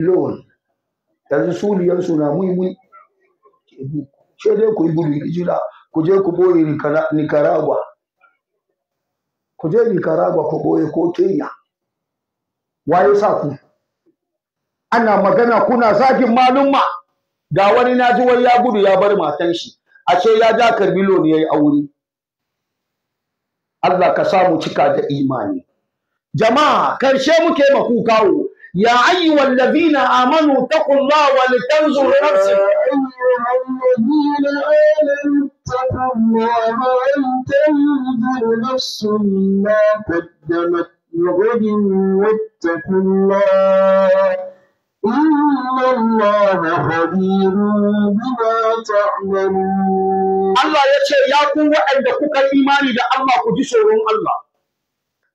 loan yanzu suliyansu na muimui sai dai ku yi gudu hijira ku je ku boye nicaragua ku je nicaragua ku boye ko kenya waye sa ku ana magana kuna zagin malumma ga wani na ji wani ya gudu ya bar matan shi ashe ya ja karbi loan yi aure Allah ka samu cika da imani jama'a karshe muke makukawo يا أيها الذين آمنوا اتقوا الله ولتنظر نفس يا أيها الذين آمنوا اتقوا الله ولتنظر نفس ما قدمت لغد واتقوا الله إن الله خبير بما تعملون الله يتشي يا قوة عندك إيماني لله كجسور الله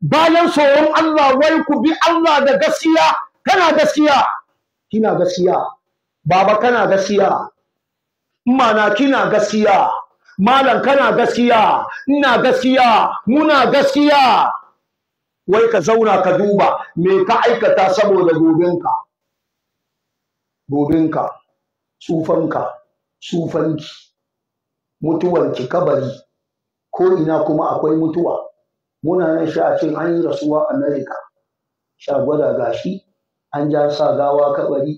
bayan tsoron Allah wai ku bi Allah da gaskiya kana gaskiya kina gaskiya baba kana gaskiya mana kina gaskiya malam kana gaskiya ina gaskiya muna gaskiya wai ka zauna ka duba me ka aikata saboda gobenka gobenka tsufanka tsufanki mutuwarki kabari ko ina kuma akwai mutuwa muna nan sha cin an yi rasuwa a Amerika sha gwada gashi an ja sa gawa kabari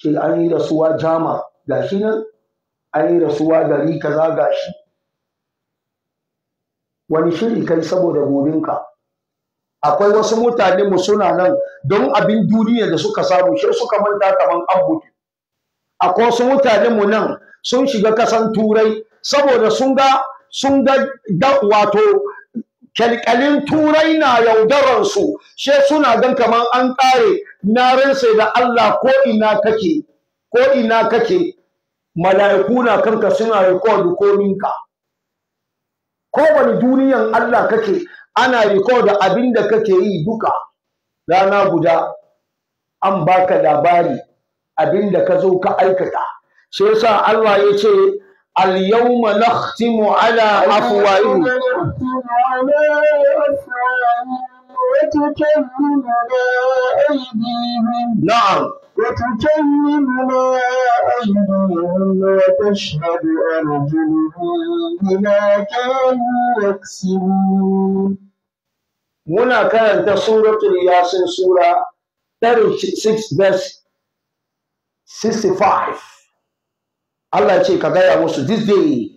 ce an yi rasuwa jama gashi nan an yi rasuwa gari kaza shi wani shiri kai saboda gobinka akwai wasu mutane mu suna nan don abin duniya da suka samu shi suka manta kaman an akwai wasu mutane mu nan sun shiga kasan turai saboda sun ga sun ga wato kyalkyalin turai na yaudarar su she suna gan kaman an ƙare na da Allah ko ina kake ko ina kake mala'iku na kanka suna record ka ko wani duniyan Allah kake ana record abin da kake yi duka rana guda an baka labari abinda ka zo ka aikata sai yasa Allah ya ce اليوم نختم على أفواههم وتكلمنا أيديهم نعم وتكلمنا أيديهم وتشهد أرجلهم بما كانوا يكسبون هنا كانت سورة الياسين سورة 36 verse 65 Allah ya ce ka gaya musu this day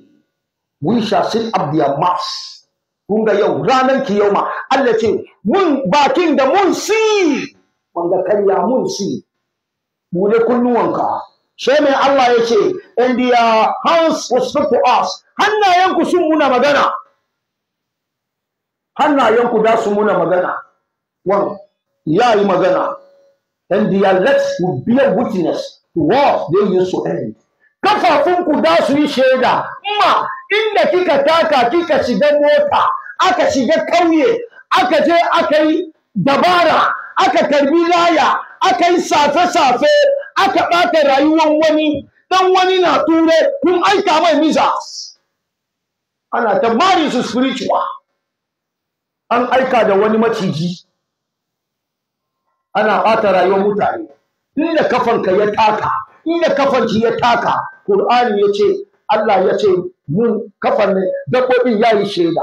we shall sit up their mouths kun ga yau ranar kiyama Allah ya ce mun bakin da mun si wanda kanya mun si bude kunnuwanka sai mai Allah ya ce and their hands will speak to us hannayenku sun muna magana hannayenku da su muna magana wan ya yi magana and their legs will bear witness to what they used to end kafafunku da su yi shaida ma inda kika taka kika shiga mota aka shiga kauye aka je aka yi dabara aka karbi laya aka yi safe-safe aka ɓata rayuwar wani dan wani na ture kun aika mai misa ana ta su spiritual an aika da wani maciji ana ɓata rayuwar mutane inda kafanka ya taka inda kafanki ya taka Qur'ani ya ce Allah ya ce mun kafan ne dabbobin ya yi shaida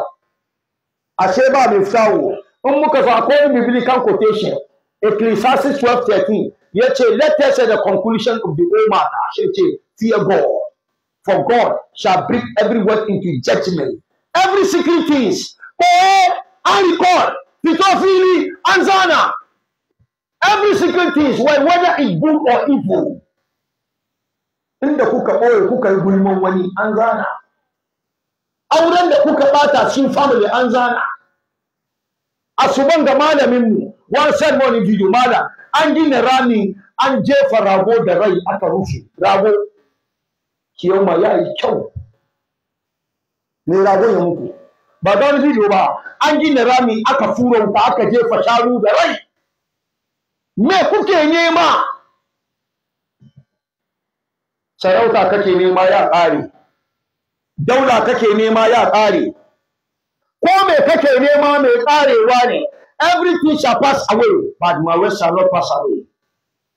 ashe ba mai fitawo in muka zo akwai biblical quotation Ecclesiastes 12:13 ya ce let us say the conclusion of the whole matter shi ce fear God for God shall bring every word into judgment every secret things ko an record fito fili an zana every secret things whether it's good or evil inda kuka ɓoye kuka yi gulman wani an zana auren da kuka ɓata cikin family an zana asuban ga malaminmu one ceremony video mala an gina rami an jefa rago da rai aka rufe rago ma ya yi kyau ne rago ya muku ba don video ba an gina rami aka fura wuta aka jefa shanu da rai me kuke nema sarauta kake nema ya ƙare daula kake nema ya ƙare ko me kake nema me ƙarewa ne everything shall pass away but my words shall not pass away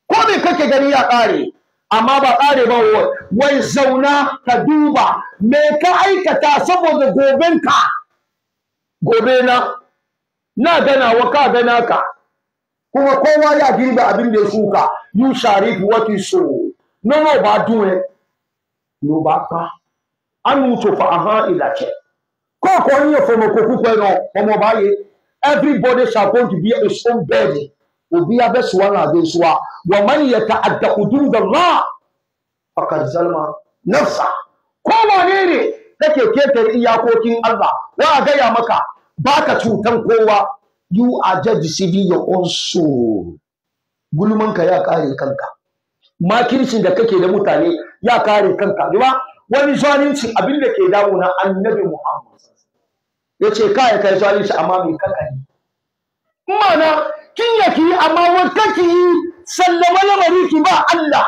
ko me kake gani ya ƙare amma ba ƙare ba wai zauna ka duba me ka aikata saboda gobenka gobe na na gana wa ka gana ka kuma kowa ya girbe abin da ya shuka you sharifu, what nínú ọba dún ẹ ni ọba pa ánú tòfà ahán ìlàjẹ kọ́ọ̀kọ́ yín ọ̀fọ̀mọ̀kọ́ púpọ̀ ẹ̀rọ ọmọ ọba yẹ everybody shall go to be his own bed obi abẹ́sùwà náà adé nsùwà wọ́n máa ń yẹ ta àdàkùdùn dàgbà ọ̀kadìsálùmá nafsa kowa ne ne kake ketare iyakokin Allah wa gaya maka baka cutan kowa you are just deceiving your own soul gulmanka ya kare kanka makircin da kake da mutane ya kare kanka ba wani zalunci abin da ke damu na annabi Muhammad ya ce kai kai zalunci amma mai kanka ne mana kin ya ki amma wata ki sallama lamari ki ba Allah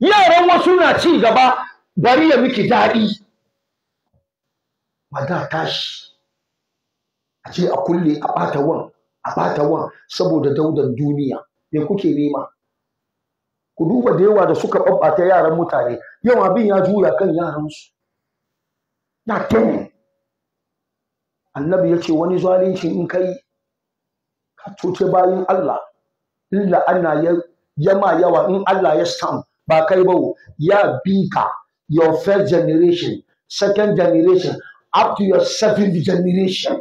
yaran wasu na ci gaba bari ya miki daɗi maza tashi a ce a kulle a ɓata wan saboda daudan duniya me kuke nema ku duba da yawa da suka ɓaɓɓata yaran mutane yau abin ya juya kan yaransu na tene annabi ya ce wani zalunci in kai ka cuce bayan Allah illa ana yama yawa in Allah ya stam ba kai ba ya bika your first generation second generation up to your seventh generation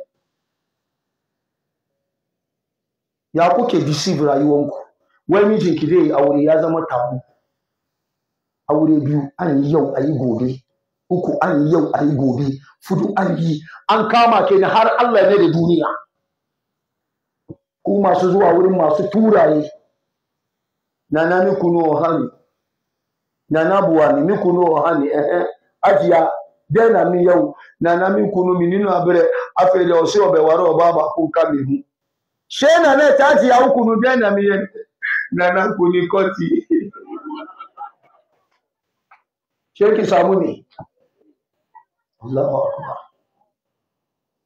ya kuke deceive rayuwanku wai mijinki zai yi aure ya zama tabu aure biyu an yi yau a yi gobe uku an yi yau a yi gobe fudu an yi an kama ke na har Allah ne da duniya ku masu zuwa wurin masu turaye na na miku no hani na na buwa ni miku no hani eh eh ajiya dena mi yau na na miku no mi ninu abere afele o se obe waro baba ku kamihu she na ne taji ya uku no dena mi yente nana kone koti sai ki samu ne Allahu akbar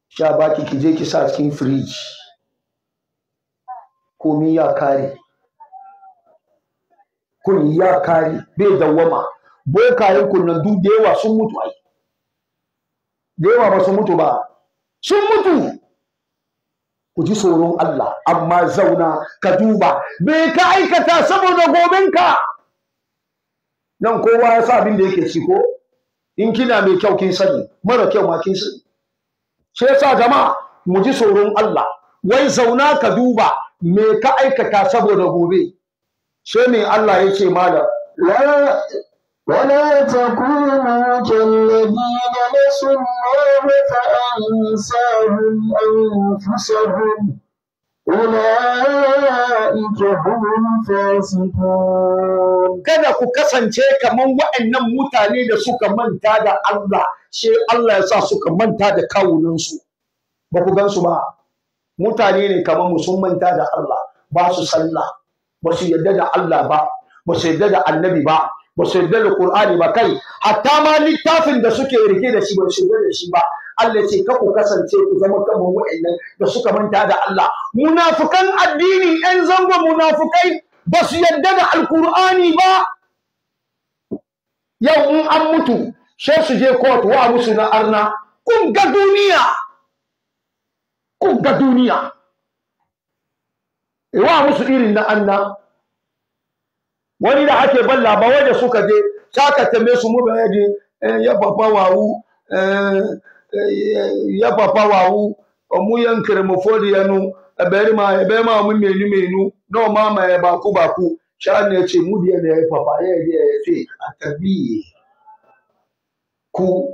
sha baki ki je ki sa cikin firiji komi ya kare kun ya kare bai dawwama bokayen kunnan duk da yawa sun mutu ai da yawa ba sun mutu ba sun mutu ku ji tsoron Allah amma zauna ka duba me ka aikata saboda gobenka nan kowa ya sa abin da yake ciko, ko in kina mai kyau kin sani mara kyau ma kin sani sai sa jama'a mu ji tsoron Allah wai zauna ka duba me ka aikata saboda gobe sai me Allah yake malam ولا تكونوا كالذين نسوا الله فأنساهم أنفسهم أولئك هم الفاسقون kada ku kasance kaman waɗannan mutane da suka manta da Allah sai Allah ya sa suka manta da kawunansu ba ku su ba mutane ne kaman mu sun manta da Allah ba su sallah ba su yarda da Allah ba ba su yarda da annabi ba ba su yarda da Qur'ani ba kai hatta ma littafin da suke rike da shi ba su yarda da shi ba Allah ce ka ku kasance ku zama kamar wa'annan da suka manta da Allah munafukan addini ɗan zango munafukai ba su yarda da alkur'ani ba yau in an mutu sai su je court wa musu na arna kun ga duniya kun ga duniya e, wa musu irin na arna wani da ake ban labarai da suka je za ka su mu bayani eh, ya papa wawu eh, ya papa wawu mu yan kremofodi yanu ebere ma ebe ma mu menu menu na ma ma baku baku sha ya ce mu da ne papa ya je ya ce A atabi ku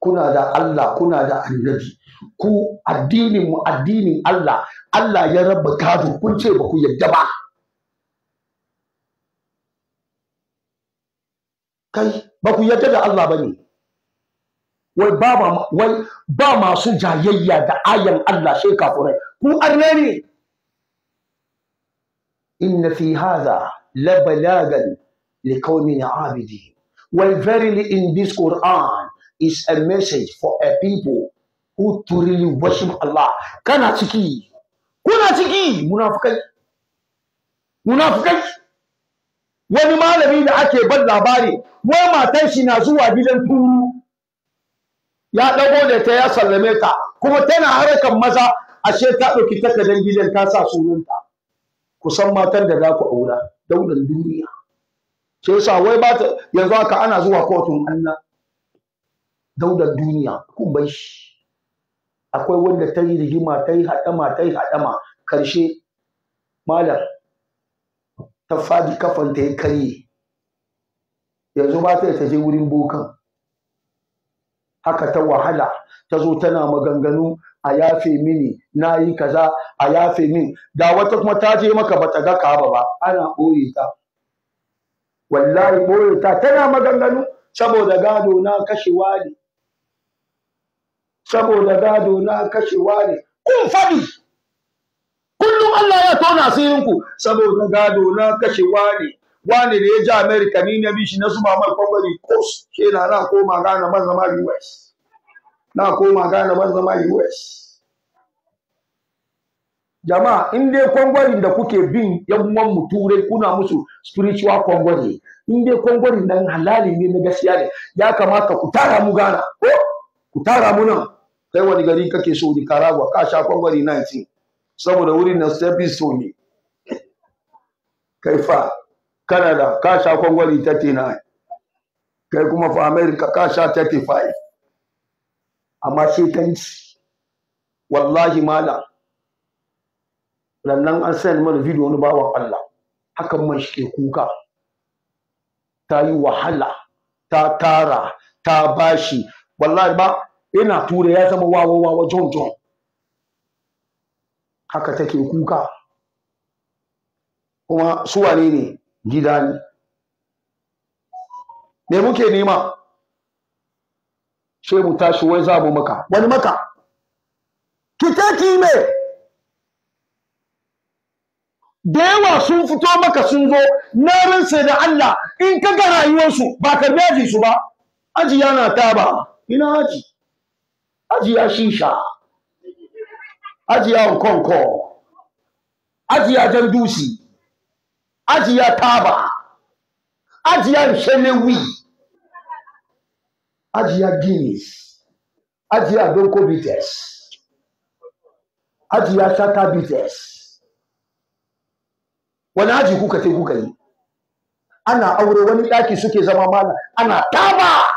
kuna da Allah kuna da annabi ku addinin mu addinin Allah Allah ya rabba kafin kun ce ba ku yadda ba kai ba ku yarda da Allah bane wai ba wai ba masu jayayya da ayan Allah shi kafurai ku arne ne inna fi hadha la balagan li qaumin abidi wal verily in this Quran is a message for a people who truly worship Allah kana ciki kuna ciki munafikai munafikai wani malami da ake ban labari wai matan shi na zuwa gidan turu ya dago da ta ya sallame ta kuma tana harkan maza ashe ta ɗauki takardar gidan ta sa sunanta kusan matan da za ku aura daular duniya sai sa wai ba ta yanzu haka ana zuwa kotun Allah daular duniya kun bai shi akwai wanda ta yi rigima ta yi haɗama ta yi haɗama karshe malam ta faɗi kafanta ya karye yanzu ba ta ta je wurin bokan haka ta wahala ta zo tana maganganu a yafe mini na yi kaza a yafe min da wata kuma ta je maka bata ga kaba ba ana ɓoye ta wallahi ɓoye ta tana maganganu saboda gado na kashe ne saboda gado na kashe ne kun faɗi kullum Allah ya tona asirin ku saboda gado na kashe wani wani da ya ji America ni na shi na zuma mai kwangwari kos ke na na koma gana ban zama US na koma gana ban zama US jama'a in dai kwangwarin da kuke bin yan uwan mu turai kuna musu spiritual kwangwari in dai kwangwarin nan halali ne na gaskiya ne ya kamata ku tara mu gana ko ku tara mu nan kai wani gari kake so ni Karagwa ka sha kwangwari 19 saboda wurin nan so ne kai fa Canada ka sha kwangwali 39 kai kuma fa America ka sha 35 amma sai kanci wallahi mala, lallan an sayar mana video wani bawan Allah hakan man shi kuka ta yi wahala ta tara ta bashi wallahi ba ina tura ya zama wawa wawa john john haka take kuka kuma su wane ne gida ne me muke nema she mu tashi wai zabu maka wani maka ki ta kime da yawa sun fito maka sun zo na ransa da Allah in ka ga rayuwarsu ba karbi aji su ba aji yana taba ina aji aji ya shisha ajiya konko ajiya jandusi ajiya taba hajiya shelewi ajiya guinness ajiya donko bites ajiya shata bites wani aji kuka ce kuka yi ana aure wani ɗaki suke zama mana ana taba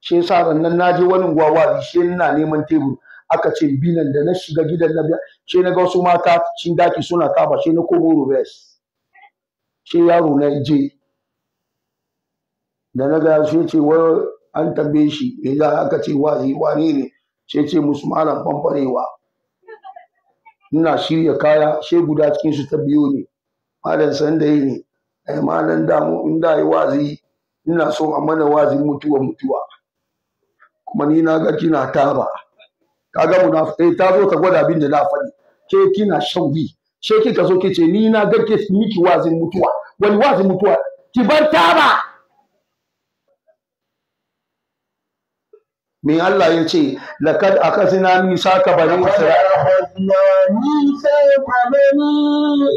shi yasa rannan naje wani gwawa shi ina neman tebur aka ce binan da na shiga gidan na she na ga wasu mata cin daki suna taba she na komo rubes she yaro na je da na ga she ce wai an tambaye shi me za aka ce wazi wane ne she ce musu malam famfarewa ina shirya kaya she guda cikin su ta biyo ne malam yi ne ai damu in da yi wazi ina so a mana wazin mutuwa mutuwa kuma ni na ga kina taba kaga munafiki ta zo ta gwada abin da na faɗi ke kina shan wi she ka zo ce, ni na garke miki wazin mutuwa wani wazin mutuwa ki bar taba me Allah ya ce laqad nisa ka bani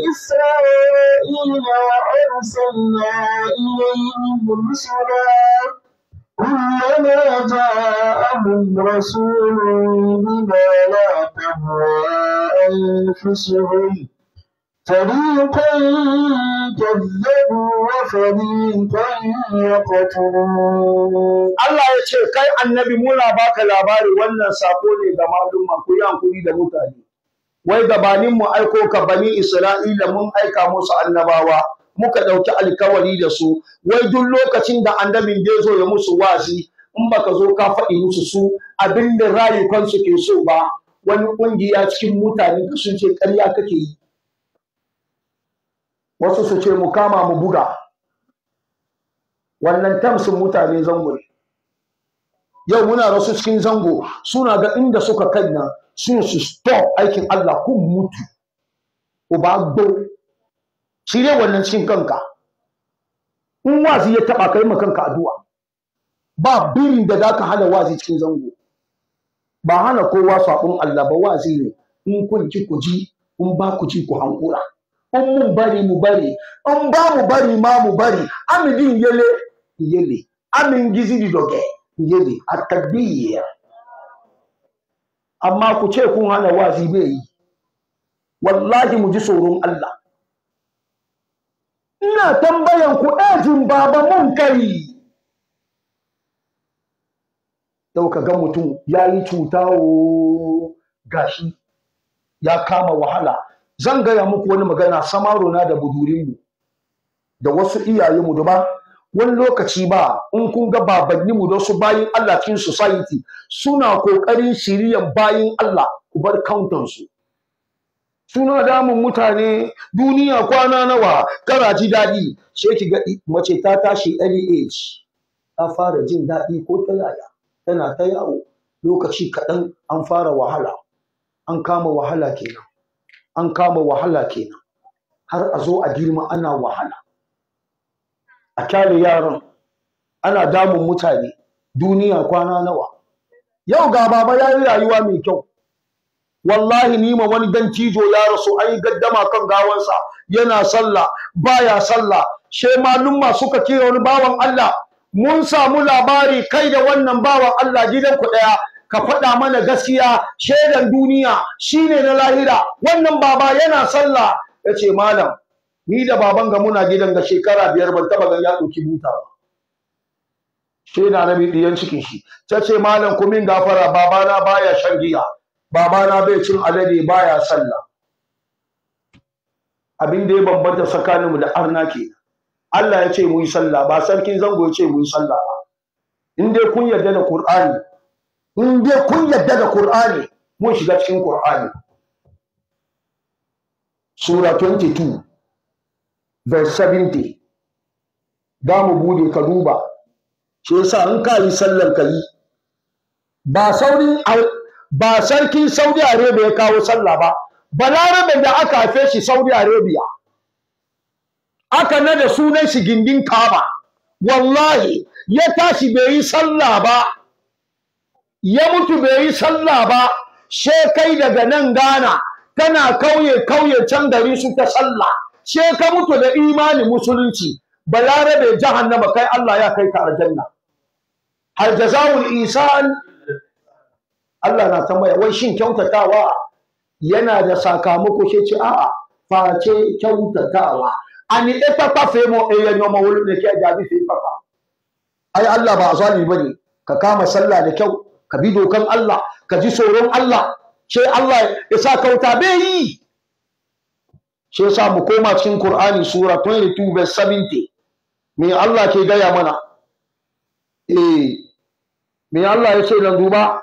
isra'ila wa arsalna ilayhim rusula كلما جاءهم رسول بما لا تهوى أنفسهم فريقا كذبوا وفريقا يقتلون Allah ya ce kai annabi muna baka labari wannan sako ne ga malumman ku yankuri da mutane wai gabanin mu aiko ka bani Isra'ila mun aika musu annabawa muka ɗauki alkawari da su wai duk lokacin da annabin da zo ya musu wazi in baka zo ka faɗi musu su abin da rayukansu ke so ba wani ƙungiya cikin mutane ka sun ce ƙarya kake yi wasu su ce mu kama mu buga wannan tamsin mutane zango ne yau muna rasu cikin zango suna ga inda suka kai na sun su stop aikin Allah kun mutu ku ba cire wannan cin kanka in wazi ya taba kai ma kanka addu'a ba birin da zaka hana wazi cikin zango ba hana kowa sabon Allah ba wazi ne in kun ji ku ji in ba ku ji ku hankura in mun bari mu bari in ba mu bari ma mu bari amidin yele yele amin gizi di doge yele at-tadbir amma ku ce kun hana wazi bai yi wallahi mu ji tsoron Allah ina tambayan ku ajin baba mun kai yau ga mutum ya yi cuta o gashi ya kama wahala zan gaya muku wani magana samaro na da budurinmu da wasu iyaye da ba wani lokaci ba in kun ga babanninmu da su bayin Allah cikin society suna kokarin shiriyan bayin Allah ku bar su suna damun mutane duniya kwana nawa kana ji daɗi sai ki ga mace ta tashi early age ta fara jin daɗi ko ta yaya tana ta yawo lokaci kaɗan an fara wahala an kama wahala kenan an kama wahala kenan har a zo a girma ana wahala a kyale yaran ana damun mutane duniya kwana nawa yau ga baba ya yi rayuwa mai kyau wallahi ni ma wani dan cijo ya rasu an yi gaddama kan gawansa yana sallah baya sallah she malumma suka kira wani bawan Allah mun samu labari kai da wannan bawan Allah gidan ku daya ka faɗa mana gaskiya shaidan duniya shine na lahira wannan baba yana sallah yace malam ni da baban ga muna gidan ga shekara biyar ban taba ga ya ɗauki buta ba sai na nabi diyan cikin shi tace ce malam kumin gafara babana baya shan giya babana bai cin alade baya sallah abin da ya bambanta tsakaninmu da arna ke Allah ya ce mu yi sallah ba sarkin zango ya ce mu yi sallah ba in dai kun yarda da Qur'ani in dai kun yarda da Qur'ani mun shiga cikin Qur'ani sura 22 verse 70 da mu bude ka duba shi yasa in ka yi sallar ka yi ba saurin ba sarkin Saudi Arabia ya kawo sallah ba Balarabe da aka haife shi Saudi Arabia aka nada sunan shi gindin kaba wallahi ya tashi bai yi sallah ba ya mutu bai yi sallah ba shekai daga nan Ghana tana kauye kauye can gari su ta sallah she ka mutu da imani musulunci balarabe jahannama kai Allah ya kai ka aljanna hal Isa. Allah na tambaya wai shin kyautatawa yana da sakamako sai ce a'a face kyautatawa ani e papa fe mo e eh, ya nyoma wulu ne ke ajabi fe papa ai Allah ba azali bane ka kama sallah da kyau ka bi dokan Allah ka ji tsoron Allah ce Allah ya sa kauta bai yi ce sa mu koma cikin Qur'ani sura 22 verse 70 me Allah ke gaya mana eh me Allah ya ce nan duba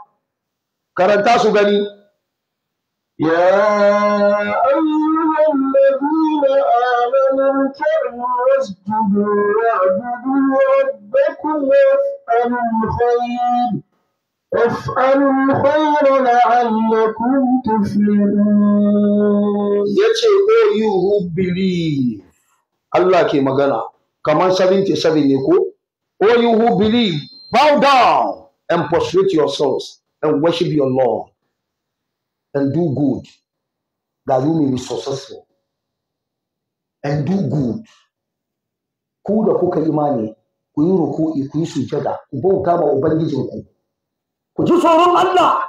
karanta su gani ya ayyuhal ladina amanu tarwasjudu wa'budu rabbakum wa'budu khayr وافعلوا الخير لعلكم تفلحون yace 'O you who believe Allah ke magana kamar 77 ne ko O you who believe bow down and prostrate yourselves and worship your Lord and do good that you may be successful. And do good. Ku da kuka imani, ku yi ruku'i, ku yi sujada, ku bauta ma Ubangijinku. Ku ji tsoron Allah.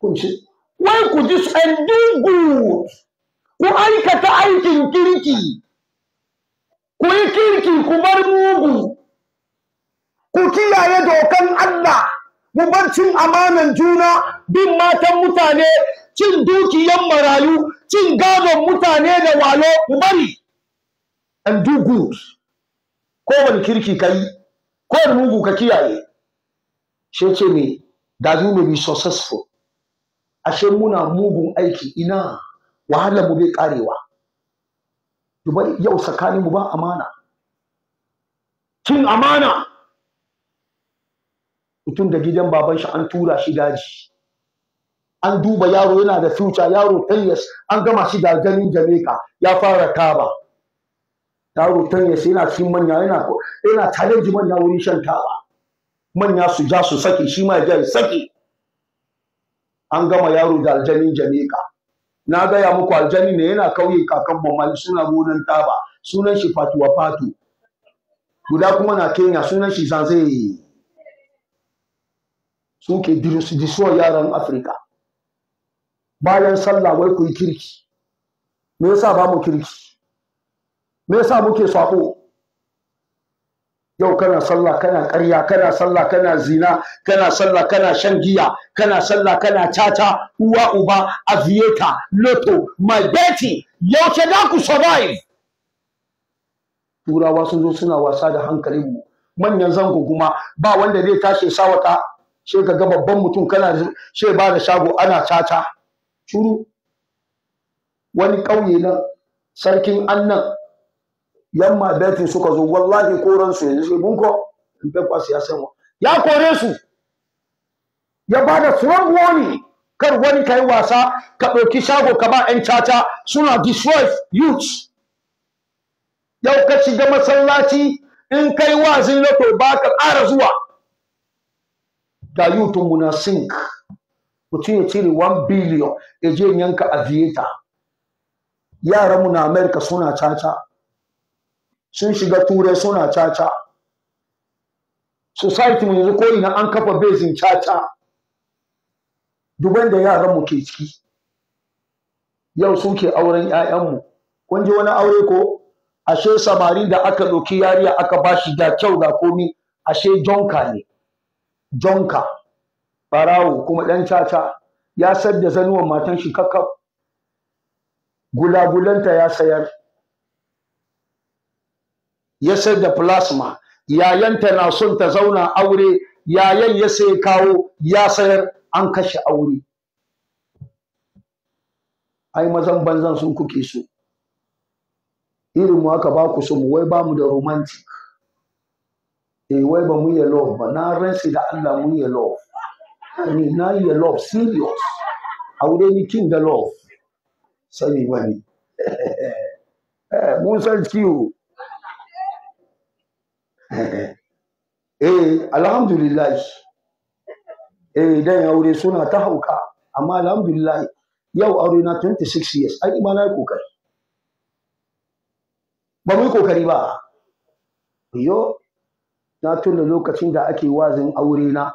Kun ci. Wai ku ji and do good. Ku aikata aikin kirki. Ku yi kirki ku bar mugu. Ku kiyaye dokan Allah. mu cin amanan juna bin matan mutane cin dukiyan marayu cin gadon mutane da walo Ku bari and do good wani kirki ka yi ko wani mugu ka kiyaye shi ce ne that you may be successful ashe muna mugun aiki ina Wahala mu bai karewa dubai yau tsakanin mu ba amana cin amana mutum da gidan baban shi an tura shi daji an duba yaro yana da future yaro 10 an gama shi da ganin Jamaica ya fara taba yaro 10 yana cikin manya yana yana challenge manya wurin shan taba manya su ja su saki shi ma ja saki an gama yaro da aljanin Jamaica na gaya muku aljani ne yana kauye kakan mamali suna gonan taba sunan shi fatuwa fatu guda kuma na Kenya sunan shi zanzai suke suwa yaran afirka bayan sallah wai ku yi kirki me yasa ba mu kirki me yasa muke sako yau kana sallah kana ƙarya kana sallah kana zina kana sallah kana shan giya kana sallah kana tata uwa uba aviator loto my betty ce za ku survive turawa sun zo suna wasa da hankalinmu manyan zango kuma ba wanda zai tashi sawata sai ka ga babban mutum kana sai ba da shago ana caca Curu! wani ƙauye na sarkin annan yamma betin suka zo wallahi koran su yanzu sai bunko in bai kwasi ya san ya kore su ya ba da strong warning kar wani kai wasa ka ɗauki shago ka ba 'yan caca suna destroy youths yau ka shiga masallaci in kai wazin na ba ka ƙara zuwa da yutun muna sink mutum ya cire 1 billion ya je yanka aviator yaran mu na america suna caca sun shiga turai suna caca society mu yanzu ko ina an kafa bezin caca duban da yaran mu ke ciki yau su ke auren 'ya'yanmu kun ji wani aure ko ashe samari da aka ɗauki yariya aka bashi da kyau da komi ashe jonka ne jonka barawo kuma ɗan caca ya sayar da zanuwan matan shi kakkaf gulagulanta ya sayar ya sayar da plasma yayanta na son ta zauna aure yayan ya sai kawo ya sayar an kashe aure ai mazan banzan sun kuke so irin mu aka ba ku so mu wai ba mu da romantic E wai ba mu yi love ba na rantsi da Allah mu yi love ni na yi love serious aure ni kin da love sani bane eh mun san ciwo eh alhamdulillah eh dan aure suna ta hauka amma alhamdulillah yau aure na 26 years ai ma na kokari ba mu yi kokari ba yo na tuna lokacin da ake wazin aure na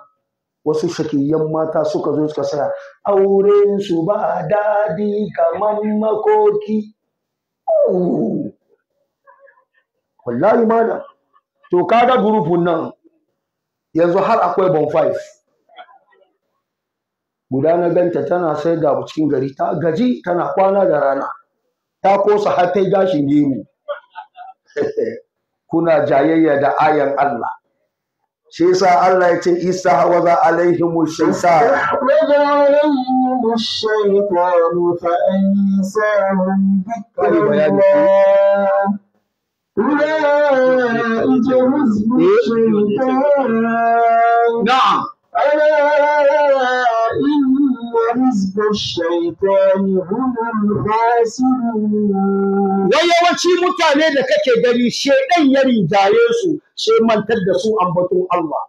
wasu shakiyan mata suka zo suka saya auren su ba dadi kaman makoki wallahi mana to kaga gurufin nan yanzu har akwai bon five guda na ganta tana sai da cikin gari ta gaji tana kwana da rana ta kosa har ta gashin gemu kuna jayayya da ayan Allah shi yasa Allah ya ce isa wa za alaihim shaytan mu za alaihim وحزب wai yawanci mutane da kake gani shedan ya rijaye su sai mantar da su ambaton Allah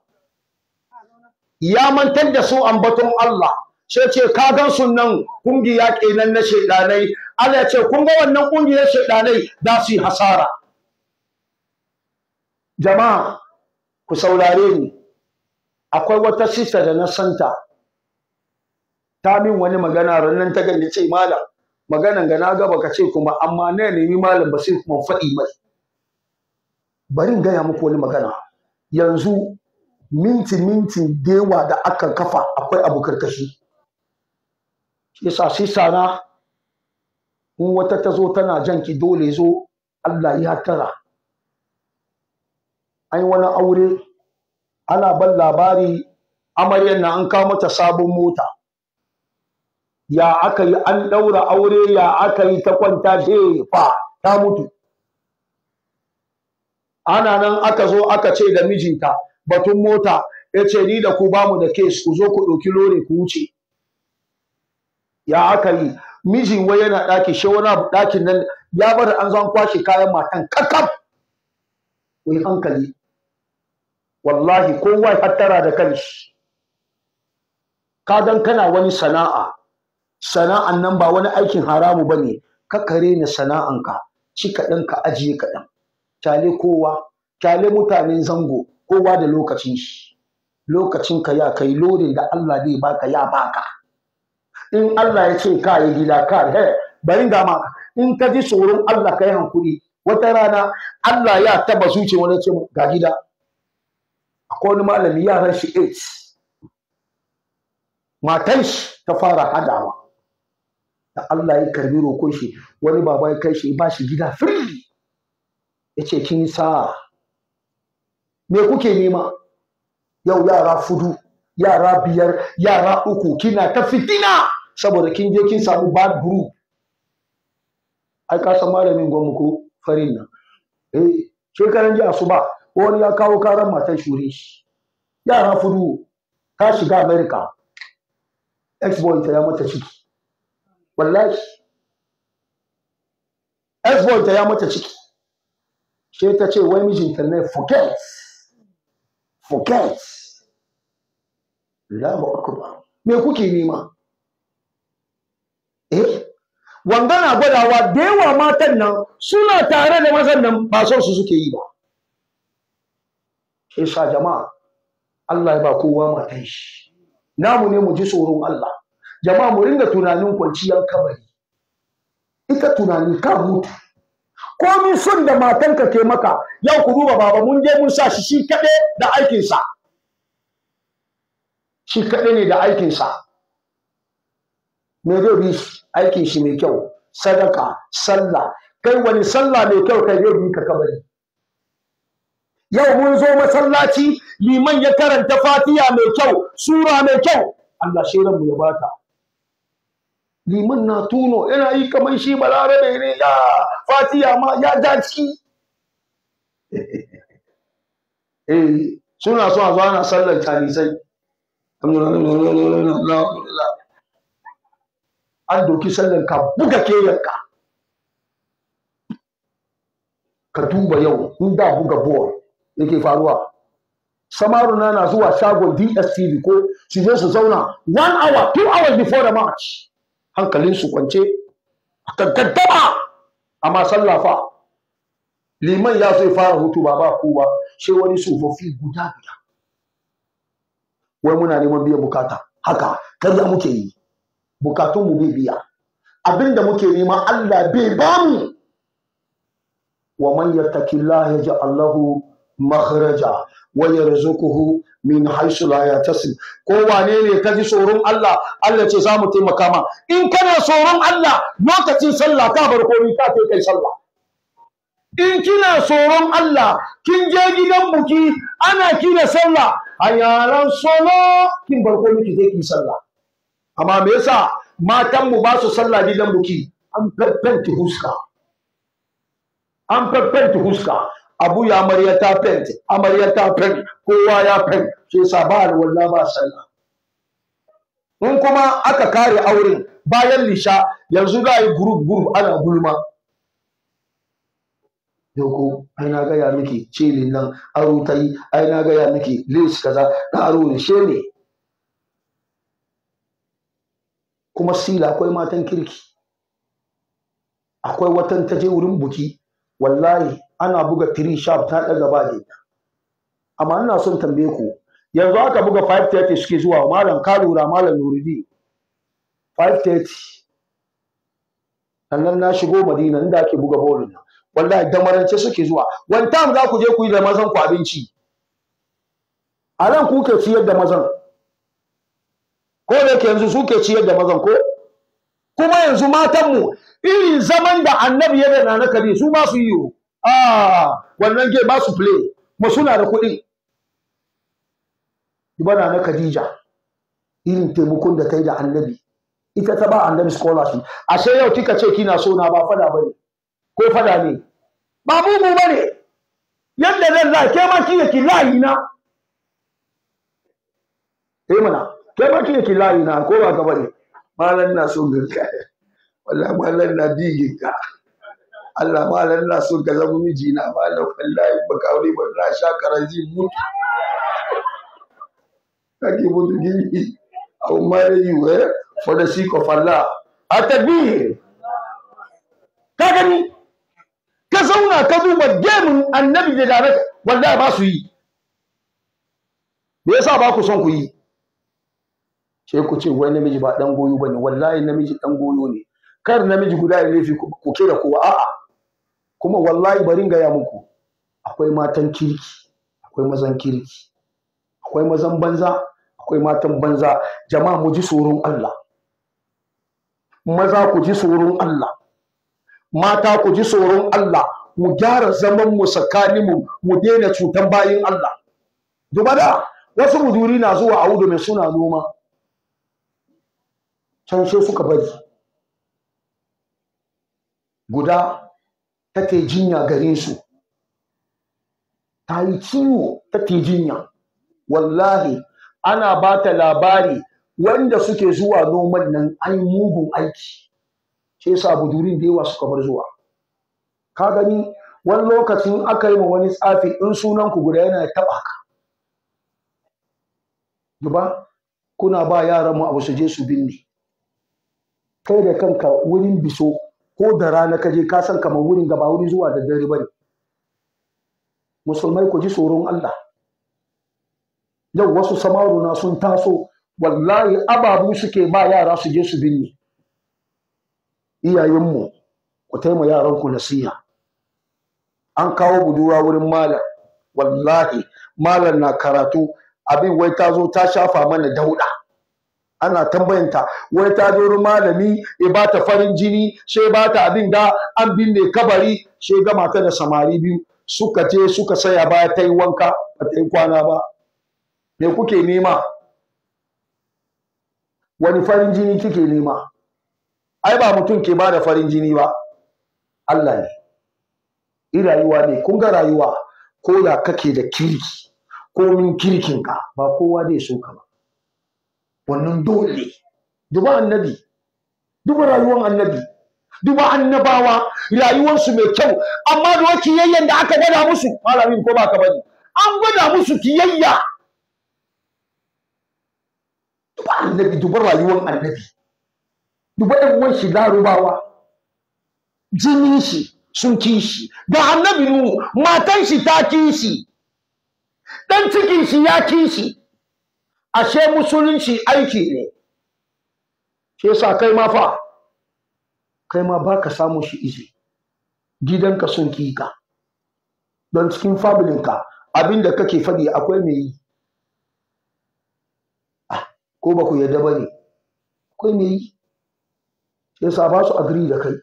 ya mantar da su ambaton Allah sai ce ka gan su nan kungiya kenan na shedanai Allah ya ce kun ga wannan kungiyar shedanai za su yi hasara jama'a ku saurare ni akwai wata sista da na santa ta min wani magana rannan ta gani ce malam magana ga na gaba ka ce kuma amma ne nemi malam ba sai kuma faɗi mai bari in gaya muku wani magana yanzu minti minti dewa da aka kafa akwai abu karkashi yasa sai sana in wata ta zo tana jan ki dole zo Allah ya tara an wani aure ana ban labari amaryar na an kawo mata sabon mota ya aka yi an ɗaura aure ya aka yi ta kwanta fa ta mutu ana nan aka zo aka ce da mijinta batun mota ya ce ni da ku ba mu da kes ku zo ku ɗauki lore ku wuce ya aka yi mijin wai yana ɗaki shi wani abu ɗakin nan ya bar an zan kwashe kayan matan kakaf wai hankali wallahi kowa hattara da kanshi ka dan kana wani sana'a sana'an nan ba wani aikin haramu ba ne kakare sana'an sana'anka ci kaɗan ka ajiye kaɗan kyale kowa kyale mutanen zango kowa da lokacin shi lokacin ka ya kai lorin da Allah zai baka ya baka in Allah ya ce ka yi gida ka he bari ga ma in ka ji tsoron Allah ka hankuri wata rana Allah ya taba zuce wani ce ga gida akwai wani malami yaran shi eight matan shi ta fara hadawa da Allah ya karbi roƙon shi wani baba ya kai shi ba shi gida free ya ce kin sa me kuke nema yau yara fudu yara biyar yara uku kina ta fitina saboda kin je kin samu bad group ai ka san malamin gwamnati ko farin nan eh shekaran jiya su ba wani ya kawo karan matan shuri. shi yara fudu ta shiga america ex boy ta ya mata ciki wallahi esbon ta ya mata ciki she ta ce wai mijinta ne forget forget Allahu akbar me kuke nema eh wangana na gwadawa da yawa matan nan suna tare da mazan nan ba so su suke yi ba isa jama'a Allah ya ba kowa matan shi namu ne mu ji tsoron Allah jama'a mu ringa tunanin kwanciyar kabari ita tunani ka mutu min son da matanka ke maka yau ku duba baba mun je mun sa shi shi kaɗe da aikinsa shi kaɗe ne da aikinsa me zai bi aikin shi mai kyau sadaka sallah kai wani sallah mai kyau kai zai bi ka kabari yau mun zo masallaci liman ya karanta fatiya mai kyau sura mai kyau Allah shaidan mu ya bata liman na tuno yana yi kamar shi balarabe ne ya fatiya ma ya ja ciki eh suna so a zo ana sallar talisai an doki sallar ka buga keyanka ka duba yau in da buga bor yake faruwa samaruna na zuwa shagon dstv ko su je su zauna one hour two hours before the match su kwance akan kaddama amma ma sallafa. liman ya so ya fara hutu ba ba kowa sai wani tsofaffi guda guda wai muna neman biyan bukata haka kaza muke yi bukatun mu bai biya abinda muke nema Allah bai ba mu wa man yattaqillaha ji Allahu makhraja wa yarzuquhu min haythu la yahtasib ko wane ne ka ji tsoron Allah Allah ce za mu taimaka ma in kana tsoron Allah lokacin sallah ka bar komai ka kai sallah in kina tsoron Allah kin je gidan buki ana kina sallah a yaran solo kin komai ki je ki sallah amma me yasa matan mu ba su sallah gidan buki an fafanta huska an fafanta huska abu ya amarya ta fent amarya ta fent kowa ya fent shi yasa ba alwala ba sallah in kuma aka kare auren bayan lisha yanzu ga yi group group ana gulma yoko ai na ya miki cilin nan aro ta ai na gaya miki lace kaza na aro ne she ne kuma sila akwai matan kirki akwai watan ta je wurin buki wallahi ana buga 3 sharp ta daga ba da ita amma ina son tambaye ku yanzu aka buga 530 suke zuwa malam ka lura malam nuridi 530 sannan na shigo madina inda ake buga bolin nan wallahi damarance suke zuwa one time za ku je ku yi da mazan ku abinci a nan ku ke ciyar da mazan ko da ke yanzu su ke ciyar da mazan ko kuma yanzu matanmu irin zaman da annabi ya da na kabir su ma su yi yiwu Ah, wannan game ba su play kuma suna da kuɗi bana na Khadija irin taimakon da ta yi da annabi ita ta ba annabi scholarship ashe yau kika ce kina so na ba fada bane ko fada ne ba bugu bane yadda zan za ke ma kike ki layi na eh mana ke ma kike ki layi na ko ba ka bane malan na so girka. wallahi malan na digin ka Allah malam na so ka zama miji na malam wallahi ba ka aure ba na sha karanzi mutu kake mutu gini I will wa you for the sake of Allah tabbi? ka gani ka zauna ka duba gemun annabi da dare wallahi ba su yi me yasa ba ku son ku yi sai ku ce wai namiji ba dan goyo bane wallahi namiji dan goyo ne kar namiji guda ya fi ku kira kowa a'a kuma wallahi barin gaya muku akwai matan kirki akwai mazan kirki akwai mazan banza akwai matan banza jama'a mu ji tsoron Allah maza ku ji tsoron Allah mata ku ji tsoron Allah mu gyara zaman mu tsakaninmu mu daina cutan bayin Allah duba da wasu buduri na zuwa audu mai suna noma can sai suka bari guda take jinya gare su ta yi ciwo take jinya wallahi ana ba ta labari wanda suke zuwa noman nan an mugun aiki Ke sa budurin da yawa suka bar zuwa ka gani wani lokacin aka yi ma wani tsafi in sunan ku guda yana taba ka duba kuna ba yaran mu abu su je su binne kai da kanka wurin biso ko da rana ka je ka san kamar wurin gaba wuri zuwa da dare bane musulmai ku ji tsoron Allah yau wasu samaruna sun taso wallahi ababu suke ba yara su je su binne iyayenmu ku taima yaranku nasiha an kawo budura wurin malam wallahi malam na karatu abin wai ta zo ta shafa mana dauda ana tambayanta wai ta zo malami ya ba ta farin jini sai ba ta abin da an binne kabari sai ga mata da samari biyu suka je suka saya baya ta yi wanka ba ta yi kwana ba me kuke nema wani farin jini kike nema ai ba mutum ke ba da farin jini ba Allah ne in rayuwa ne kun ga rayuwa ko da kake da kirki ko min ka ba kowa zai so ka ba wannan dole duba annabi duba rayuwar annabi duba annabawa rayuwarsu mai kyau amma da kiyayyen da aka gada musu malamin ko ba ka bani an gada musu kiyayya duba annabi duba rayuwar annabi duba ɗan uwan shi larubawa jinin shi sun kishi ga annabi mu matan shi ta kishi ɗan cikin shi ya kishi ashe musulunci aiki ne shi yasa kai ma fa kai ma baka samu shi izi gidanka sun kika don cikin Abin abinda kake faɗi akwai mai yi ah, ko ba ku yadda ba ne akwai mai yi shi yasa ba su agiri da kai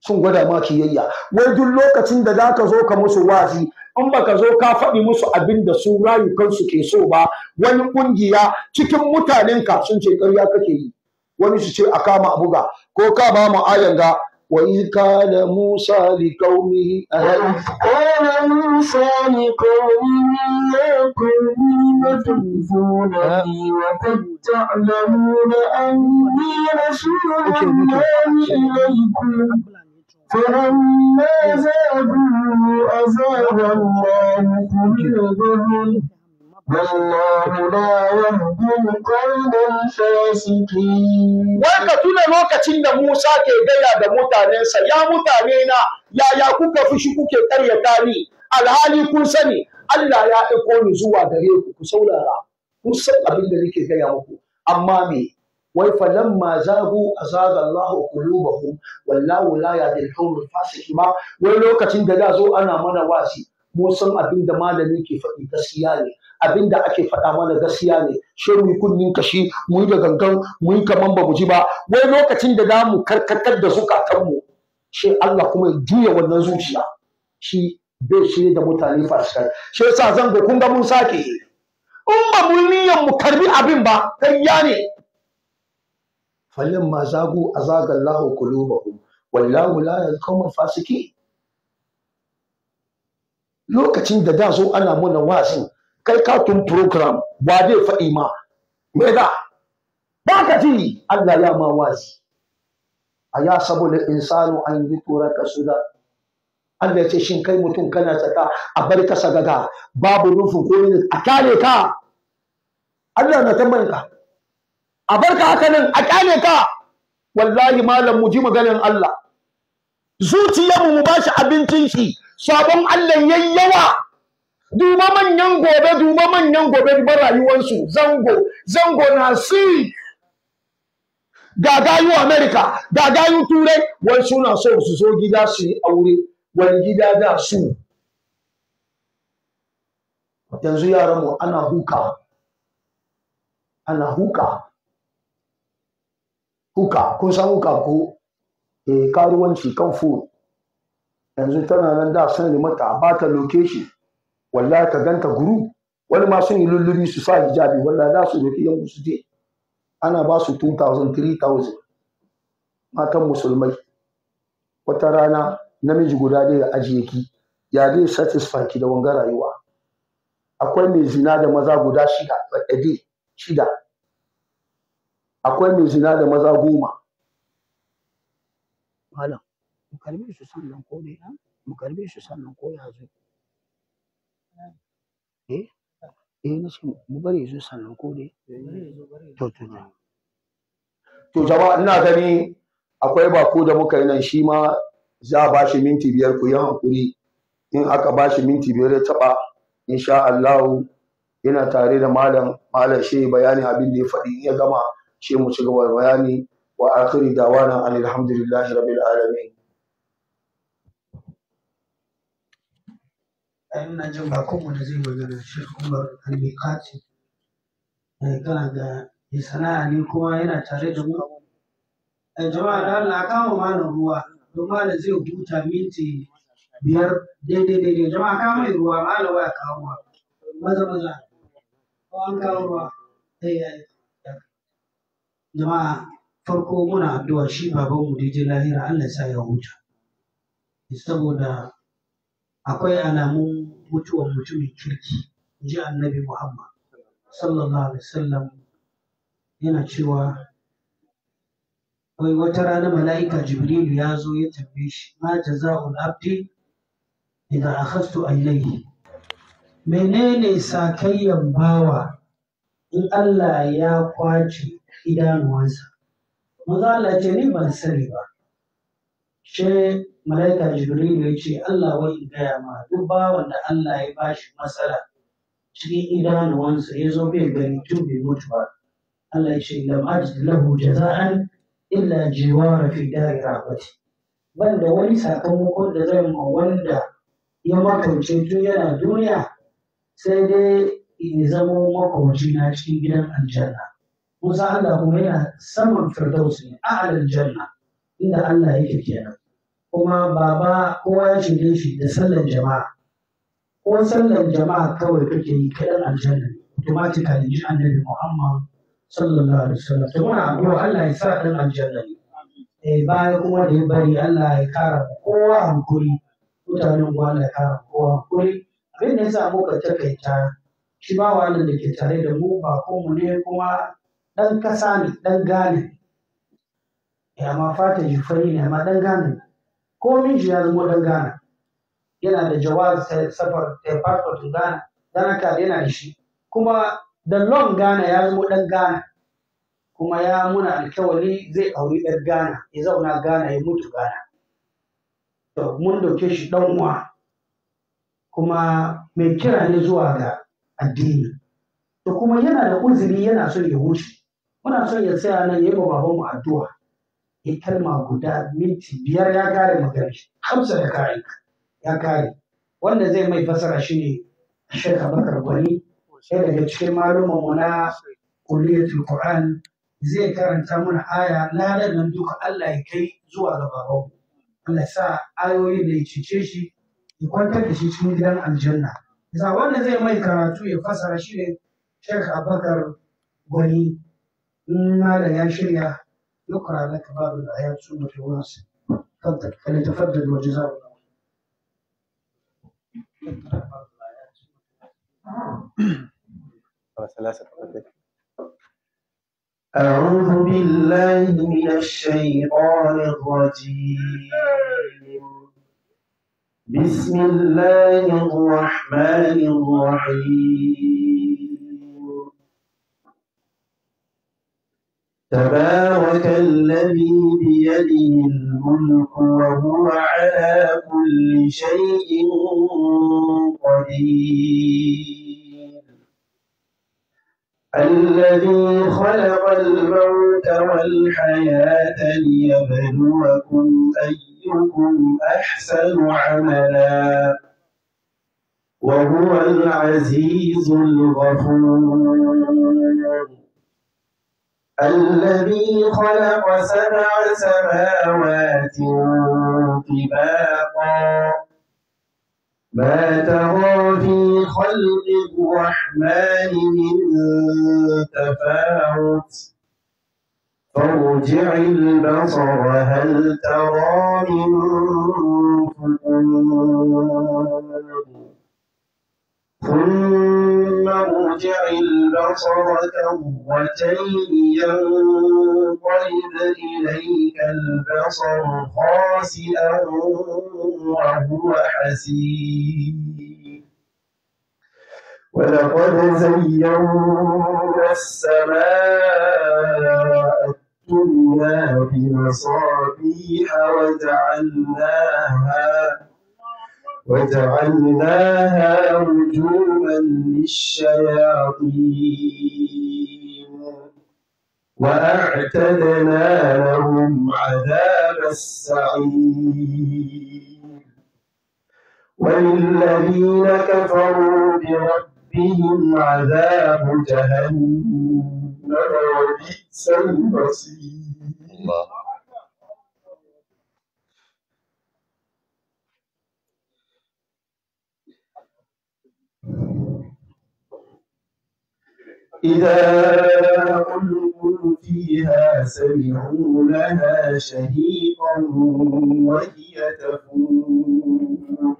sun gwada ma kiyayya wai duk lokacin da zaka zo ka musu wazi in baka zo ka faɗi musu abin da su rayukansu ke so ba wani ƙungiya cikin mutanenka sun ce ƙarya kake yi wani su ce a kama a buga ko ka ba mu ayan ga وإذ قال موسى لقومه وإذ قال موسى لقومه يا فلما زادوا أزاد الله قلوبهم والله لا يهدي القوم الفاسقين wai ka tuna lokacin da Musa ke gaya da mutanensa ya mutane na yaya kuka fushi kuke karyata ni alhali kun sani Allah ya aiko ni zuwa dare ku ku saurara kun san abin da nake gaya muku amma me wai falamma zagu azaga Allahu qulubahum wallahu la yahdi al-qawm ba wai lokacin da da zo ana mana wasi mu san abin da malami ke faɗi gaskiya ne abin da ake faɗa mana gaskiya ne shi mu kunnin kashi mu yi da gangan mu yi kaman ba mu ji ba wai lokacin da zamu karkatar da zukatanmu shi Allah kuma ya juya wannan zuciya shi bai shi da mutane fasikai shi yasa zan ga kun ga mun sake in ba mu mu karbi abin ba kai ya ne falamma zagu azaga Allahu qulubahum wallahu la yahdi fasiki lokacin da da zo ana muna wasin kai katun program ba dai faɗi ma me da ba ka ji Allah ya ma wasi a ya saboda insanu an yi tura ka su da Allah ya ce shin kai mutum kana tsaka a bar ka sagaga babu rufin ko a kare ka Allah na tambayin ka a barka haka nan a kyale ka wallahi malam mu ji maganar Allah zuciyarmu mu ba shi abincin shi sabon Allah yayyawa duba manyan gobe duba manyan gobe ba rayuwarsu zango zango na si gagayu america gagayu turai wai suna so su zo gida su aure wani gida da su yanzu yaran mu ana huka ana huka uka kun san uka ko eh karuwanci kan fu yanzu tana nan da sanada mata ba ta location wallahi ka ganta guru wani ma sun yi lullubi su sa hijabi wallahi za su rufe yan su je ana ba su 2000 3000 matan musulmai wata rana namiji guda da ya ajiye ki ya dai satisfy ki da wanga rayuwa akwai mai zina da maza guda shida a shida akwai mai zina da maza goma malam mu karbe su sannan ko ne, ah, mu karbe su sannan ko ya zo eh eh na mu bari zo sannan ko ne. to to to To, jama'a ina gani akwai bako da muka yi nan shi ma za a ba shi minti biyar ku yi hankuri in aka ba shi minti biyar ya taɓa insha Allah yana tare da malam malam shi bayani abin da ya faɗi ya gama shi mu ci gaba da bayani wa akhiri dawana alhamdulillahi rabbil alamin ina jin ba kuma da zai magana shi umar al-mikati kana ga sana'a ne kuma yana tare da mu jama'a da Allah kama malam ruwa don malam zai huta minti biyar daidai daidai jama'a kama mai ruwa malam ya kawo maza maza an kawo ruwa jama'a farko muna addu'a shi babanmu mu dijin lahira Allah sa ya huta saboda akwai alamun mutuwar mutumin kirki ji annabi Muhammad sallallahu alaihi wasallam yana cewa wai wata rana mala'ika jibrilu ya zo ya tambaye shi ma jaza'ul abdi idan akhastu ainihi menene sakayyan bawa in Allah ya kwace idanuwansa maza Allah ce ni ban sani ba she malaika jibrilu ya ce Allah wai in gaya ma duk bawan da Allah ya bashi matsala cikin idanuwansa ya zo bai gani tun bai mutu ba Allah ya ce lam ajid lahu jaza'an illa jiwara fi dari rahmati ban da wani sakamako da zai ma wanda ya makauce tun yana duniya sai dai in zamo makauci na cikin gidan aljanna Musa Allah kuma yana saman firdaus ne a alal janna inda Allah yake kenan kuma baba kowa ya shige shi da sallan jama'a ko sallan jama'a kawai kake yi kaɗan aljanna automatically ji annabi Muhammad sallallahu alaihi wasallam to muna abuwa Allah ya sa ɗan aljanna ne eh baya kuma da ya bari Allah ya kara kowa hankuri mutanen gwa Allah ya kara kowa hankuri abin da ya sa muka takaita shi ba wa da ke tare da mu ba ko mu ne kuma ɗan ƙasa ne ɗan gane ya ma fata shi fari ne amma ɗan gane ko ya zama ɗan gane yana da jawaz eh, safar da eh, passport gane gana ka yana da shi kuma da long gane ya zama ɗan gane kuma ya muna alkawali zai auri ɗan gana ya zauna gana ya mutu gana to mun dauke shi ɗan uwa kuma mai kira ne zuwa ga addini to kuma yana da uzuri yana son ya wuce muna son ya tsaya nan ya yi wa mu addu'a ya kalma guda minti biyar ya kare magana shi hamsa da kare ya kare wanda zai mai fasara shi ne Sheikh Abubakar Gwani sai daga cikin malumanmu mu na kulliyatul Qur'an zai karanta mana aya Na nan duka Allah ya kai zuwa ga babanmu Allah sa ayoyin da ya cice shi ya kwantar da shi cikin gidan aljanna yasa wanda zai mai karatu ya fasara shi ne Sheikh Abubakar Gwani ما لا شريعة يقرأ لك بعض الآيات سنة الواسع تفضل فليتفضل وجزاه الله أعوذ بالله من الشيطان الرجيم بسم الله الرحمن الرحيم تبارك الذي بيده الملك وهو على كل شيء قدير الذي خلق الموت والحياة ليبلوكم أيكم أحسن عملا وهو العزيز الغفور الذي خلق سبع سماوات طباقا ما ترى في خلق الرحمن من تفاوت فارجع البصر هل ترى من فقود ثم ارجع البصر كرتين ينقلب إليك البصر خاسئا وهو حسير ولقد زينا السماء الدنيا بمصابيح وجعلناها وجعلناها رجوما للشياطين وأعتدنا لهم عذاب السعير وللذين كفروا بربهم عذاب جهنم وبئس المصير إذا ألقوا فيها سمعوا لها شهيقا وهي تفور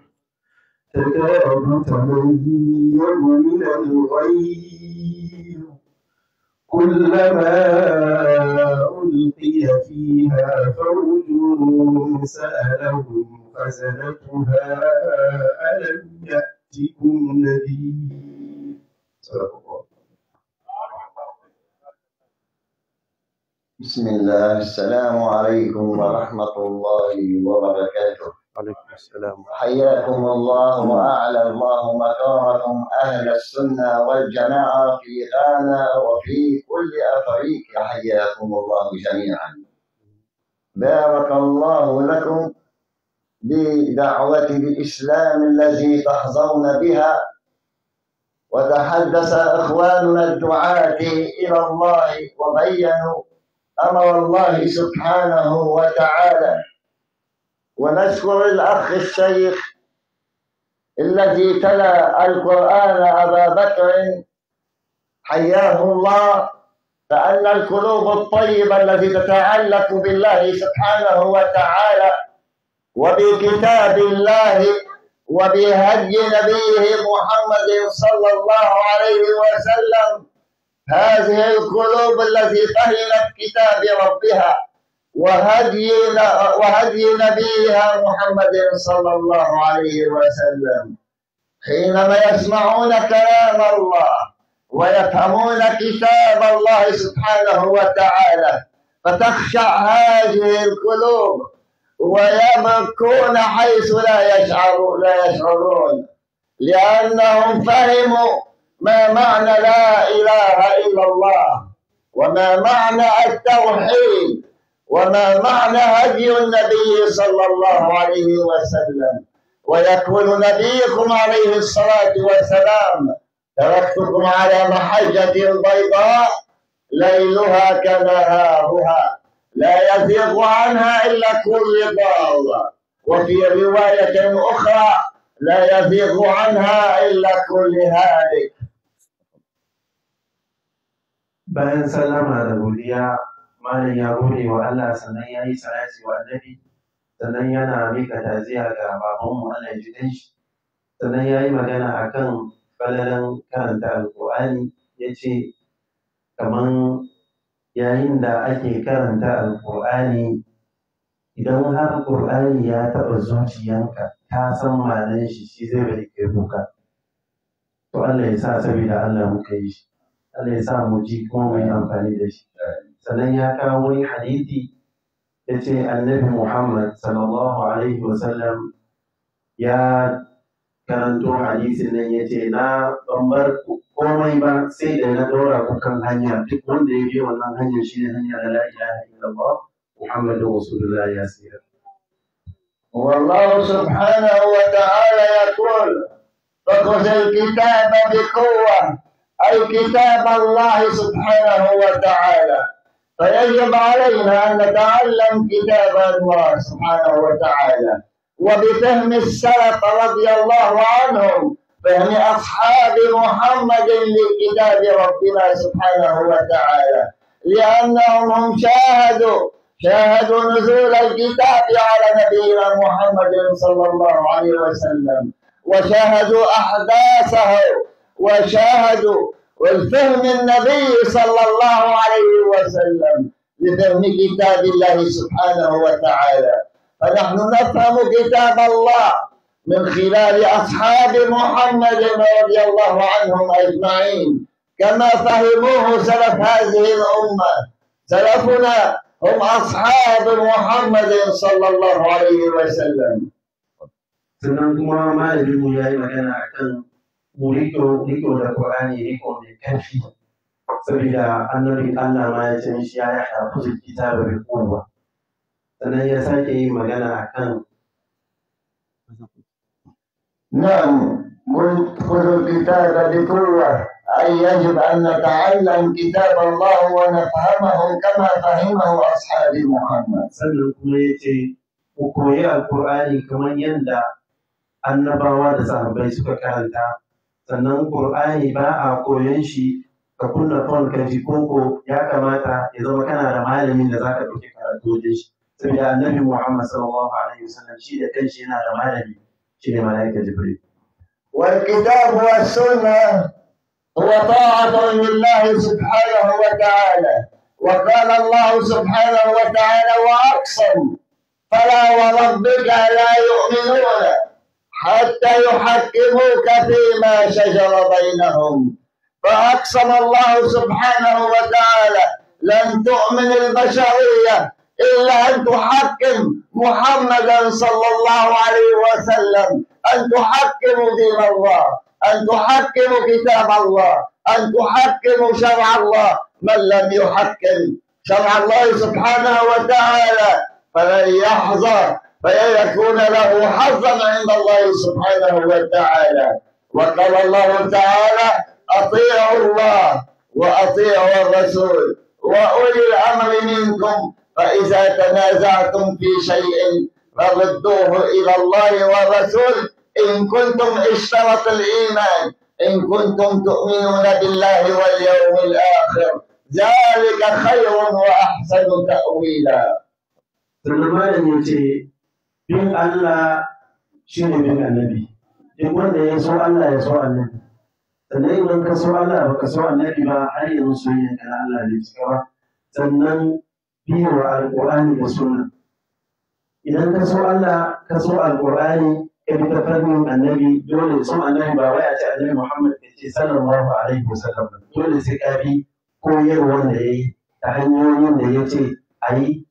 تكاد تميز من الغيظ كلما ألقي فيها فوج سألهم خزنتها ألم يأتكم نذير بسم الله السلام عليكم ورحمة الله وبركاته وعليكم السلام حياكم الله وأعلى الله مكانكم أهل السنة والجماعة في غانا وفي كل أفريقيا حياكم الله جميعا بارك الله لكم بدعوة الإسلام الذي تحظون بها وتحدث إخواننا الدعاة إلى الله وبينوا أمر الله سبحانه وتعالى ونشكر الأخ الشيخ الذي تلا القرآن أبا بكر حياه الله فأن القلوب الطيبة التي تتعلق بالله سبحانه وتعالى وبكتاب الله وبهدي نبيه محمد صلى الله عليه وسلم هذه القلوب التي فهمت كتاب ربها وهدي وهدي نبيها محمد صلى الله عليه وسلم حينما يسمعون كلام الله ويفهمون كتاب الله سبحانه وتعالى فتخشع هذه القلوب ويبكون حيث لا يشعرون لا يشعرون لأنهم فهموا ما معنى لا إله إلا الله وما معنى التوحيد وما معنى هدي النبي صلى الله عليه وسلم ويقول نبيكم عليه الصلاة والسلام تركتكم على محجة بيضاء ليلها كنهارها لا يزيغ عنها إلا كل ضال وفي رواية أخرى لا يزيغ عنها إلا كل هالك bayan sallama da godiya malam ya gode wa Allah sannan ya yi salati wa annabi sannan yana mika taziya ga babanmu Allah ya ji dan shi sannan ya yi magana akan falalan karanta alqur'ani ya ce kaman yayin da ake karanta alkur'ani idan har ƙur'ani ya taɓa zuciyanka ka san malan shi shi zai bai kai kuka to Allah ya sa saboda Allah muka yi shi Allah ya sa mu ji kuma mu yi amfani da shi sannan ya kawo wani hadisi ya ce annabi Muhammad sallallahu alaihi wasallam ya karanto hadisin nan ya ce na bar komai ba sai da na ɗora ku kan hanya duk wanda ya biyo wannan hanyar shi ne hanya da la ilaha illallah Muhammadu Rasulullah ya siya. والله سبحانه وتعالى يقول فخذ الكتاب بقوه أي كتاب الله سبحانه وتعالى فيجب علينا أن نتعلم كتاب الله سبحانه وتعالى وبفهم السلف رضي الله عنهم فهم أصحاب محمد لكتاب ربنا سبحانه وتعالى لأنهم هم شاهدوا شاهدوا نزول الكتاب على نبينا محمد صلى الله عليه وسلم وشاهدوا أحداثه وشاهدوا والفهم النبي صلى الله عليه وسلم لفهم كتاب الله سبحانه وتعالى فنحن نفهم كتاب الله من خلال أصحاب محمد رضي الله عنهم أجمعين كما فهموه سلف هذه الأمة سلفنا هم أصحاب محمد صلى الله عليه وسلم سلمتم kuma malami mu ya yi magana mu riko riko da Qur'ani riko mai karfi saboda annabi Allah ma ya ce shi ya da kuzin kitabar kowa sannan ya sake yin magana akan نعم مذكر الكتاب بقوة أي يجب أن نتعلم كتاب الله ونفهمه كما فهمه أصحاب محمد sannan kuma ya ce ku koyi alkur'ani kamar yadda annabawa da sahabbai suka karanta sannan Qur'ani ba a koyon shi ka kunna fon ka ji koko ya kamata ya zama kana da malamin da zaka ɗauki karatu da shi saboda annabi Muhammad sallallahu alaihi wasallam shi da kanshi yana da malami shi ne malaika Jibril wal kitab wa sunna huwa subhanahu wa ta'ala wa qala Allah subhanahu wa ta'ala wa aqsam fala wa rabbika la yu'minuna حتى يحكموك فيما شجر بينهم فأقسم الله سبحانه وتعالى لن تؤمن البشرية إلا أن تحكم محمدا صلى الله عليه وسلم أن تحكم دين الله أن تحكم كتاب الله أن تحكم شرع الله من لم يحكم شرع الله سبحانه وتعالى فلن يحظر فيكون له حظا عند الله سبحانه وتعالى وقال الله تعالى اطيعوا الله واطيعوا الرسول واولي الامر منكم فاذا تنازعتم في شيء فردوه الى الله والرسول ان كنتم اشترط الايمان ان كنتم تؤمنون بالله واليوم الاخر ذلك خير واحسن تاويلا. bin Allah shi ne bin annabi duk wanda ya so Allah ya so annabi sannan idan ka so Allah baka so annabi ba har yanzu soyayya ga Allah ne su kawa sannan wa alqur'ani da suna idan ka so Allah ka so alqur'ani ka bi fannin annabi dole su annabi ba wai a ce annabi Muhammad ya ce sallallahu alaihi wasallam dole sai ka bi koyarwar da yi ta hanyoyin da ya ce a yi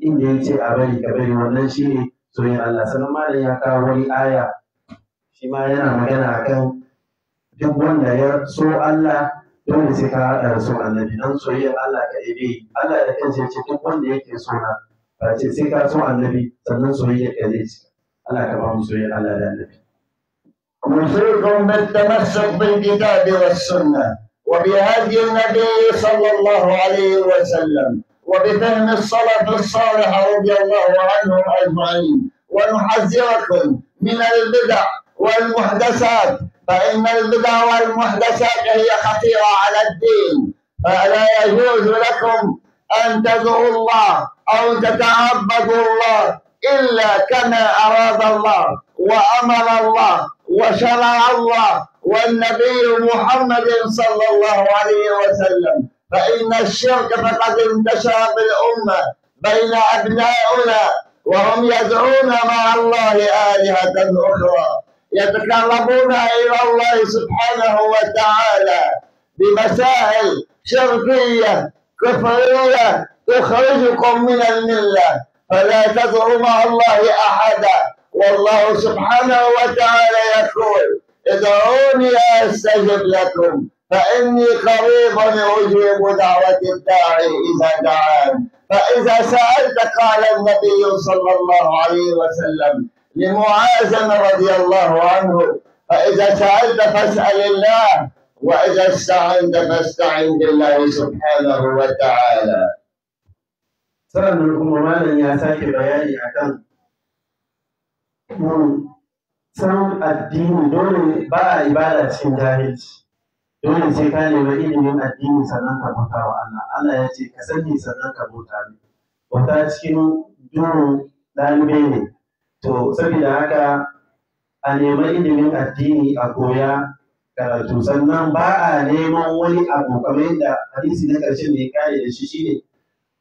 inda ya ce a bari ka bari wannan shi ne سوري الله سلام عليك يا كاولي آية شما ينا مجانا كم كم وانا يا سو الله دون سكا رسول النبي نان سوري الله كأبي الله لكن سيك كم وانا يا كسونا بس سكا سو النبي سنن سوري كأليس الله كمان سوري الله لا النبي نصركم بالتمسك بالكتاب والسنة وبهدي النبي صلى الله عليه وسلم وبفهم السلف الصالح رضي الله عنهم أجمعين ونحذركم من البدع والمحدثات فإن البدع والمحدثات هي خطيرة على الدين فلا يجوز لكم أن تدعوا الله أو تتعبدوا الله إلا كما أراد الله وأمر الله وشرع الله والنبي محمد صلى الله عليه وسلم فإن الشرك فقد انتشر في الأمة بين أبنائنا وهم يدعون مع الله آلهة أخرى يتقربون إلى الله سبحانه وتعالى بمسائل شركية كفرية تخرجكم من الملة فلا تدعوا مع الله أحدا والله سبحانه وتعالى يقول ادعوني أستجب لكم فإني قريب أجيب دعوة الداعي إذا دعان فإذا سألت قال النبي صلى الله عليه وسلم لمعاذ رضي الله عنه فإذا سألت فاسأل الله وإذا استعنت فاستعن بالله سبحانه وتعالى sannan لكم malam يا sake بياني akan mun نعم. الدين addini dole ba a dole sai ka nemi ilimin addini sannan ka bauta wa Allah Allah ya ce ka sani sannan ka bauta ni bauta cikin duhun ɗalibai ne to saboda haka a nemi ilimin addini a koya karatu sannan ba a neman wani abu kamar yadda hadisi na ƙarshe ne kare da shi shine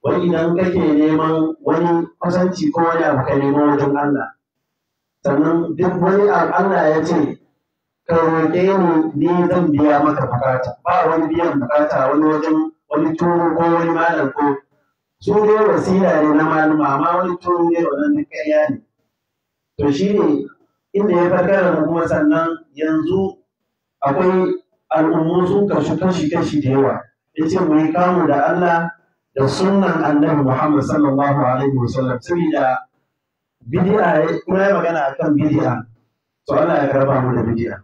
wani idan kake neman wani kusanci ko wani abu ka neman wajen Allah sannan duk wani abu Allah ya ce ka roƙe mu zan biya maka bukata ba wani biyan bukata wani wajen wani turu ko wani malam ko su dai wasila ne na malama amma wani turu ne wannan na ƙarya ne to shi ne inda ya farkar da kuma sannan yanzu akwai al'ummu sun kashi kashi kashi da yawa ya ce mu yi kamu da Allah da sunan annabi Muhammad sallallahu alaihi wasallam saboda bid'a ya magana akan bid'a to Allah ya karba mu da bid'a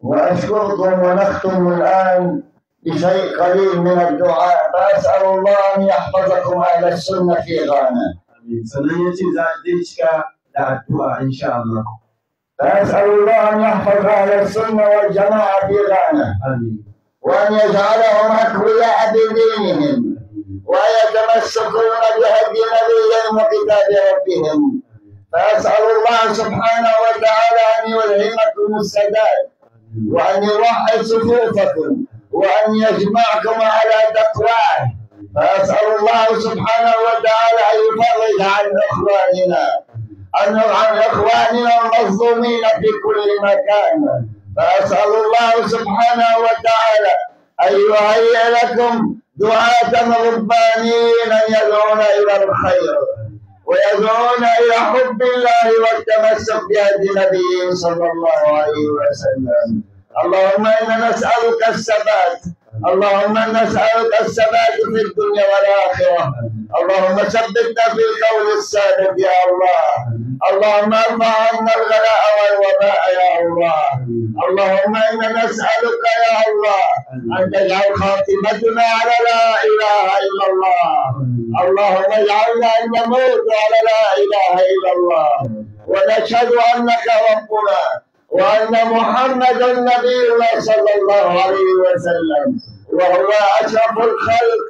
وأشكركم ونختم الآن بشيء قليل من الدعاء فأسأل الله أن يحفظكم أهل السنة في غانا إن شاء الله فأسأل الله أن يحفظ أهل السنة والجماعة في غانا وأن يجعلهم أقوياء بدينهم ويتمسكون بهدي نبيهم وكتاب ربهم فأسأل الله سبحانه وتعالى أن يلهمكم السداد وأن يوحد صفوفكم وأن يجمعكم على تقواه فأسأل الله سبحانه وتعالى أن يفرج عن إخواننا أن عن إخواننا المظلومين في كل مكان فأسأل الله سبحانه وتعالى أن يهيئ لكم دعاة ربانيين يدعون إلى الخير ويدعون إلى حب الله والتمسك بهدي نبيه صلى الله عليه وسلم اللهم إنا نسألك الثبات اللهم نسألك الثبات في الدنيا والآخرة اللهم ثبتنا في القول السابق يا الله اللهم ارفع عنا الغلاء والوباء يا الله اللهم انا نسألك يا الله أن تجعل خاتمتنا على لا إله إلا الله اللهم اجعلنا أن نموت على لا إله إلا الله ونشهد أنك ربنا وأن محمدا النبي الله صلى الله عليه وسلم وهو أشرف الخلق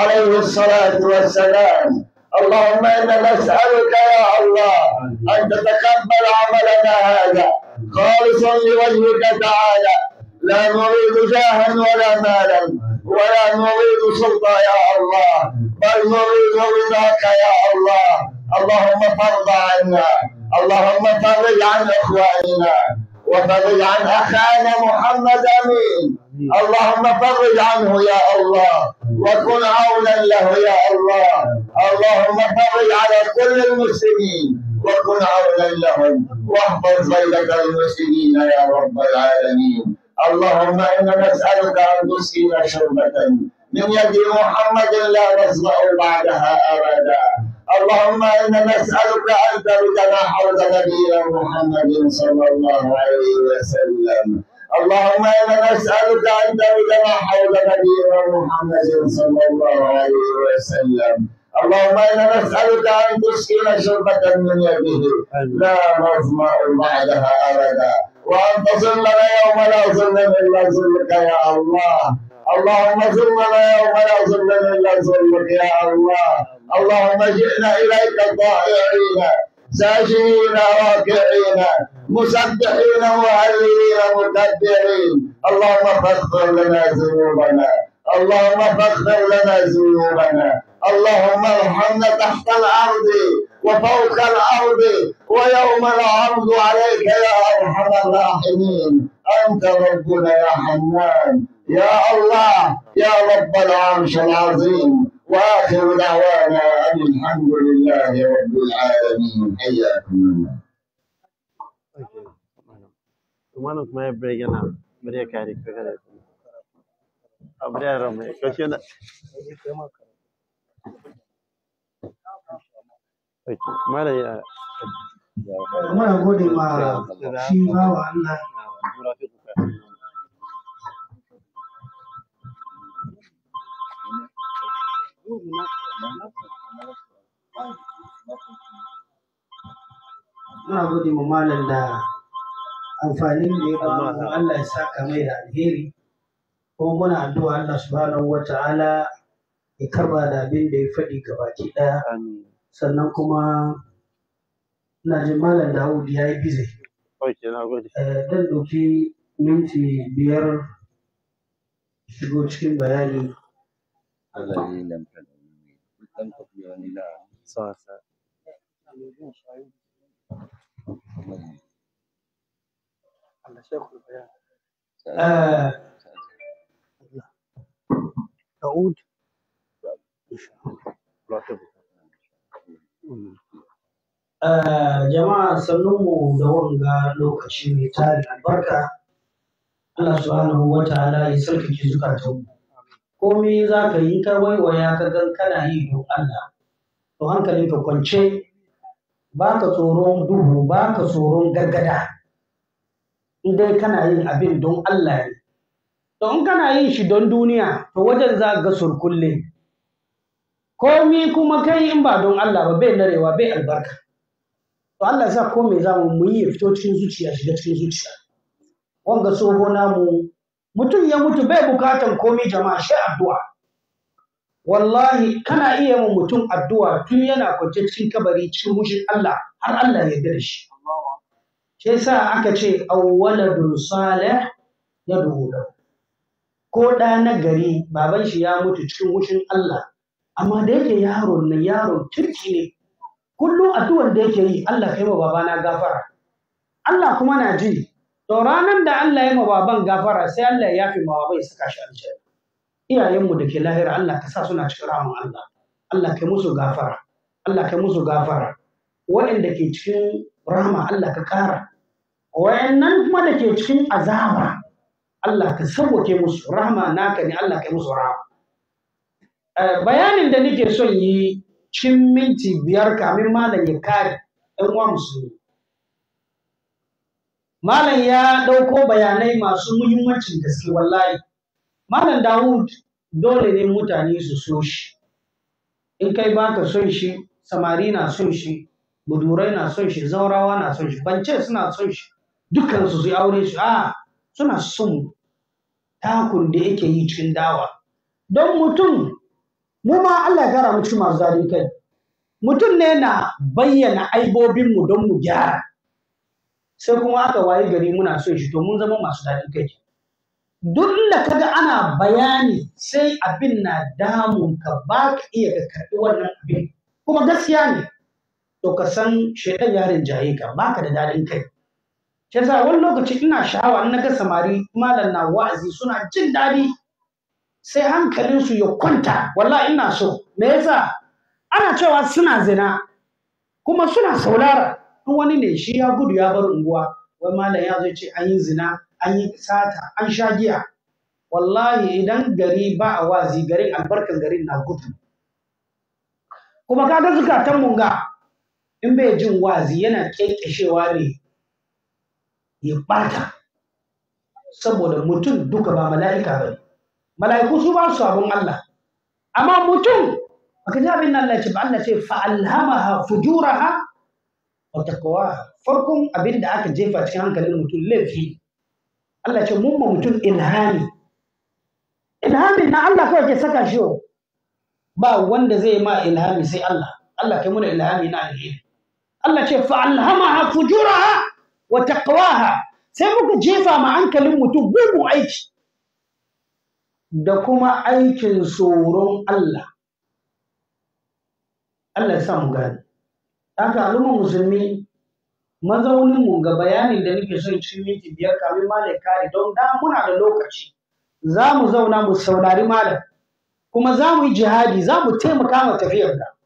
عليه الصلاة والسلام اللهم إنا نسألك يا الله أن تتقبل عملنا هذا خالصا لوجهك تعالى لا نريد جاها ولا مالا ولا نريد سلطة يا الله بل نريد رضاك يا الله اللهم ترضى عنا اللهم فرج عن إخواننا وفرج عن أخانا محمد أمين اللهم فرج عنه يا الله وكن عونا له يا الله اللهم فرج على كل المسلمين وكن عونا لهم واحفظ بيتك المسلمين يا رب العالمين اللهم إنا نسألك أن تسقينا شربة من يد محمد لا نسمع بعدها أبدا اللهم إنا نسألك أن تردنا حوض نبينا محمد صلى الله عليه وسلم اللهم إنا نسألك أن تردنا حوض نبينا محمد صلى الله عليه وسلم اللهم انا نسالك ان تسقينا شربه من يده لا نظما بعدها ابدا وأن ظلنا يوم لا ظل إلا ظلك يا الله اللهم ظلنا يوم لا ظل إلا ظلك يا الله اللهم جئنا إليك طائعين ساجدين راكعين مسبحين مهللين متبعين اللهم فاغفر لنا ذنوبنا اللهم فاغفر لنا ذنوبنا اللهم ارحمنا تحت الارض وفوق الارض ويوم العرض عليك يا ارحم الراحمين انت ربنا يا حنان يا الله يا رب العرش العظيم واخر دعوانا ان الحمد لله رب العالمين حياكم الله. Muna gode ma shi bawa Allah Muna gode malam da amfanin da ya bamu Allah ya saka mai da alheri kuma muna addu'a Allah subhanahu wa ta'ala ya karba da abin da ya faɗi gabaki ɗaya sannan kuma na jin malam da hau ya yi bize dan eh, ɗauki minti biyar shigo cikin bayani Eh, jama'a sannunmu da wanga lokaci mai tarin albarka Allah subhanahu wa ta'ala ya sarkake zukatanmu komai za ka yi ka waiwaya ka gan kana yi don Allah to ka kwance ba ka tsoron duhu ba ka tsoron gaggada in dai kana yin abin don Allah ne to in kana yin shi don duniya to wajen za ka ga surkulle komi kuma kai in ba don Allah ba bai narewa bai albarka to Allah sa ko me zamu mu yi fito cikin zuciya shiga cikin zuciya wanga tsoho namu mutum ya mutu bai bukatan komi jama'a shi addu'a wallahi kana iya mu mutum addu'a tun yana kwance cikin kabari cikin mushin Allah har Allah ya yarda da shi shi yasa aka ce awwaladun salih yadu ko da na gari baban shi ya mutu cikin wushin Allah amma da yake yaron nan yaro kirki ne kullum addu'ar da yake yi Allah kai ma babana gafara Allah kuma na ji to ranar da Allah ya ma baban gafara sai Allah ya yafi ma babai saka shi aljanna iyayenmu da ke lahira Allah ka sa suna cikin rahman Allah Allah kai musu gafara Allah kai musu gafara waɗanda ke cikin rahama Allah ka ƙara wayannan kuma da ke cikin azaba Allah ka sauke musu rahama naka ne Allah kai musu rahama Eh, bayanin da nake son yi cin minti biyar kamin malam ya kare ɗan uwa musulmi malam ya ɗauko bayanai masu muhimmancin gaske wallahi malam dawud dole ne mutane su so shi in kai ba ka son shi samari na son shi budurai na son shi zaurawa na son shi bance suna son shi dukkansu su aure shi a suna son takun da yake yi cikin dawa don mutum mu ma Allah ya gara mu cikin masu zalin kai mutum ne na bayyana aibobinmu don mu gyara sai kuma aka wayi gari muna so shi to mun zama masu zalin kai duk da kaga ana bayani sai abin na damun ka ba ka iya ka karɓi wannan abin kuma gaskiya ne to ka san shaidan yarin jaye ka ba ka da daɗin kai shi wani lokaci ina sha'awa ina na ga samari malam na wa'azi suna jin daɗi sai hankalinsu ya kwanta walla ina so me yasa ana cewa suna zina kuma suna saurara in wani ne shi ya gudu ya bar unguwa wai malam ya zo ce an yi zina an yi sata an sha giya wallahi idan gari ba a wazi garin albarkan garin na gudu kuma kaga zukatan mun ga in bai jin wazi yana kekeshewa ne ya bata saboda mutum duka ba mala'ika bane mala'iku su ba su Allah amma mutum baka ji abin Allah ce ba Allah ce fa alhamaha fujuraha wa taqwa farkon abin da aka jefa cikin hankalin mutum laifi Allah ce mun ma mutum ilhami ilhami na Allah kawai ke saka shi ba wanda zai ma ilhami sai Allah Allah kai muna ilhami na alheri Allah ce fa alhamaha fujuraha wa taqwaha sai muka jefa ma hankalin mutum gugu aiki da kuma aikin tsoron Allah Allah ya sa mu gani. Aka al'ummar musulmi mazaunin mu ga bayanin da nake son cikin minti biyar kamin malam kare don da muna da lokaci za mu zauna mu saurari malam kuma za mu yi jihadi za mu taimaka ma tafiyar da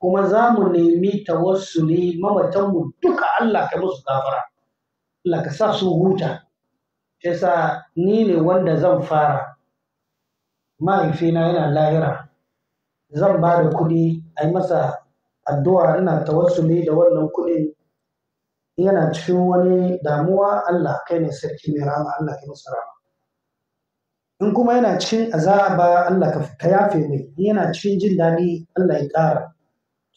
kuma za mu nemi tawassuli mamatanmu duka Allah ka musu gafara Allah ka sa su huta sa ni ne wanda zan fara mahaifina yana lahira zan ba da kuɗi a yi masa addu'a ina tawassuli da wannan kuɗi yana cikin wani damuwa Allah kai ne sarki mai rama Allah ka masa rama in kuma yana cikin azaba Allah ka yafe mai yana cikin jin daɗi Allah ya ƙara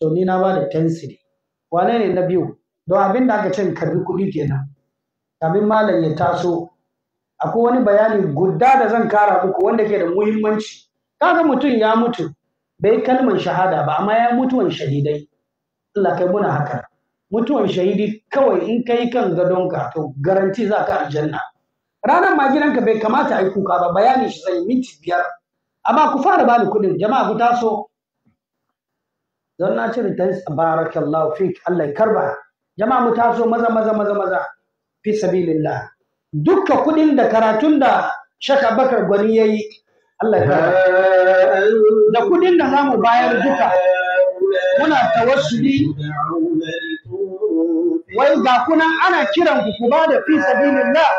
to ni na ba da tensiri wane ne na biyu don abin da aka ce karbi kuɗi kenan abin malam ya taso akwai wani bayani guda da zan kara muku wanda ke da muhimmanci kaga mutum ya mutu bai kalmar shahada ba amma ya mutuwan shahidai Allah kai muna haka mutuwan shahidi kawai in kai kan gadonka to garanti za ka aljanna ranar ma gidanka bai kamata a yi kuka ba bayani shi zai minti biyar amma ku fara bani kuɗin jama'a ku taso don na cire ta barakallahu fik Allah ya karba jama'a mu taso maza maza maza maza fi sabilillah dukka kudin da karatun da shaka bakar gwani ya yi Allah ya da kudin da za mu bayar duka muna tawassuli wai ga kuna ana kiran ku ku ba da fi sabilillah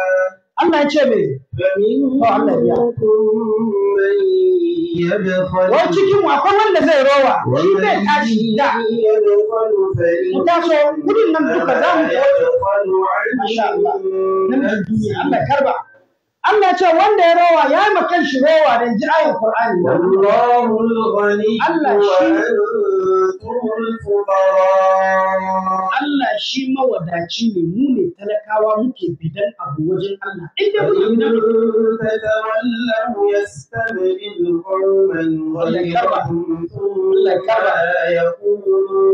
Allah ya ce me wai cikin akwai wanda zai rowa shi zai tashi da mu taso gudun nan duka za mu koyo masha Allah namijin duniya Allah karba Allah ce wanda ya rowa ya yi makan shi rowa da ji ayin Qur'ani Allah shi Allah shi mawadaci ne mu ne talakawa muke bidan abu wajen Allah. In dai muke bidan abu. يستبدل قوما غيركم ثم لا يكونوا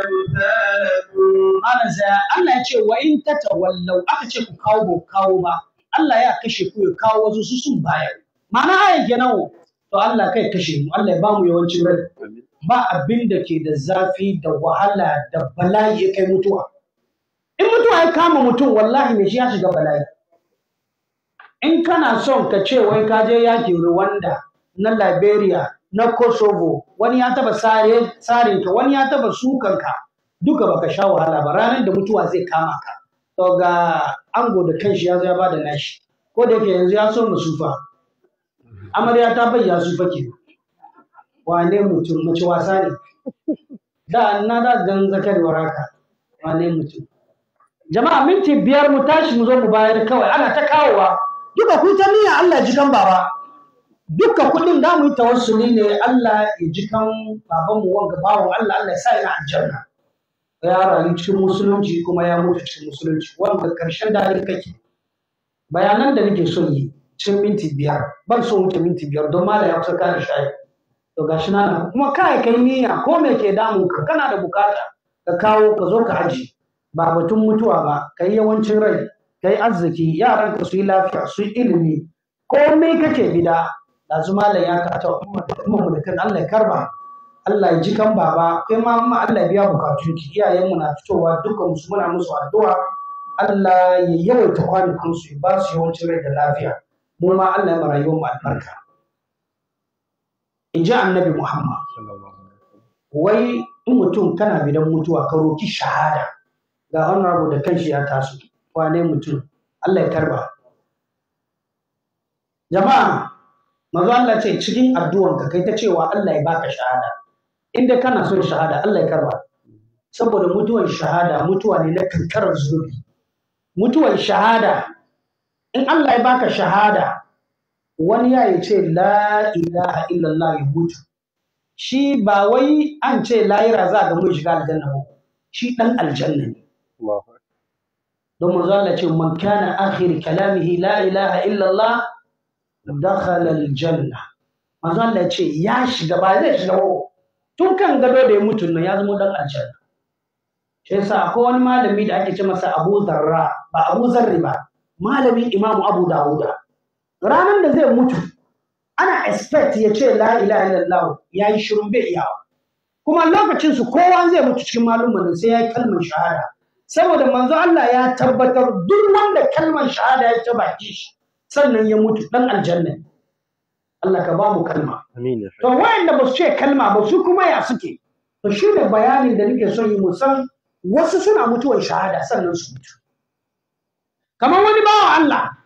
أمثالكم. Allah ya ce wa in tatawallau aka ce ku kawo ba kawo ba Allah ya kashe ku ya kawo wasu su sun bayar. Ma'ana ayan kenan to Allah kai kashe mu Allah ya bamu yawancin rai. ba abin da ke da zafi da wahala da bala'i ya kai mutuwa in mutuwa ya kama mutum wallahi ne shi ya shiga bala'i in kana son ka ce wai ka je yakin Rwanda na Liberia na Kosovo wani ya taba tsarin ka wani ya taba sukan ka duka baka sha wahala ba ranar da mutuwa zai kama ka to ga ango da kanshi ya zo ya bada nashi ko da yake yanzu ya so mu sufa amarya ta bayyana sufa kenan wane mutum mace wasa ne da na da dan zakarwar haka wane mutum jama'a minti biyar mu tashi mu zo mu bayar kawai ana ta kawowa duka ku ta niyya Allah ji kan baba duka kudin da mu yi tawassuli ne Allah ya ji kan baban mu wanga bawon Allah Allah ya sa yana aljanna ya rayu cikin musulunci kuma ya mutu cikin musulunci wanda karshen da kake bayanan da nake son yi cikin minti biyar ban so wuce minti biyar don mala ya kusa kare shayi to gashi nan kuma kai kai niyya ko me ke damu ka kana da bukata ka kawo ka zo ka aji ba batun mutuwa ba kai yawancin rai kai arziki yaran ka su yi lafiya su yi ilimi ko me kake gida lazu malam ya ta kuma mu kan Allah ya karba Allah ya ji kan baba kai ma amma Allah ya biya bukatun ki iyayen mu na fitowa dukkan su muna musu addu'a Allah ya yawaita kwanukan su ba su yawancin rai da lafiya mu ma Allah ya mu rayuwar mu albarka in ji annabi Muhammad. Wai in mutum kana bidan mutuwa ka roki shahada ga abu da kanshi ya taso wane mutum Allah ya karba. Jama'a mazu Allah ce cikin ka kai ta cewa Allah ya baka shahada inda kana son shahada Allah ya karba saboda mutuwar shahada mutuwa ne na kankarar zunubi mutuwar shahada in Allah ya baka shahada wani ya yi ce la ilaha illallah ya mutu shi ba wai an ce layira za ga mun shiga aljanna ba shi dan aljanna ne don manzo Allah ce man kana akhir kalamihi la ilaha illallah dakhala aljanna manzo Allah ce ya shiga ba zai shiga ba tun kan gado da ya mutu na, ya zama dan aljanna shi sa akwai wani malami da ake ce masa Abu Zarra ba Abu Zarri ba malamin Imam Abu Dawuda ranar da zai mutu ana expect ya ce la ilaha illallah ya yi shirin bai iyawa kuma lokacin su kowa zai mutu cikin malumman sai ya yi kalmar shahada saboda manzo Allah ya tabbatar duk wanda kalmar shahada ya ta baki shi sannan ya mutu dan aljanna Allah ka ba mu kalma amin to wayanda ba su ce kalma ba su kuma ya suke to shi ne bayanin da nake son yi mu san wasu suna mutuwar shahada sannan su mutu kamar wani bawa Allah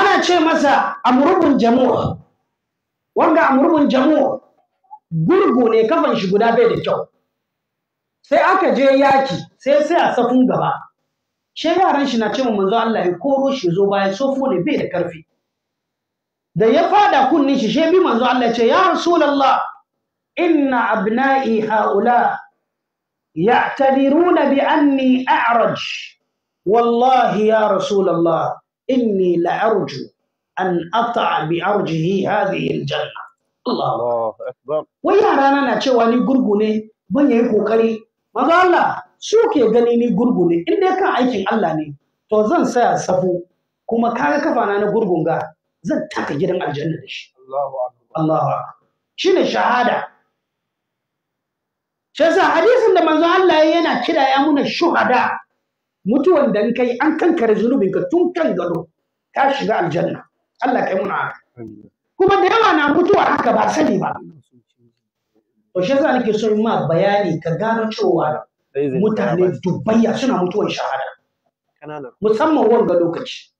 ana ce masa amurbin jamu'a wanga amurbin jamu'a gurgu ne kafan shi guda bai da kyau sai aka je yaki sai sai a safun gaba shi yaran shi na ce mu manzo Allah ya koro shi zo baya sofo ne bai da karfi da ya fada kunnin shi shebi bi manzo Allah ya ce ya rasulullah inna abna'i haula ya'tadiruna bi anni a'raj wallahi ya rasulullah إني لأرجو أن أطع بأرجه هذه الجنة Allah akbar wai yara na na cewa ni gurgu ne ban yayi kokari maza Allah su ke gani ni gurgu ne in dai kan aikin Allah ne to zan saya safu kuma kaga kafana na gurgun ga zan taka gidan aljanna da shi Allahu akbar Allahu shahada shi hadisin da manzo Allah yana kira ya muna shuhada mutuwan da kai an kankare zunubin ka tun kan gado ka shiga aljanna Allah kai muna haka kuma da yawa na mutuwa haka ba sani ba to shi yasa nake son ma bayani ka gano cewa mutane dubbayya suna mutuwan shahada musamman wanga lokaci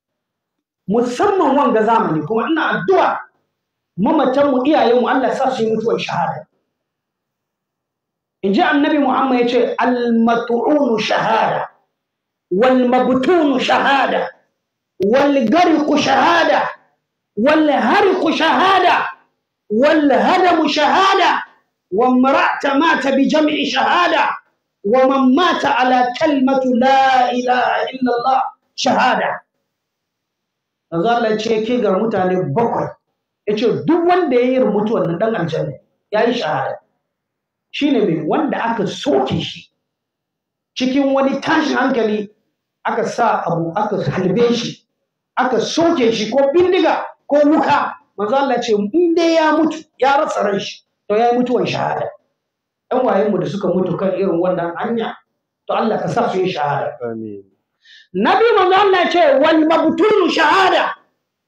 musamman wanga zamani kuma ina addu'a mamatanmu iyayenmu Allah sa su yi mutuwan shahada in ji annabi Muhammad ya ce al-mat'unu shahada والمبتون شهادة والغرق شهادة والهرق شهادة والهدم شهادة وامرأة مات بجمع شهادة ومن مات على كلمة لا إله إلا الله شهادة Allah ce ke ga mutane bakwai ya ce duk wanda ya yi mutuwar na ɗan aljanna ya yi shahada shi ne mai wanda aka soke shi cikin wani tashin hankali aka sa abu aka halbe shi aka soke shi ko bindiga ko wuka manzo Allah ce in dai ya mutu ya rasa ran shi to ya yi mutuwan shahada ɗan wayenmu da suka mutu kan irin wannan hanya to Allah ka sa su yi shahada amin nabi manzo Allah ce wal mabtulu shahada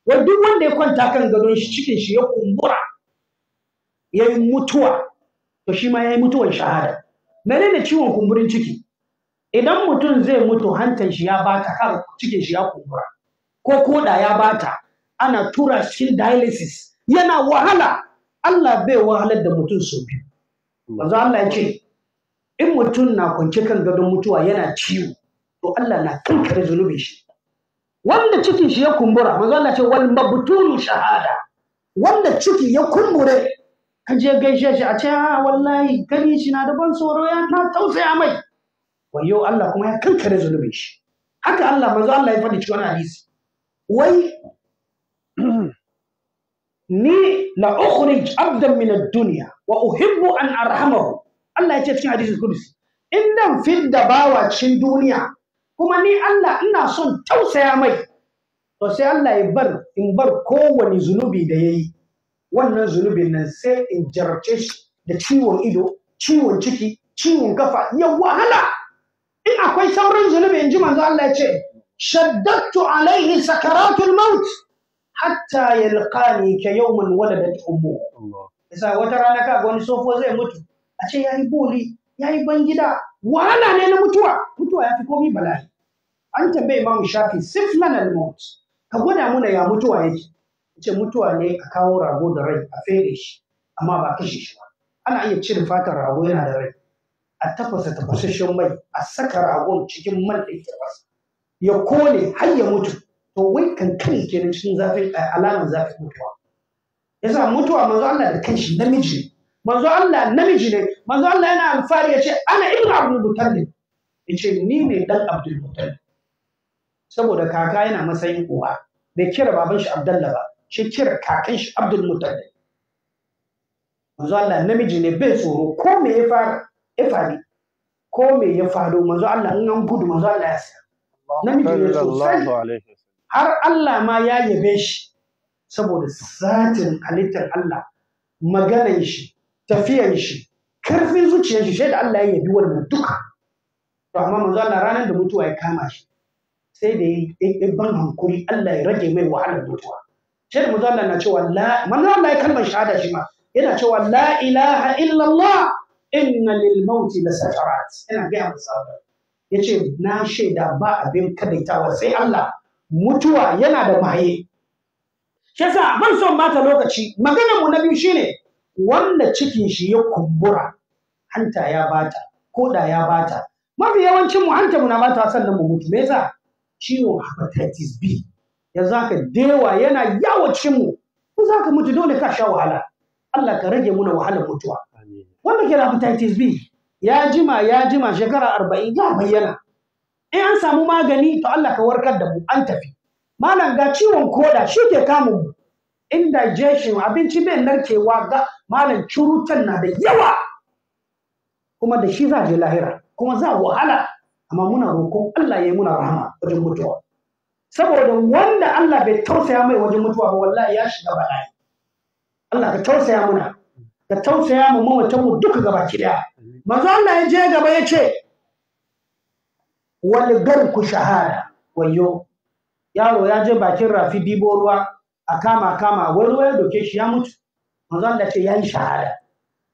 wa duk wanda ya kwanta kan gadon shi cikin shi ya kumbura ya yi mutuwa to shi ma ya yi mutuwan shahada menene ciwon kumburin ciki idan mutum zai mutu hantar shi ya bata har cike shi ya kumbura ko koda ya bata ana tura shi dialysis yana wahala Allah bai wahalar da mutum sau biyu manzo Allah ya ce in mutum na kwance kan gadon mutuwa yana ciwo to Allah na kankare zunubin shi wanda cikin shi ya kumbura manzo Allah ce wal mabtulu shahada wanda ciki ya kumbure kaje gaishe shi a ce a, ah, wallahi gani shi na da ban tsoro ya na tausaya mai wayo Allah kuma ya kankare zunubin shi haka Allah manzo Allah ya faɗi cikin wani hadisi wai ni la ukhrij abdan min ad-dunya wa uhibbu an arhamahu Allah ya ce cikin hadisi kudus in dan fidda bawa cikin duniya kuma ni Allah ina son tausaya mai to sai Allah ya bar in bar kowane zunubi da yayi wannan zunubin nan sai in jarabce shi da ciwon ido ciwon ciki ciwon kafa ya wahala in akwai sauran zunubi in ji manzo Allah ya ce shaddatu alaihi sakaratul maut hatta yalqani ka yawman waladat ummu isa wata rana ka ga wani sofo zai mutu a ce yayi boli yayi ban gida wahala ne na mutuwa mutuwa ya fi komai bala'i an tambaye mu shafi siflan al maut ka gwada muna ya mutuwa yake ce mutuwa ne a kawo rago da rai a fere shi amma ba kashe shi ba ana iya cire fatar rago yana da rai a tafasa tafasasshen mai a saka ragon cikin man da yake ya kone har ya mutu to wai kan kan kenan cikin zafin eh, alamar zafin mutuwa yasa mutuwa manzo Allah da kanshi namiji manzo Allah namiji ne manzo Allah yana alfari ya ce ana ibnu abdul mutallib ya ce ni ne dan abdul mutallib saboda kaka yana matsayin uwa bai kira baban shi abdalla ba shi kira kakan shi abdul mutallib manzo Allah namiji ne bai tsoro ko me ya fara ya faɗi ko me ya faɗo manzo Allah in an gudu manzo Allah ya sa namiji ne sosai har Allah ma ya yabe shi saboda zatin halittar Allah maganan shi tafiyan shi karfin zuciyar shi da Allah ya yabi wannan duka to amma manzo Allah ranar da mutuwa ya kama shi sai da ya ban hankuri Allah ya rage mai wahalar mutuwa sai da manzo Allah na cewa la manzo Allah ya kalmar shahada shi ma yana cewa la ilaha illallah inna lil mauti la sakarat ina ga masa yace na shaida ba abin kadaitawa sai Allah mutuwa yana da maye shi yasa ban son bata lokaci maganar mu na biyu shine wanda cikin shi ya kumbura hanta ya bata koda ya bata mafi yawancin mu hanta mu na bata sannan mu mutu me yasa ciwon hepatitis B yanzu haka dewa yana yawo cikin mu ko zaka mutu dole ka sha wahala Allah ka rage muna wahalar mutuwa wanda ke da hepatitis B ya jima ya jima shekara arba'in ya bayyana in an samu magani to Allah ka warkar da mu an tafi malam ga ciwon koda shi ke kamun mu indigestion abinci bai narkewa ga malam curutan na da yawa kuma da shi za je lahira kuma za wahala amma muna roƙon Allah ya yi muna rahama wajen mutuwa saboda wanda Allah bai tausaya mai wajen mutuwa ba wallahi ya shiga bala'i Allah ka tausaya muna ka tausaya mu mamatan mu duka ki daya manzo Allah ya je gaba ya ce wal garku shahada wayo yaro ya je bakin rafi dibo ruwa a kama kama wai ruwa ya doke shi ya mutu manzo Allah ce yayi shahada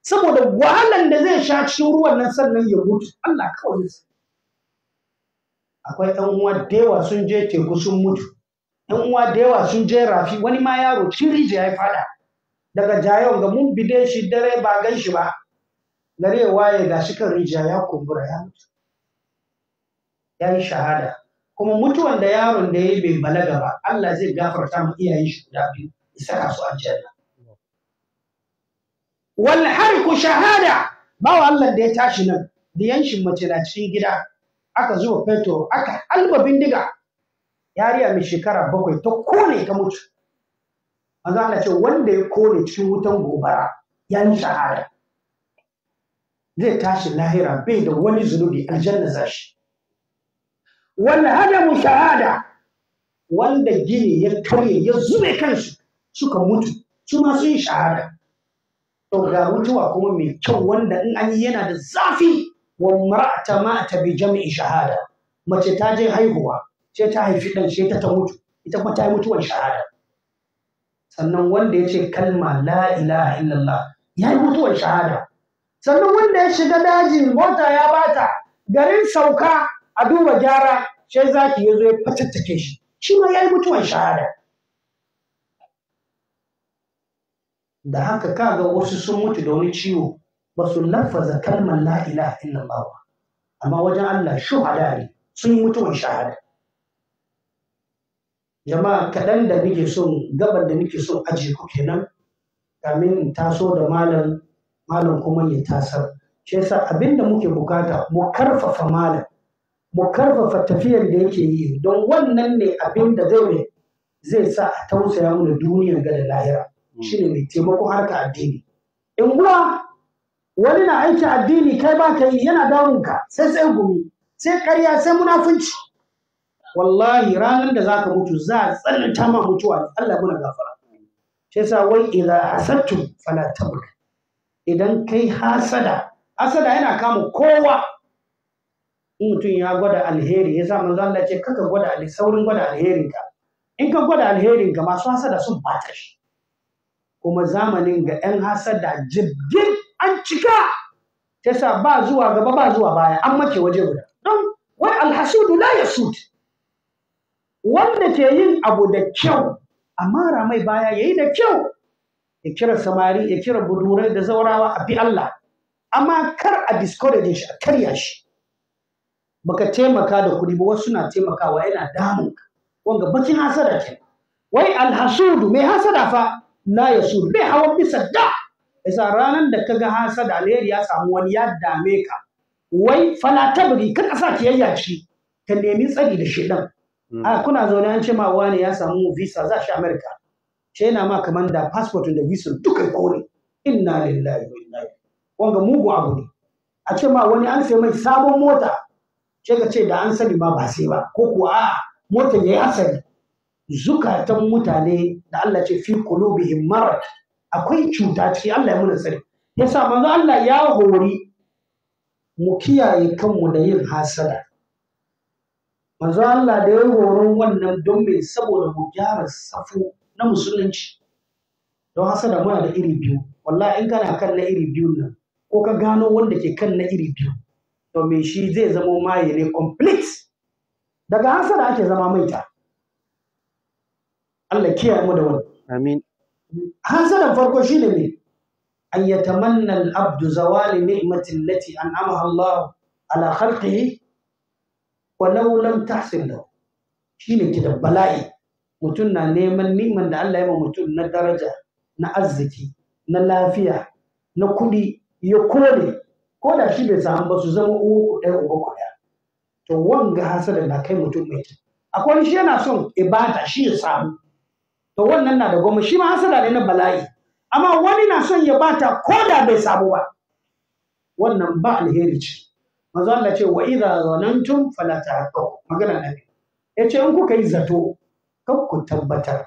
saboda wahalan da zai sha cikin ruwan nan sannan ya mutu Allah kawai akwai ɗan uwa da yawa sun je teku sun mutu ɗan uwa da yawa sun je rafi wani ma yaro cin rijiya ya fada daga jayon ga mun bide shi dare ba gan shi ba gare waye ga shi kan rijiya ya kumbura ya mutu ya yi shahada kuma mutuwan da yaron da ya bai balaga ba Allah zai gafarta mu iyayen shi guda biyu ya saka su aljanna wal harku shahada Ba Allah da ya tashi nan Da yanshin mace na cikin gida aka zuba fetur aka alba bindiga yariya mai shekara bakwai ta kone ta mutu manzo Allah ce wanda ya kone cikin wutan gobara ya yi shahada zai tashi lahira bai da wani zunubi aljanna za shi hada mu shahada wanda gini ya karye ya zube kansu suka mutu su ma sun shahada to ga mutuwa kuma mai kyau wanda in an yi yana da zafi wa mar'ata ta bi jami'in shahada mace ta je haihuwa sai ta haifi dan sai ta ta mutu ita kuma ta yi mutuwar shahada sannan wanda ya ce kalma la ilaha illallah ya yi mutuwar shahada sannan wanda ya shiga dajin mota ya bata garin sauka a duba gyara sai zaki ya zo ya fatattake shi shi ma ya yi mutuwar shahada da haka kaga wasu sun mutu da wani ciwo ba su lafaza kalmar la ilaha illallah ba amma wajen Allah shuhada ne sun yi mutuwar shahada jama'a kaɗan da nake so gabar da nake so aji ku kenan kamin in taso da malam malam kuma ya tasar shi yasa abin da muke bukata mu karfafa malam mu karfafa tafiyar da yake yi don wannan ne abin da zai zai sa a tausaya mana duniyar ga da lahira mm. shine mai taimako harka addini in kuma wani na aiki addini kai ba ka yi yana damunka sai sai gumi sai karya sai munafunci wallahi ranar da zaka mutu za a tsananta ma mutuwa Allah muna gafara shi yasa wai idza hasattu fala tabk idan kai hasada hasada yana kama kowa in mutum ya gwada alheri yasa manzo Allah ce kaka gwada alheri saurin gwada alherin ka in ka gwada alherin ka masu hasada sun bata shi kuma zamanin ga yan hasada jibgin an cika ta sa ba zuwa gaba ba zuwa baya an make waje guda don wai alhasudu la yasud wanda ke yin abu da kyau a mara mai baya ya yi da kyau ya kira samari ya kira budurai da zaurawa a bi Allah amma kar a discourage shi a karya shi baka taimaka da kudi ba wasu na taimakawa yana damun ka. wanga bakin hasada ke wai alhasudu mai hasada fa la yasudu bai hawa bisa da yasa ranar da ka ga hasada alheri ya samu wani ya dame ka wai fala tabri kar ka sa kiyayya shi ka nemi tsari da shedan Mm. a ah, kuna zaune an ce ma wani ya samu visa za shi america ce yana ma kamar da passport da visa duka kore inna lillahi wa inna wanga mugu abu ne a ce ma wani an sai mai sabon mota ce ka ce da an sani ma ba sai ba ko kuwa a motar yi asali zukatan mutane da Allah ce fi kulubihim marad akwai cuta ce Allah ya muna sani yasa manzo Allah ya hori mu kiyaye kanmu da yin hasada manzo Allah da ya horon wannan don me saboda mu gyara safu na musulunci don hasada muna da iri biyu wallahi in kana kan na iri biyu nan ko ka gano wanda ke kan na iri biyu to me shi zai zama maye ne complete daga hasada ake zama maita Allah kiya mu da wannan amin da farko shi ne an yatamanna al-abdu zawali ni'matin lati an'amaha Allah ala khalqihi walau lam tahsin lahu shine ki da bala'i mutum na neman niman da Allah ya ma mutum na daraja na arziki na lafiya na kuɗi ya kone ko da shi bai samu ba su zama uku ɗaya to wanga hasada na kai mutum mai akwai shi yana son ibada shi ya samu to wannan na da goma shi ma hasada ne na bala'i amma wani na son ya bata ko da bai samu ba wannan ba alheri ce manzo Allah ce wa idza zanantum fala tahaqqu magana nabi yace in kuka yi zato kar ku tabbatar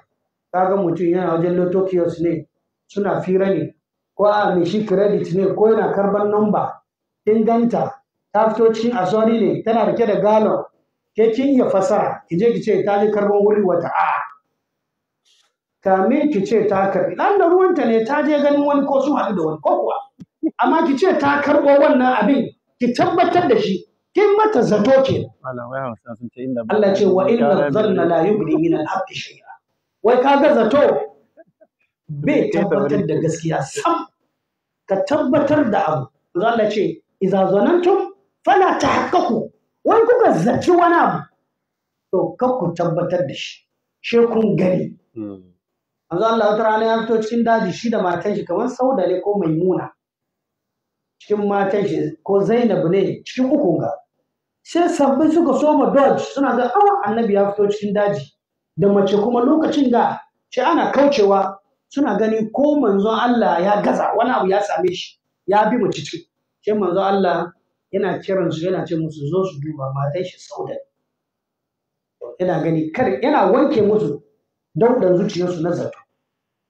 kaga mutum yana wajen lotokiyos ne suna fira ne ko a mai shi credit ne ko yana karban namba inganta ta fito cikin asori ne tana rike da galon ke kin ya fasara ki je ki ce ta je karban wuri wata a kamin ki ce ta karbi dan da ruwanta ne ta je ganin wani ko sun haɗu da wani ko kuwa amma ki ce ta karbo wannan abin ki tabbatar da shi kin mata zato ke Allah ce wa inna zanna la yubni min al-haqqi shay'a wai kaga zato bai tabbatar da gaskiya sam ka tabbatar da abu Allah ce idza zanantum fala tahaqqaqu wai kuka zaci wani abu to kar ku tabbatar da shi she kun gani hmm. Allah ta rana ya fito cikin daji shi da matan shi kamar sauda ne ko maimuna cikin matan shi ko Zainabu ne cikin uku ga sai sabbin suka soma dodge suna ga awa annabi ya fito cikin daji da mace kuma lokacin da ce ana kaucewa suna gani ko manzon Allah ya gaza wani abu ya same shi ya bi mace ciki sai manzon Allah yana kiran su yana ce musu zo su duba matan shi sauda yana gani kar yana wanke musu daudan zuciyarsu na zato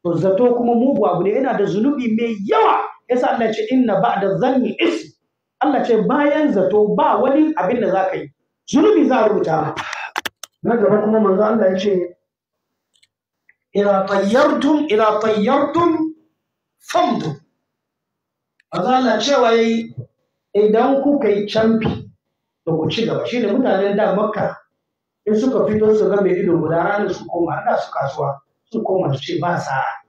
to zato kuma mugu abu ne yana da zunubi mai yawa yasa Allah ce inna ba'da zanni is Allah ce bayan zato ba wani abin da za ka yi zunubi za a rubuta na gaba kuma manzo Allah ya ce ila tayyartum ila tayyartum famdu manzo Allah cewa idan kuka yi camfi da ku ci gaba shine mutanen da makka in suka fito su ga mai ido guda ranar su koma da su kasuwa su koma su ce ba sa'a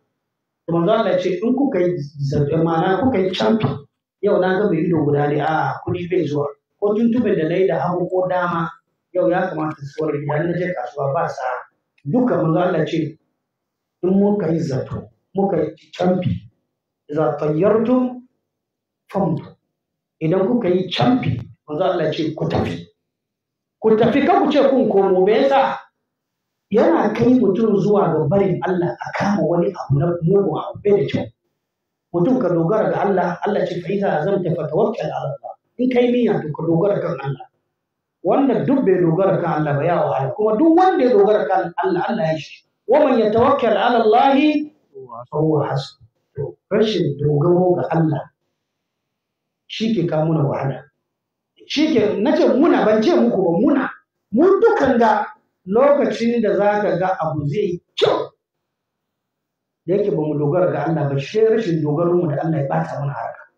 da manzo Allah ce in kuka yi zarbe eh, ma'ana kuka yi camfi yau na ga mai ido guda ne a ah, kuɗi bai zuwa ko tuntuɓin da na yi da hagu ko dama yau ya kamata su wani gida na je kasuwa ba sa duka manzo Allah ce in muka yi zato muka yi camfi za tayyartum famtu idan kuka yi camfi manzo Allah ce ku tafi ku tafi ka ku ce kun komo me yasa yana kai mutum zuwa ga barin Allah a kama wani abu na mugu a bai da kyau mutum ka dogara ga Allah Allah ce fa'iza zan ta wakil ala Allah in kai niyya to ka dogara kan Allah wanda duk bai dogara kan Allah ba ya wahala kuma duk wanda ya dogara kan Allah Allah ya shi wa ya yatawakkal ala Allah wa huwa to rashin dogaro ga Allah shi ke kawo wahala shi ke na ce muna ban ce muku ba muna mun dukan ga lokacin da za ka ga abu zai kyau da yake ba mu dogara ga Allah ba shi rashin dogaro mu da Allah ya bata mana haraka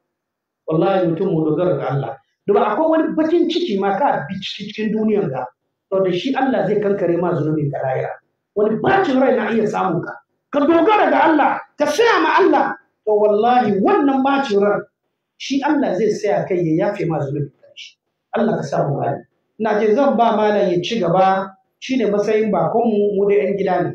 wallahi mutum mu dogara ga Allah da akwai wani bakin ciki ma ka bi cikin duniyar ka to da shi Allah zai kankare ma zunubin ka rayuwa wani bacin rai na iya samun ka ka dogara ga Allah ka saya ma Allah to wallahi wannan bacin rai shi Allah zai saya kai ya yafe ma zunubin ka shi Allah ka sa mu na je zan ba malam ya ci gaba shine matsayin bakon mu da 'yan gida ne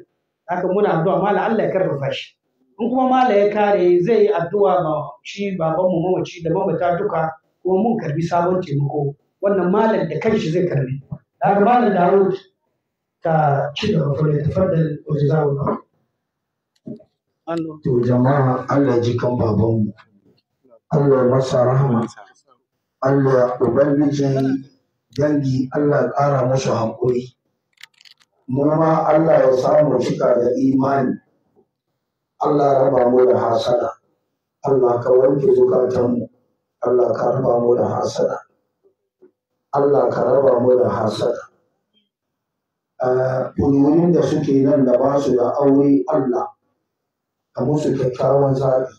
haka muna addu'a mala Allah ya karfafa shi in kuma mala ya kare zai yi addu'a ma shi mu mamaci da mamata duka kuma mun karbi sabon taimako wannan malam da kanshi zai karbi haka malam Dawud ka ci ta fa da tafaddal wa jazakallahu To jama'a Allah ji kan babanmu Allah masa rahama Allah ubangijin dangi Allah ƙara masa haƙuri mu ma Allah ya samu cika da imani Allah raba mu da hasada Allah ka wanke zukatanmu Allah ka raba mu da hasada Allah ka raba mu da hasada kunyoyin eh, da suke nan da ba su da aure Allah ka musu kyakkyawan zaɓi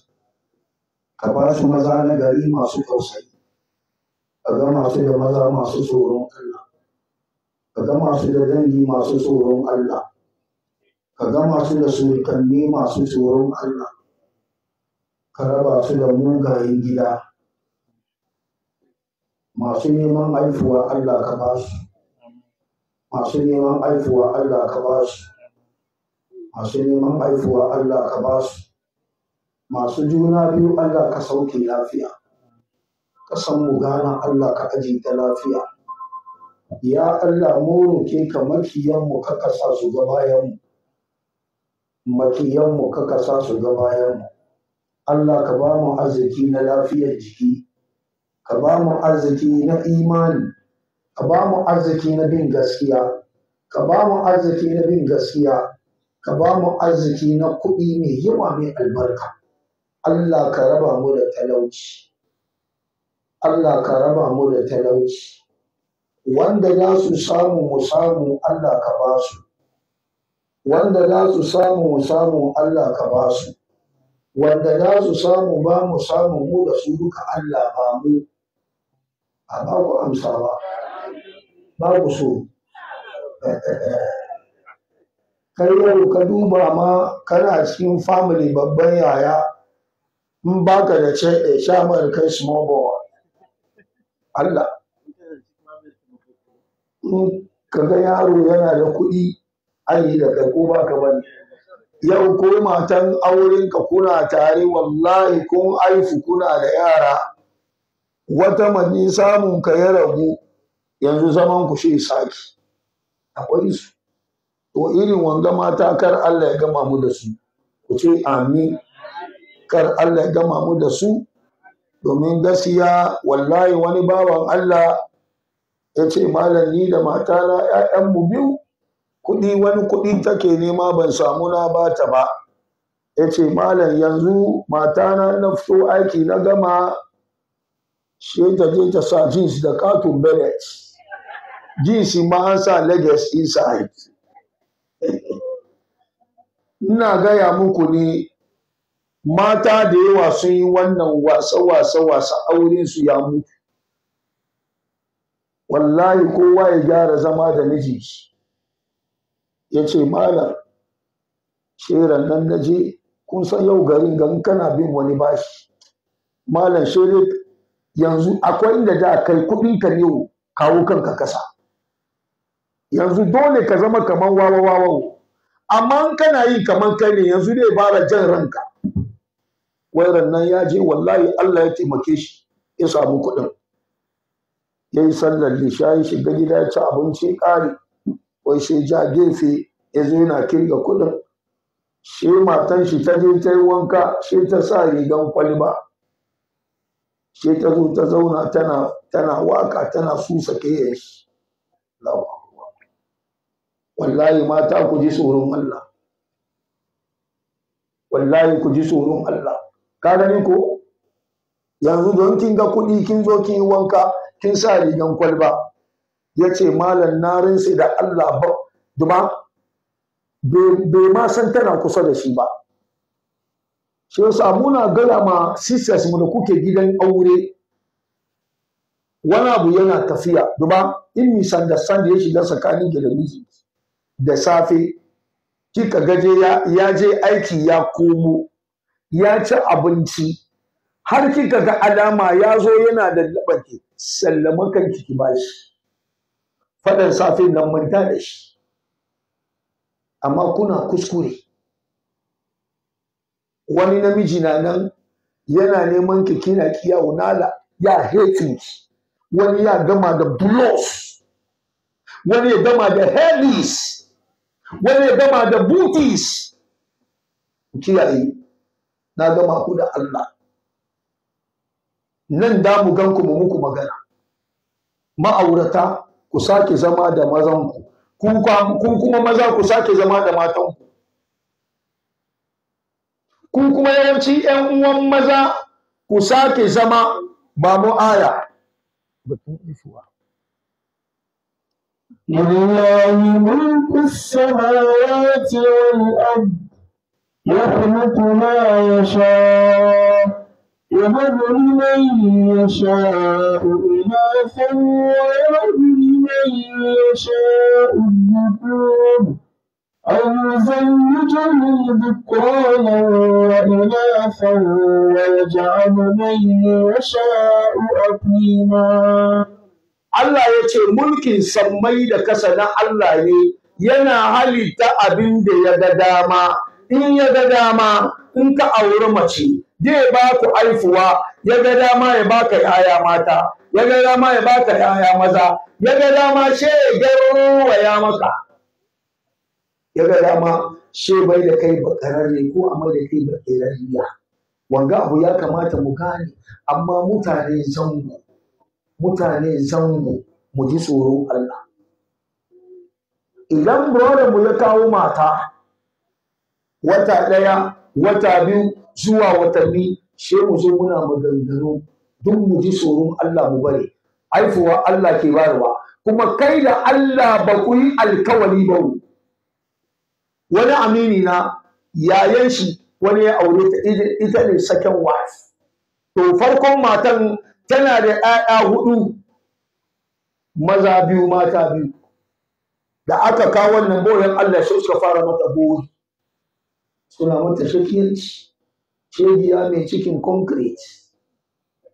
ka ba su maza na gari masu tausayi ka ga masu da maza masu tsoron Allah ka masu su da dangi masu tsoron Allah ka gama su da surkanni masu tsoron Allah ka raba su da mugayen gida masu neman aifuwa Allah ka ba su masu neman aifuwa Allah ka ba su masu neman aifuwa Allah ka ba su masu juna biyu Allah ka sauke lafiya Ka san mu gana Allah ka ajiye ta lafiya ya Allah mu roke ka makiyanmu ka kasa su ga bayanmu makiyanmu ka kasa su ga bayanmu Allah ka ba mu arziki na lafiyar jiki ka ba mu arziki na imani ka ba mu arziki na bin gaskiya ka ba mu arziki na bin gaskiya ka ba mu arziki na kuɗi mai yawa mai albarka Allah ka raba mu da talauci Allah ka raba mu da talauci wanda za su samu mu samu Allah ka ba su wanda za su samu mu samu Allah ka ba su wanda za su samu ba mu samu mu da su duka Allah ba mu a ba ku amsa ba Ba ku so kai yau ka duba ma kana cikin family babban yaya in baka da ce a eh, shamar kai small boy Allah ka ga yaro yana da kuɗi an yi da kai ko ba ka bane yau ko matan aurenka kuna tare wallahi ko aifu kuna da yara wata mani samun ka ya ragu yanzu zaman ku shi saki akwai su to irin wanga mata kar Allah ya gama mu da su ku ce amin kar Allah ya gama mu da su domin gaskiya wallahi wani baban Allah ya ce malam ni da matana 'ya'yanmu biyu kuɗi wani kuɗi take nema ban samu na ba ta ba ya ce malam yanzu matana na fito aiki na gama She ta je ta sa jeans da katon beret jeans ma an sa leggings inside ina gaya muku ne mata da yawa sun yi wannan wasa-wasa-wasa aurensu ya mutu wallahi kowa ya gyara zama da miji ya ce malam sheran nan na je kun san yau garin gan kana bin wani bashi malam shere yanzu akwai inda da kai kudin ka ne kawo kanka kasa yanzu dole ka zama kaman wawa wawa amma kana yi kaman kai ne yanzu dai bara jan ranka wairan nan ya je wallahi Allah ya taimake shi ya samu kuɗin ya yi sallar lisha ya shiga gida ya ci abinci ƙari wai shi ja gefe ya zo yana kirga kudin shi matan shi ta je ta yi wanka shi ta sa rigan kwalba shi ta zo ta zauna tana tana waka tana susa ke shi wallahi mata ku ji tsoron Allah wallahi ku ji tsoron Allah ka gani ko yanzu don kin ga kuɗi kin zo kin yi wanka kin sa rigan kwalba ya ce malam na rinse da Allah ba duba bai ma san tana kusa da shi ba shi yasa muna gaya ma sisters mu da kuke gidan aure wani abu yana tafiya Duba in misunderstand ya shiga tsakanin ki da miji da safe kika gaje ya je aiki ya komo ya ci abinci har kika ga alama ya zo yana da labanki sallama kan ki ba shi fadan safe nan manta da shi amma kuna kuskure wani namiji na nan yana neman ki kina kiya unala ya hating ki wani ya gama da blows wani ya gama da helis wani ya gama da booties kiyaye na gama ku da Allah nan da mu gan ku mu muku magana ma'aurata ku sake zama da mazan ku kuma maza ku sake zama da matan ku kuma yawanci ‘yan uwan maza ku sake zama ba mu aya. لله ملك السماوات والأرض يخلق ما يشاء يهب لمن يشاء إناثا ويهب لمن يشاء الذكور أو يزوجهم ذكرانا وإناثا ويجعل من يشاء أقيما Allah ya ce mulkin sammai da kasa na Allah ne yana halitta abin da ya ga dama in ya ga dama in ka auri mace zai ba ku haifuwa ya ga dama ya ba ka yaya mata ya ga dama ya ba ka yaya maza ya ga dama she ya ya maka ya ga dama she bai da kai bakararre ko a mai da kai bakararriya wanga abu ya kamata mu gane amma mutane zango mutane zango mu ji tsoro Allah idan mu ya kawo mata wata ɗaya wata biyu zuwa watanni she mu zo muna maganganu duk mu ji tsoron Allah mu bare Aifuwa Allah ke bayarwa kuma kai da Allah ba ku yi alkawali ba wani amini na yayan shi wani ya aure ta ita ne second wife to farkon matan tana da 'ya'ya hudu maza biyu mata biyu da aka kawo wannan boyan Allah sai suka fara mata boyi suna mata shakiyanci shegiya mai cikin concrete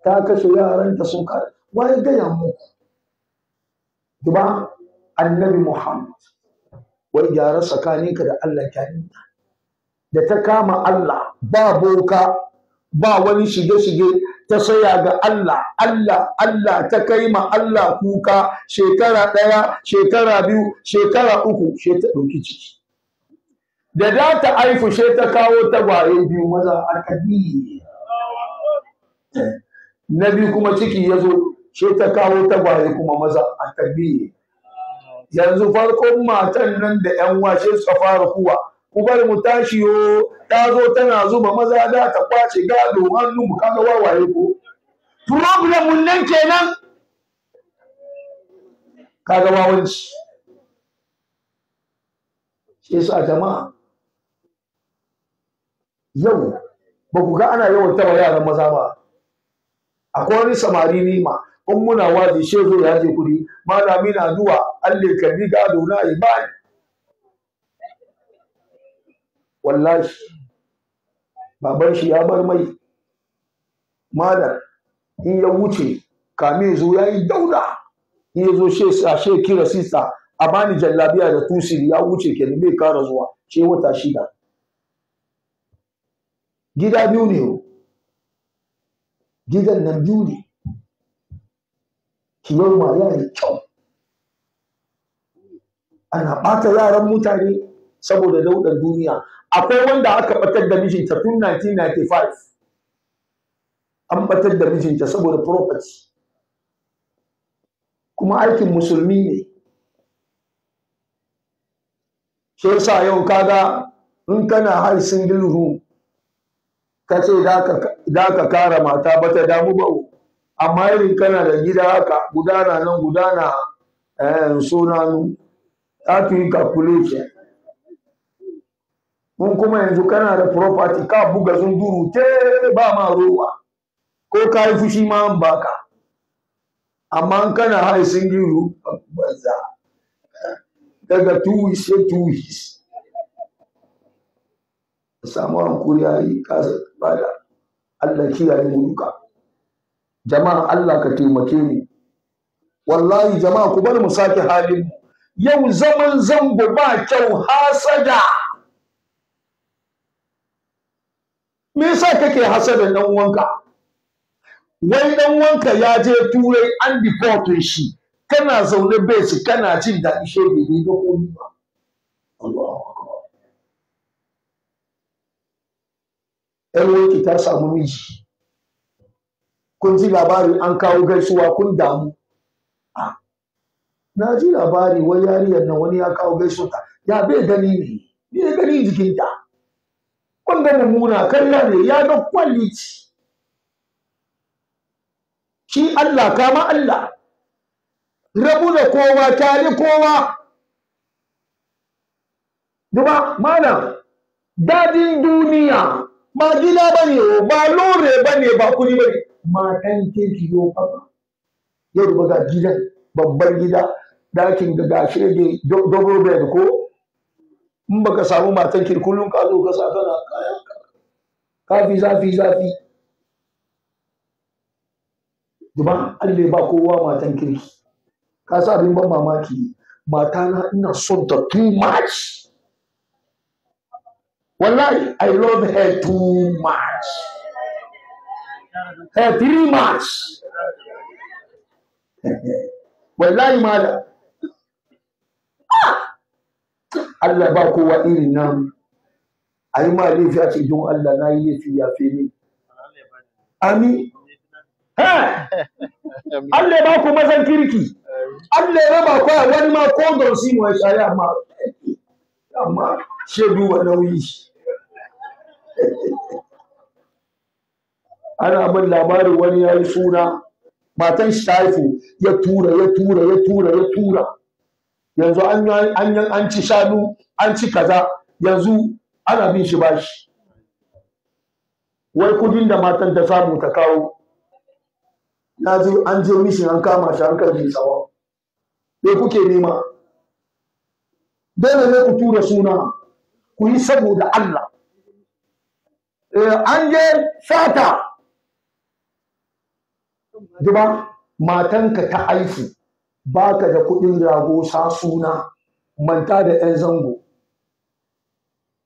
ta kashe yaranta sun kare wai gaya muku duba annabi muhammad wai gyara tsakaninka da allah kyaninta da ta kama allah ba boka ba wani shige-shige ta saya ga Allah, Allah, Allah ta kai ma Allah kuka shekara ɗaya, shekara biyu, shekara uku, shekara ta ɗauki ciki. da za ta aifushe ta kawo tagwaye biyu maza arkabi na biyu kuma ciki ya zo she ta kawo tagwaye kuma maza arkabi yanzu farkon matan nan da yan washe suka fara kuwa ubar mu tashi yo ta zo tana zuba maza da ta kwace gado hannu mu kaga wawaye ko problem mun nan kenan kaga wawanci shi sa jama'a yau ba ku ga ana yawan taba yaran maza ba akwai wani samari ni ma in muna wazi shehu ya je kudi malami na zuwa alle karbi gado na ibani wallahi baban shi ya bar mai malam in ya wuce kame zo ya yi dauda in ya zo she kira sista a bani jallabiya da tusiri ya wuce kenan bai kara zuwa ce wata shida gida biyu ne gidan nan biyu ne kiwon ya yi kyau ana ɓata yaran mutane saboda dauɗar duniya akwai wanda aka ɓatar da mijinta tun 1995 an ɓatar da mijinta saboda property kuma aikin musulmi ne shi yasa yau kaga in kana high single room ka ce za ka kara mata ba ta damu ba amma irin kana da gida haka gudana nan gudana eh, nu. za yi calculation mun kuma yanzu kana da property ka buga duru te ba ma ruwa ko ka yi fushi ma an baka amma in kana high single banza eh, daga two weeks sai two weeks samu hankuri ya yi kasa bada Allah kiyaye mu duka jama'a Allah ka taimake mu wallahi jama'a ku bar mu sake halin mu yau zaman zango ba kyau hasada me yasa kake hasada dan uwanka wai dan uwanka ya je turai an deport shi kana zaune bai kana jin daɗi ishe ne ga komai ba Allah 'yar wanki ta samu miji kun ji labari an kawo gaisuwa kun damu na ji labari wani yariyar nan wani ya kawo gaisuwa ya bai gani ne bai gani jikinta wanda namuna kalla ne ya ga kwalici shi Allah kama Allah rabu da kowa tare kowa duba mana dadin duniya ba gida ba ne ba lore ba ne ba kuri ba ne matan kirki yo ba yau ba ga gidan babban gida dakin ga gashi da double bed ko in baka samu matan kirki kullum ka zo ka sa kana kaya ka fi zafi zafi duba Allah ba kowa matan kirki ka sa abin ban mamaki mata na ina son ta too much Wallahi, I love her too much. Her three much. Wallahi, mother. Ah! Allah ba kowa irin nan. A ma laifi a ce don Allah na yi laifi ya fi min. Ami. Allah ba ku mazan kirki. Allah ya raba ku wani ma ko gausi mu ya shari'a ma. amma shi duba nauyi ana bin labarin wani ya yi suna matan shi ta haifu ya tura ya tura ya tura ya tura yanzu an an ci shanu an ci kaza yanzu ana bin shi bashi wai kudin da matan ta samu ta kawo na an je mishin an kama shi an kan tsawa me kuke nema dole ne ku tura suna ku yi saboda Allah eh, an je fata. duba matanka ta aiki ka da kuɗin rago sa suna manta da 'yan zango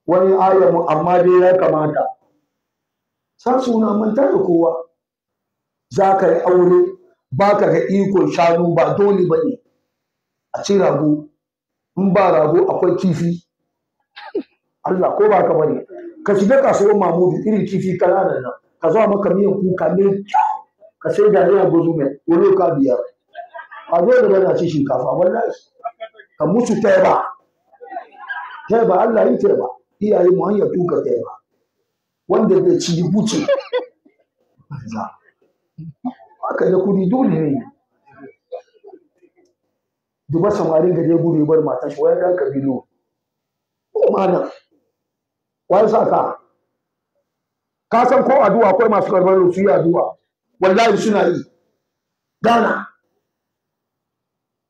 wani ayyamu amma dai ya kamata sa suna manta da kowa za ka yi aure ba ka ga ikon shanu ba dole ba ne a ci rago in ba rago akwai kifi Allah ko ba ka bane ka shiga kasuwar mamudu irin kifi kananan nan ka zo maka miyan kuka ne? ka sai da ne gozo mai wani ka biya a zo da bana ci shinkafa wallahi ka musu taiba taiba Allah yi taiba iyaye mu hanyar tuka taiba wanda da ci buce haka da kudi dole ne duba samarin gari ya gudu ya bar matashi. shi wani ɗan kabilu ko mana wani sa ka ka san ko addu'a akwai masu karɓar su yi addu'a wallahi suna yi gana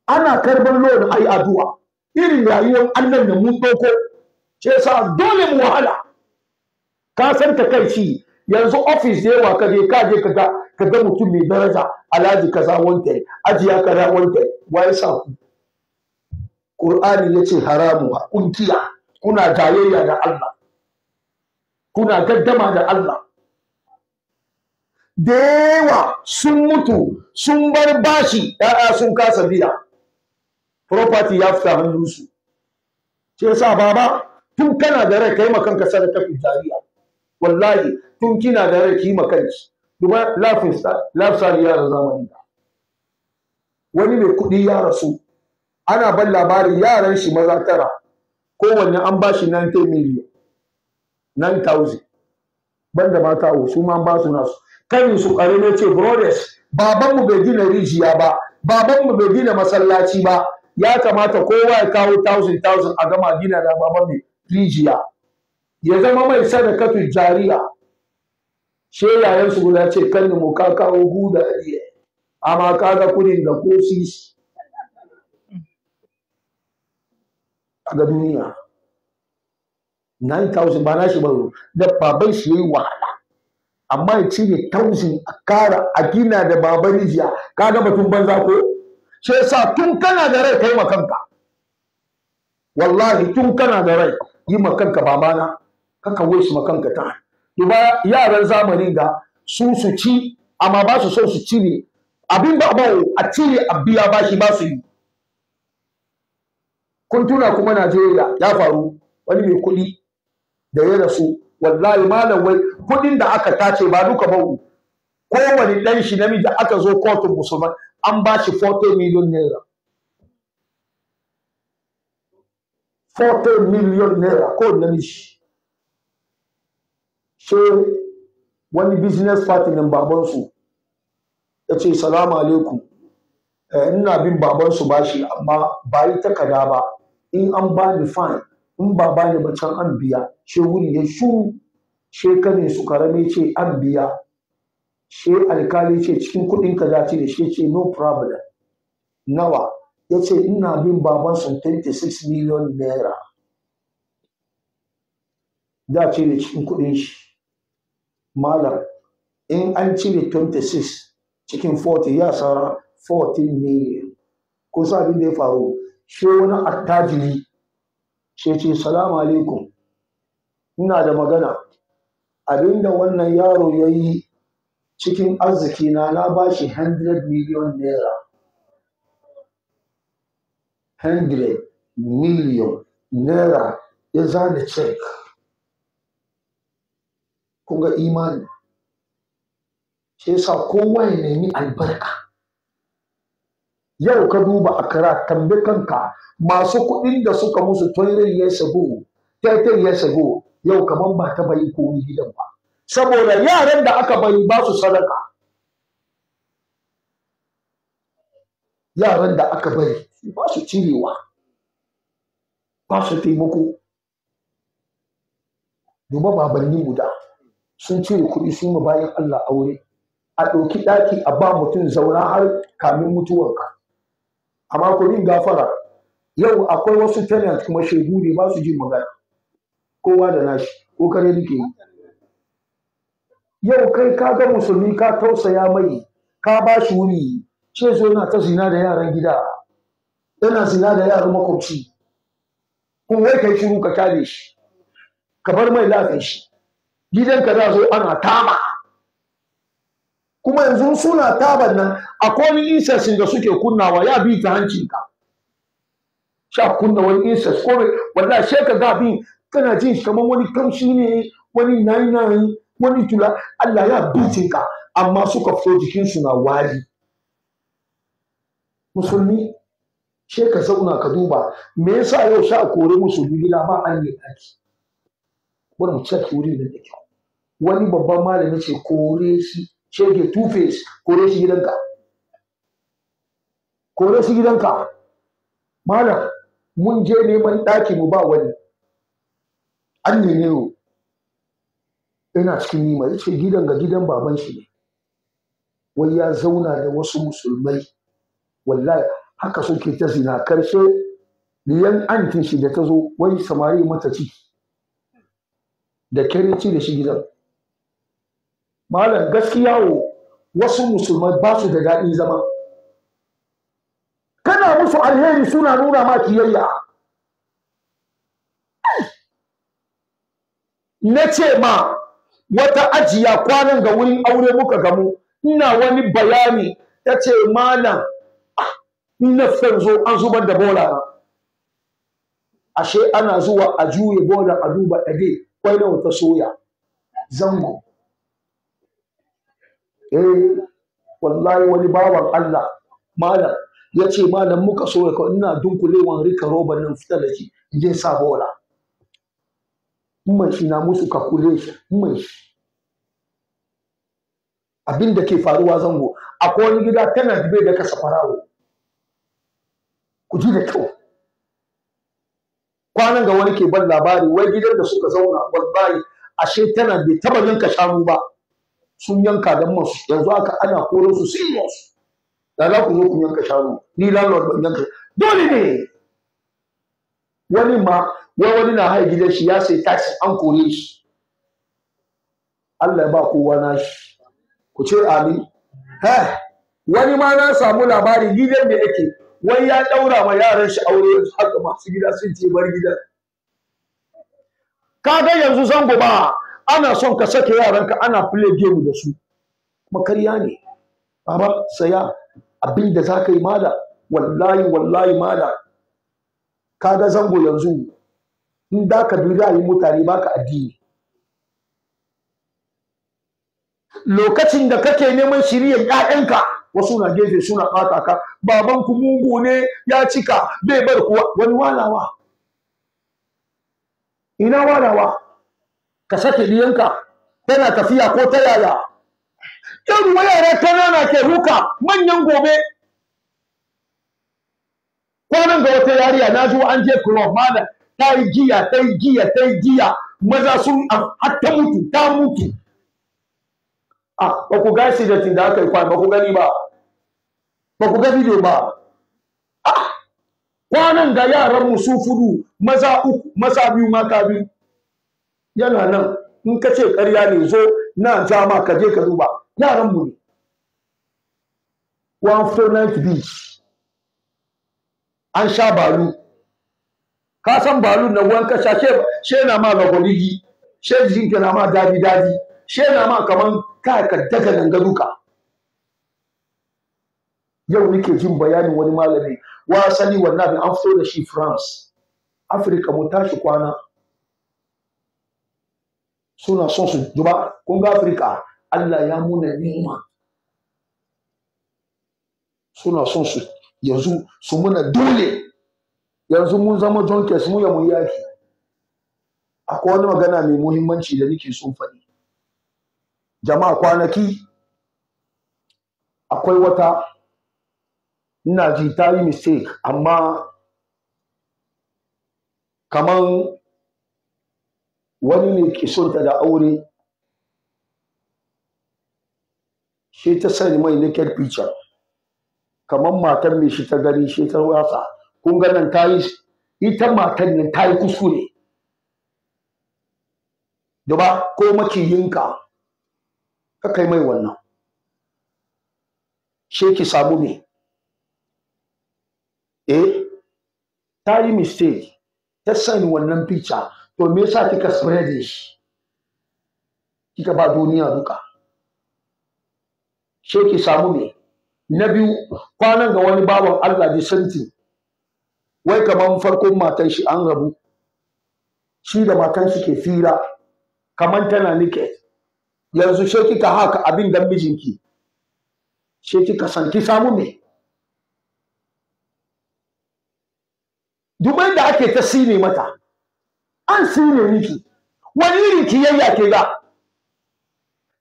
ana karɓar a ai addu'a irin rayuwar annan da mun ɗauko ce sa dole mu wahala ka san takaici yanzu ofis da yawa ka je ka je ka ga ka ga mutum mai daraja alhaji kaza wanta ajiya kaza wanta wai sa ku Qur'ani ya ce haramu a kuntiya kuna jayayya da Allah kuna gaddama da Allah da yawa sun mutu sun bar bashi yaya sun kasa biya property ya fita hannunsu shi yasa baba tun kana da rai yi makanka sadaka tafi jariya wallahi tun kina da rai kima makanki duba lafin lafsar yaran zamani wani mai kuɗi ya rasu ana ban labari yaran shi maza tara kowanne an ba shi 90 million 9000 banda mata o su ma ba su nasu kan su ne ce brothers babanmu bai gina rijiya ba babanmu bai gina masallaci ba ya kamata kowa ya kawo 1000 a gama gina da baban mu rijiya ya zama mai sadakatu jariya she yayan su guda ce kan mu ka kawo guda amma kaga kudin da ko shi. a ga duniya 9000 ba na shi ba da baban shi yayi wahala amma ya cire tausin a kara a gina da baban rijiya ka ga batun banza ko shi yasa tun kana da rai kai kanka wallahi tun kana da rai yi kanka babana kaka wai su kanka ta duba yaran zamani ga su su ci amma ba su so su cire abin ba a cire a biya bashi ba su yi kun tuna kuma Najeriya ya faru wani mai kuɗi da ya rasu wallahi malam wai kuɗin da aka tace ba duka ba kowane dan shi namiji aka zo kotun musulman an ba shi 40 miliyon naira 40 miliyon naira ko namiji she wani business party baban babansu ya ce salamu alaikum eh, ina bin babansu bashi amma ba yi ba in an bani fine in ba bani ba can an biya she wuri ya shuru she kane su karame ce an biya she alkali ce cikin kudin ka zace da she ce no problem nawa ya ce ina bin baban sun 26 million naira da ce da cikin kudin shi malam in an cire 26 cikin 40 ya sara 14 million ko sabin da ya faru sai wani attajiri sai ce salamu alaikum ina da magana abinda wannan yaro ya yi cikin arziki na na ba shi 100 miliyon naira 100 miliyon naira ya zana cek kunga imani sai sa kowa ya nemi albarka yau ka duba a akara tambi kanka masu kuɗin da suka musu toilet ya shigo taitai ya shigo. yau kaman ba ta bayi komi gidan ba saboda yaran da aka bari ba su sadaka yaran da aka bari ba su cirewa ba su taimako duba babanni guda sun cire kuɗi sun bayan Allah aure a ɗauki ɗaki a ba mutum zauna har kamin mutuwarka A ku min gafara yau akwai wasu tenants kuma shegu ne ba su jin magana kowa da nashi kokare nake yi yau kai ka ga musulmi ka tausaya mai ka ba shi wuri ce zo yana ta zina da yaran gida yana zina da yaran makwabci kun wai kai shiru ka kare shi ka bar mai lafiya shi gidanka za zo ana tama kuma yanzu suna taban nan a wani incest da suke kunnawa ya bi ta hancinka sha kunna wani incest ko wanda sai ka ga bi kana jin kamar wani kamshi ne wani nai wani tula Allah ya bi ka amma suka fito jikinsu na wali. musulmi sai ka zauna ka duba me yasa yau sha kore musulmi gida ba an yi aiki bari mu cek wurin da kyau wani babban malami ce kore shi shege two face kore shi gidanka kore shi gidanka malam mun je neman ɗaki mu ba wani an neme yau. ina cikin nima ya ce gidan ga gidan baban shi ne wai ya zauna da wasu musulmai wallahi haka suke ta zina karshe liyan antin shi da ta zo wai samari mata ciki da ci da shi gidan malam gaskiya wo wasu musulmai ba su da daɗin zama kana musu alheri suna nuna ma kiyayya na ce ma wata ajiya kwanan ga wurin aure muka gamu ina wani bayani ta ce malam ah, na zo an zubar da bola ashe ana zuwa a juye bola a duba ɗage kwai nawa ta soya zango eh wallahi wani bawan Allah malam ya ce malam muka so ya ina dunkulewan rika roban nan fita da shi je sa bola mai shi na musu ka kule shi abin da ke faruwa zango akwai wani gida tana dube da kasa farawo ku ji da kyau kwanan ga wani ke ban labari wai gidan da suka zauna wallahi ashe tana bai taba yanka shamu ba sun yanka don masu yanzu aka ana koron su serious da za ku zo ku yanka shanu ni landlord ban yanka dole ne wani ma wai wani na haye gidan shi ya sai taxi an kore shi Allah ya ba kowa na shi ku ce amin ha wani ma na samu labari gidan da yake wai ya daura ma yaran shi aure haka masu gida sun ce bar gidan kaga yanzu zango ba ana son ka sake yaranka ana play game da su makarya ne baba saya abin da za ka yi mala wallahi wallahi mala ka ga zango yanzu in da ka bi yi mutane baka addini lokacin da kake neman shiriyar 'ya'yanka wasu na gefe suna ɓata ka baban ku mugu ne ya cika bai bar kuwa wani walawa ina walawa ka sake diyanka tana tafiya ko ta yaya irin yara kanana ke ruka manyan gobe kwanan ga wata yariya na zo an je club malam ta yi giya ta yi giya ta yi giya maza sun hatta mutu ta mutu a ah, ba ku ga shi da tin da aka yi kwana ba ku gani ba ba ku gani ne ba ah! kwanan ga yaran mu su fudu maza uku maza biyu maka biyu yana nan in ka ce ƙarya ne zo na jama ka je ka duba yaran mu ne one four nine beach an sha balu ka san balu na wanka sha she na ma ga gwaligi she jinka na ma dadi dadi she na ma kaman ka ka daga nan ga duka yau nake jin bayanin wani malami wa sani wannan an fito da shi France Afirka mu tashi kwana suna son su juba kun ga Afirka Allah ya muna ni'ima suna son su yanzu su muna dole yanzu mun zama donkeys mu ya mu yaki akwai wani magana mai muhimmanci da nake son faɗi jama'a kwanaki akwai wata ina ji ta yi mistake amma kaman wani ne ke ta da aure shi ta sani mai naked picture kamar matan mai shi ta gani shi ta wasa kun ga nan ta yi ita matan nan ta yi kusure da ba ko makiyinka ka kai mai wannan she ki samu me eh ta yi mistake ta sani wannan picture to me yasa kika spread shi kika ba duniya duka she ki samu me na biyu kwanan ga wani baban Allah da santi wai kaman farkon matan shi an rabu shi da matan shi ke fira kaman tana nike yanzu she kika haka abin dan mijinki she kika san ki samu me duk da ake ta sine mata an ne miki wani irin kiyayya ke ga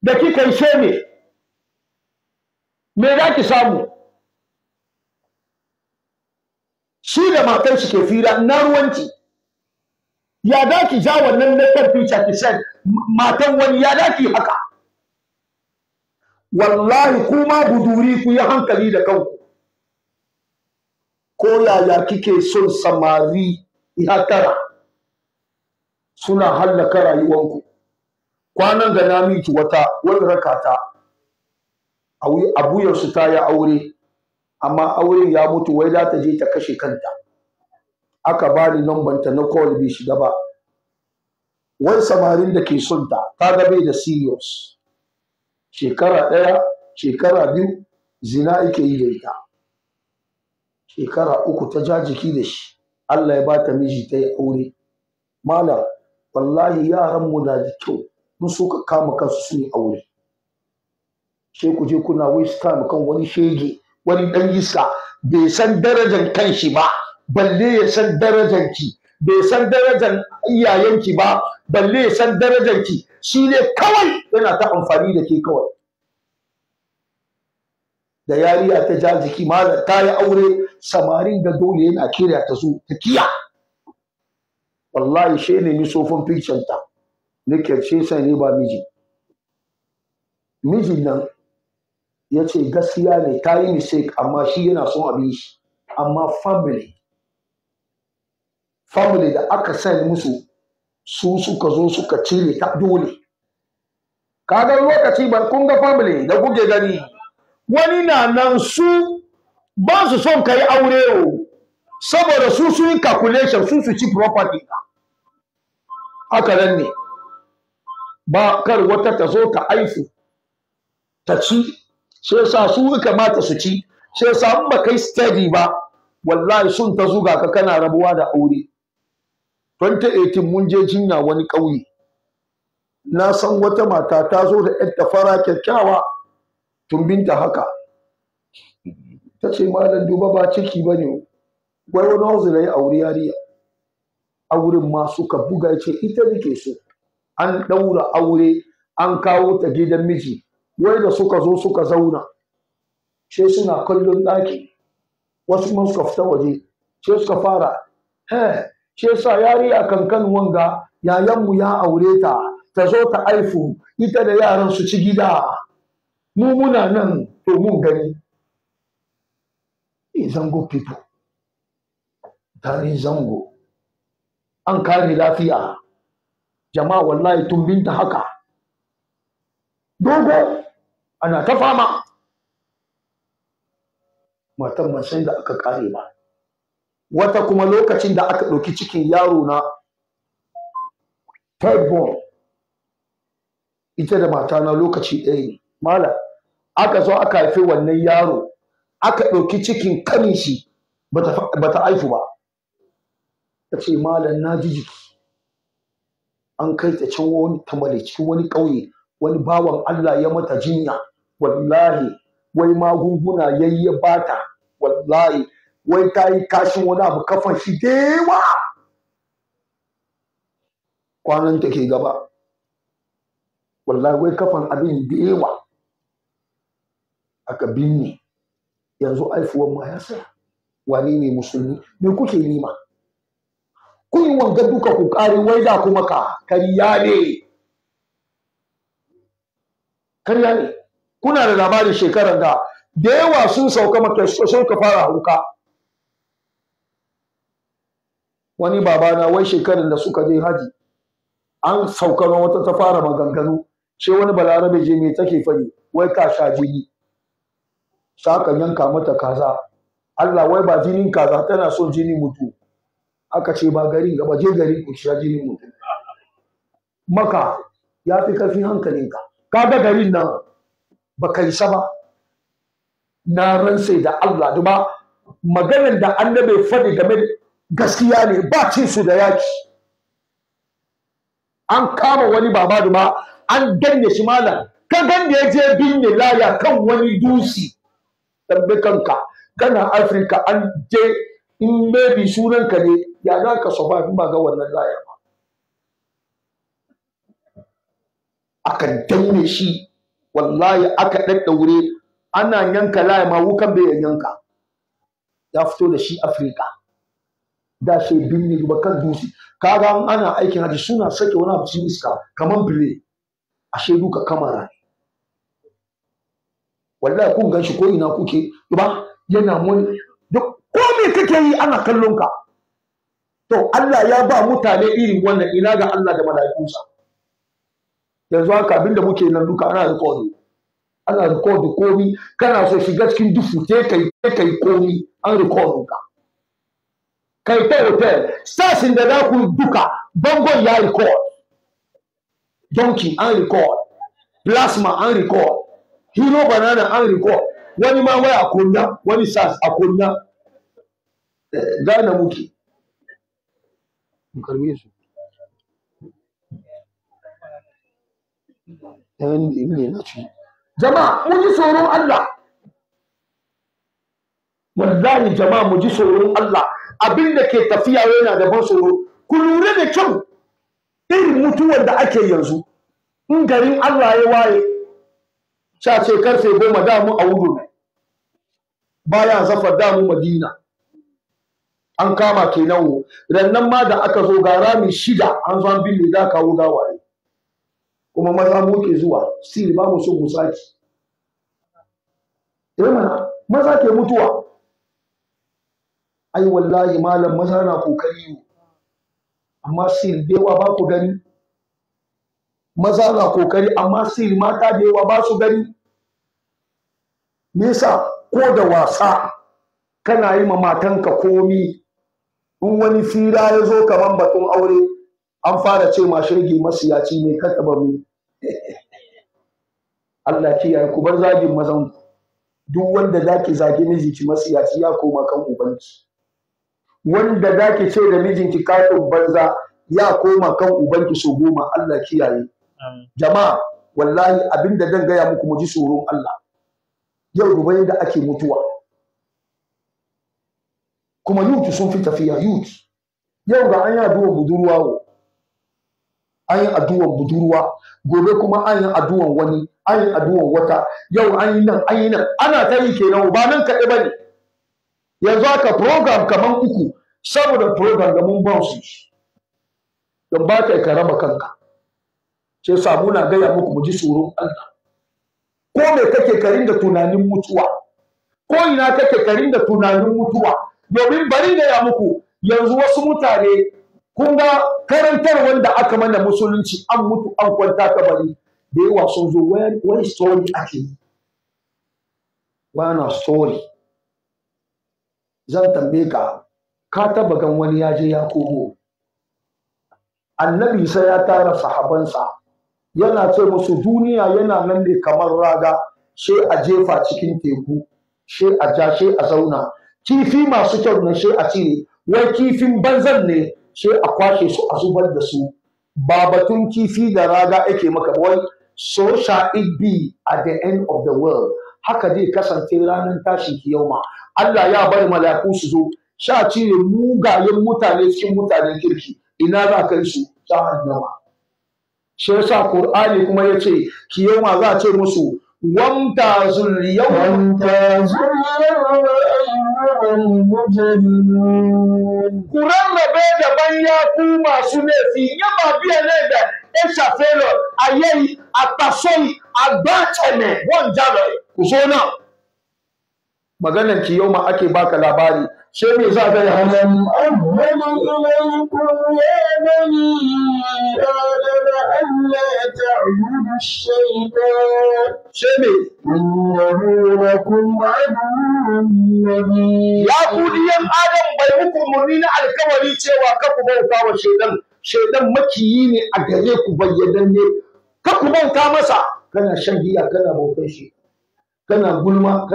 da kika yi sheme me za ki samu shi da matar shi ke fira na ruwanci ya za ki ja wannan na kan fica ki san matan wani ya da ki haka wallahi kuma buduri ku yi hankali da kanku ko yaya kike son samari ya tara suna hallaka rayuwanku kwanan da na miki wata wani rakata abuyarsu ta yi aure amma aure ya mutu wai za ta je ta kashe kanta aka ba ni ta na call bai shiga ba wani samarin da ke son ta ta ga bai da serious shekara ɗaya shekara biyu zina ake yi da ita shekara uku ta ja jiki da shi Allah ya ba ta miji ta yi aure malam wallahi yaran mu na da kyau mun so ka kama kansu su yi aure sai ku je kuna wai su kama kan wani shege wani dan iska bai san darajar kanshi ba balle ya san darajar ki bai san darajar ki ba balle ya san darajar ki shi ne kawai yana ta amfani da ke kawai da yariya ta ja jiki malam ta yi aure samarin da dole yana kira ta zo ta kiya wallahi she ne mi sofin fiction ta nake ce sai ne ba miji miji nan ya ce gaskiya ne ta yi mistake amma shi yana son abin shi amma family family da aka sani musu su suka zo suka cire ta dole kaga lokaci ba kun ga family da kuke gani wani na nan su ba su son kai aure o saboda su sun yi calculation su su ci property ka haka nan ne ba kar wata ta zo ta aifu ta ci sai sa su kamata su ci sai sa in ba kai steady ba wallahi sun ta zuga ka kana rabuwa da aure 2018 mun je jinya wani ƙauye na san wata mata ta zo da yadda fara kyakkyawa tumbinta haka ta ce malam duba ba ciki ba ne wai wani hausa da ya aure yariya auren ma suka buga ce ita nike so an ɗaura aure an kawo ta gidan miji wai da suka zo suka zauna ce suna kallon ɗaki wasu kuma suka fita waje ce suka fara Eh. sai sa yari a kankan wanga yayanmu ya aure ta ta zo ta aifu ita da yaran su ci gida mu muna nan to mun gani zango people tarin zango an kare lafiya jama'a wallahi tumbinta haka dogo ana ta fama matan ban san da aka kare ba wata kuma lokacin da aka ɗauki cikin yaro na third born ita da mata na lokaci ɗaya mala malam aka zo aka haifi wannan yaro aka ɗauki cikin kanin shi bata aifu ba ta ce malam na ji jiki an kai ta can wani tamale cikin wani ƙauye wani bawan Allah ya mata jinya wallahi wai magunguna ya bata wallahi wai ta yi kashin wani abu kafan shi dewa kwanan ta ke gaba wallahi wai kafan abin dewa aka binne yanzu aifuwan ma ya tsaya wani ne musulmi me kuke nima kun wanga duka ku kare wai da kuma ka kariya ne kariya ne kuna da labarin shekarar da da yawa sun sauka maka sun ka fara hauka wani babana wai shekarun da suka je haji an sauka wata ta fara maganganu sai wani balarabe je mai take fari wai ka sha jini sakan yanka mata kaza Allah wai ba jinin kaza tana so jini mutu aka ce ba garin gaba je gari ku sha jinin mutum maka ya fi karfin hankalinka kaga garin nan ba ka yi ba na ransa da Allah duba maganar da annabi faɗi game gaskiya ne ba cin su da yaki an kama wani baba duba an danne shi malam ka gan da ya je binne laya kan wani dusi tambi kanka kana Afirka an je in maybe sunanka ne ya za ka survive ba ga wannan laya ba aka danne shi wallahi aka daddaure ana yanka laya ma wukan bai yanka ya fito da shi afirka da shi binne ba kan dutse kaga ana aikin haji suna sake wani abu cikin iska kaman a ashe duka kamara wallahi kun ganshi ko ina kuke ba yana mun duk ko me kake yi ana kallon ka to Allah ya ba mutane irin wannan ina ga Allah da mala'ikunsa yanzu haka abinda muke nan duka ana rikodi. ana record komi kana so shiga cikin dufu te kai te kai komi an record ka kai ta hotel sashin da za ku duka bangon ya record donki an record plasma an record hero banana an record wani ma waya kunna wani sas a kunna gane muke su jama'a mu ji tsoron Allah wallahi jama'a mu ji tsoron Allah abin da ke tafiya yana da ban tsoro ku lura da kyau irin mutuwar da ake yanzu in garin Allah ya waye sha ce karfe goma damu a wudu baya zafar damu madina an kama kenan nawo rannan ma da aka zo ga rami shida an zo an binne da kawo gawaye kuma maza ke zuwa sir ba mu so mu saki eh maza ke mutuwa ai wallahi malam maza na kokari amma da dewa ba ku gani maza na kokari amma sir mata dewa ba su gani nisa ko da wasa kana yi ma matanka komi in wani fira ya zo kaman batun aure an fara ce ma shirgi masiyaci ne kaka ba mu Allah kiyaye ku bar zagin mazan ku duk wanda zaki zagi mijinki masiyaci ya koma kan ubanki wanda zaki ce da mijinki kafin banza ya koma kan ubanki so goma Allah kiyaye jama'a wallahi abinda zan gaya muku mu ji tsoron Allah yau gobe da ake mutuwa kuma yuti sun fi tafiya yuti yau ga an yi addu'ar budurwa an yi addu'ar budurwa gobe kuma an yi addu'ar wani an yi addu'ar wata yau an yi nan an yi nan ana ta yi kenan ba nan kaɗai ba ne yanzu haka program kaman uku saboda program da mun su don ba ka ka raba kanka sai samu na gaya muku mu ji tsoron Allah ko me kake karin da tunanin mutuwa ko ina kake karin da tunanin mutuwa domin bari gaya muku yanzu wasu mutane kun ga karantar wanda aka mana musulunci an mutu an kwanta bari. da yawa sun zo wani story ake yi wani story zan tambaye ka ka taba gan wani ya je ya komo annabi sai ya tara sahabansa yana ce musu duniya yana nan ne kamar raga sai a jefa cikin teku sai a ja sai a zauna kifi masu kyau na sai a cire wai kifin banzan ne sai a kwashe su a zubar da su ba batun kifi da raga yake maka wai so shall it be at the end of the world haka zai kasance ranar tashin kiyauma Allah ya bar malaku su zo sha cire mugayen mutane cikin mutanen kirki ina za ka yi su ta annama shi yasa Qur'ani kuma yace kiyauma za a ce musu وامتازوا اليوم وامتازوا اليوم أيها المجرمون قرآن بيد بنياكو ما سنفي يما بيانا ẹ ṣàfẹ́lọ̀ ayé yìí àtàsọ́yì àgbàtẹ̀nẹ̀ wọ́n já lọ kò só náà maganar ki yau ma ake baka labari she me za ka yi hannun amma ilaikum ya bani ألا تعبد الشيطان شبه إنه لكم عدو مبين يا قولي آدم بيوكم منين الكوالي تيوا كفو بوتا وشيطان shaidan makiyi ne a gare ku bayyadanne ka ku bauta masa kana shan giya kana gulma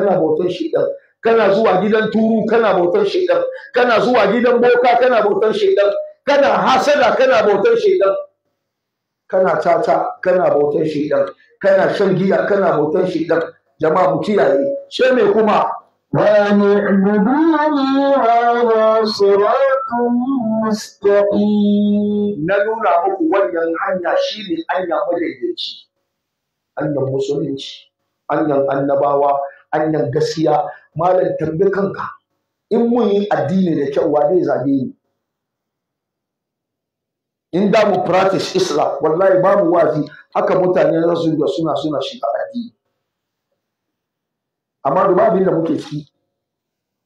kana zuwa gidan turu kana bautar shi kana zuwa gidan boka kana bautar kana hasada kana bautar shi kana caca kana bautan shi ɗan kana shan giya kana bautan shi ɗan jama'a mu kiyaye She me kuma wani gudunmi wani siratun mustaƙi na nuna muku wannan hanya shi ne hanya madaidaici hanyar musulunci anyan annabawa anyan gaskiya malam tambi kanka in mun yi addini da kyau wa zai zage ni in da mu practice islam wallahi babu wazi haka mutane za su da suna suna a addini amma duba abin da muke ci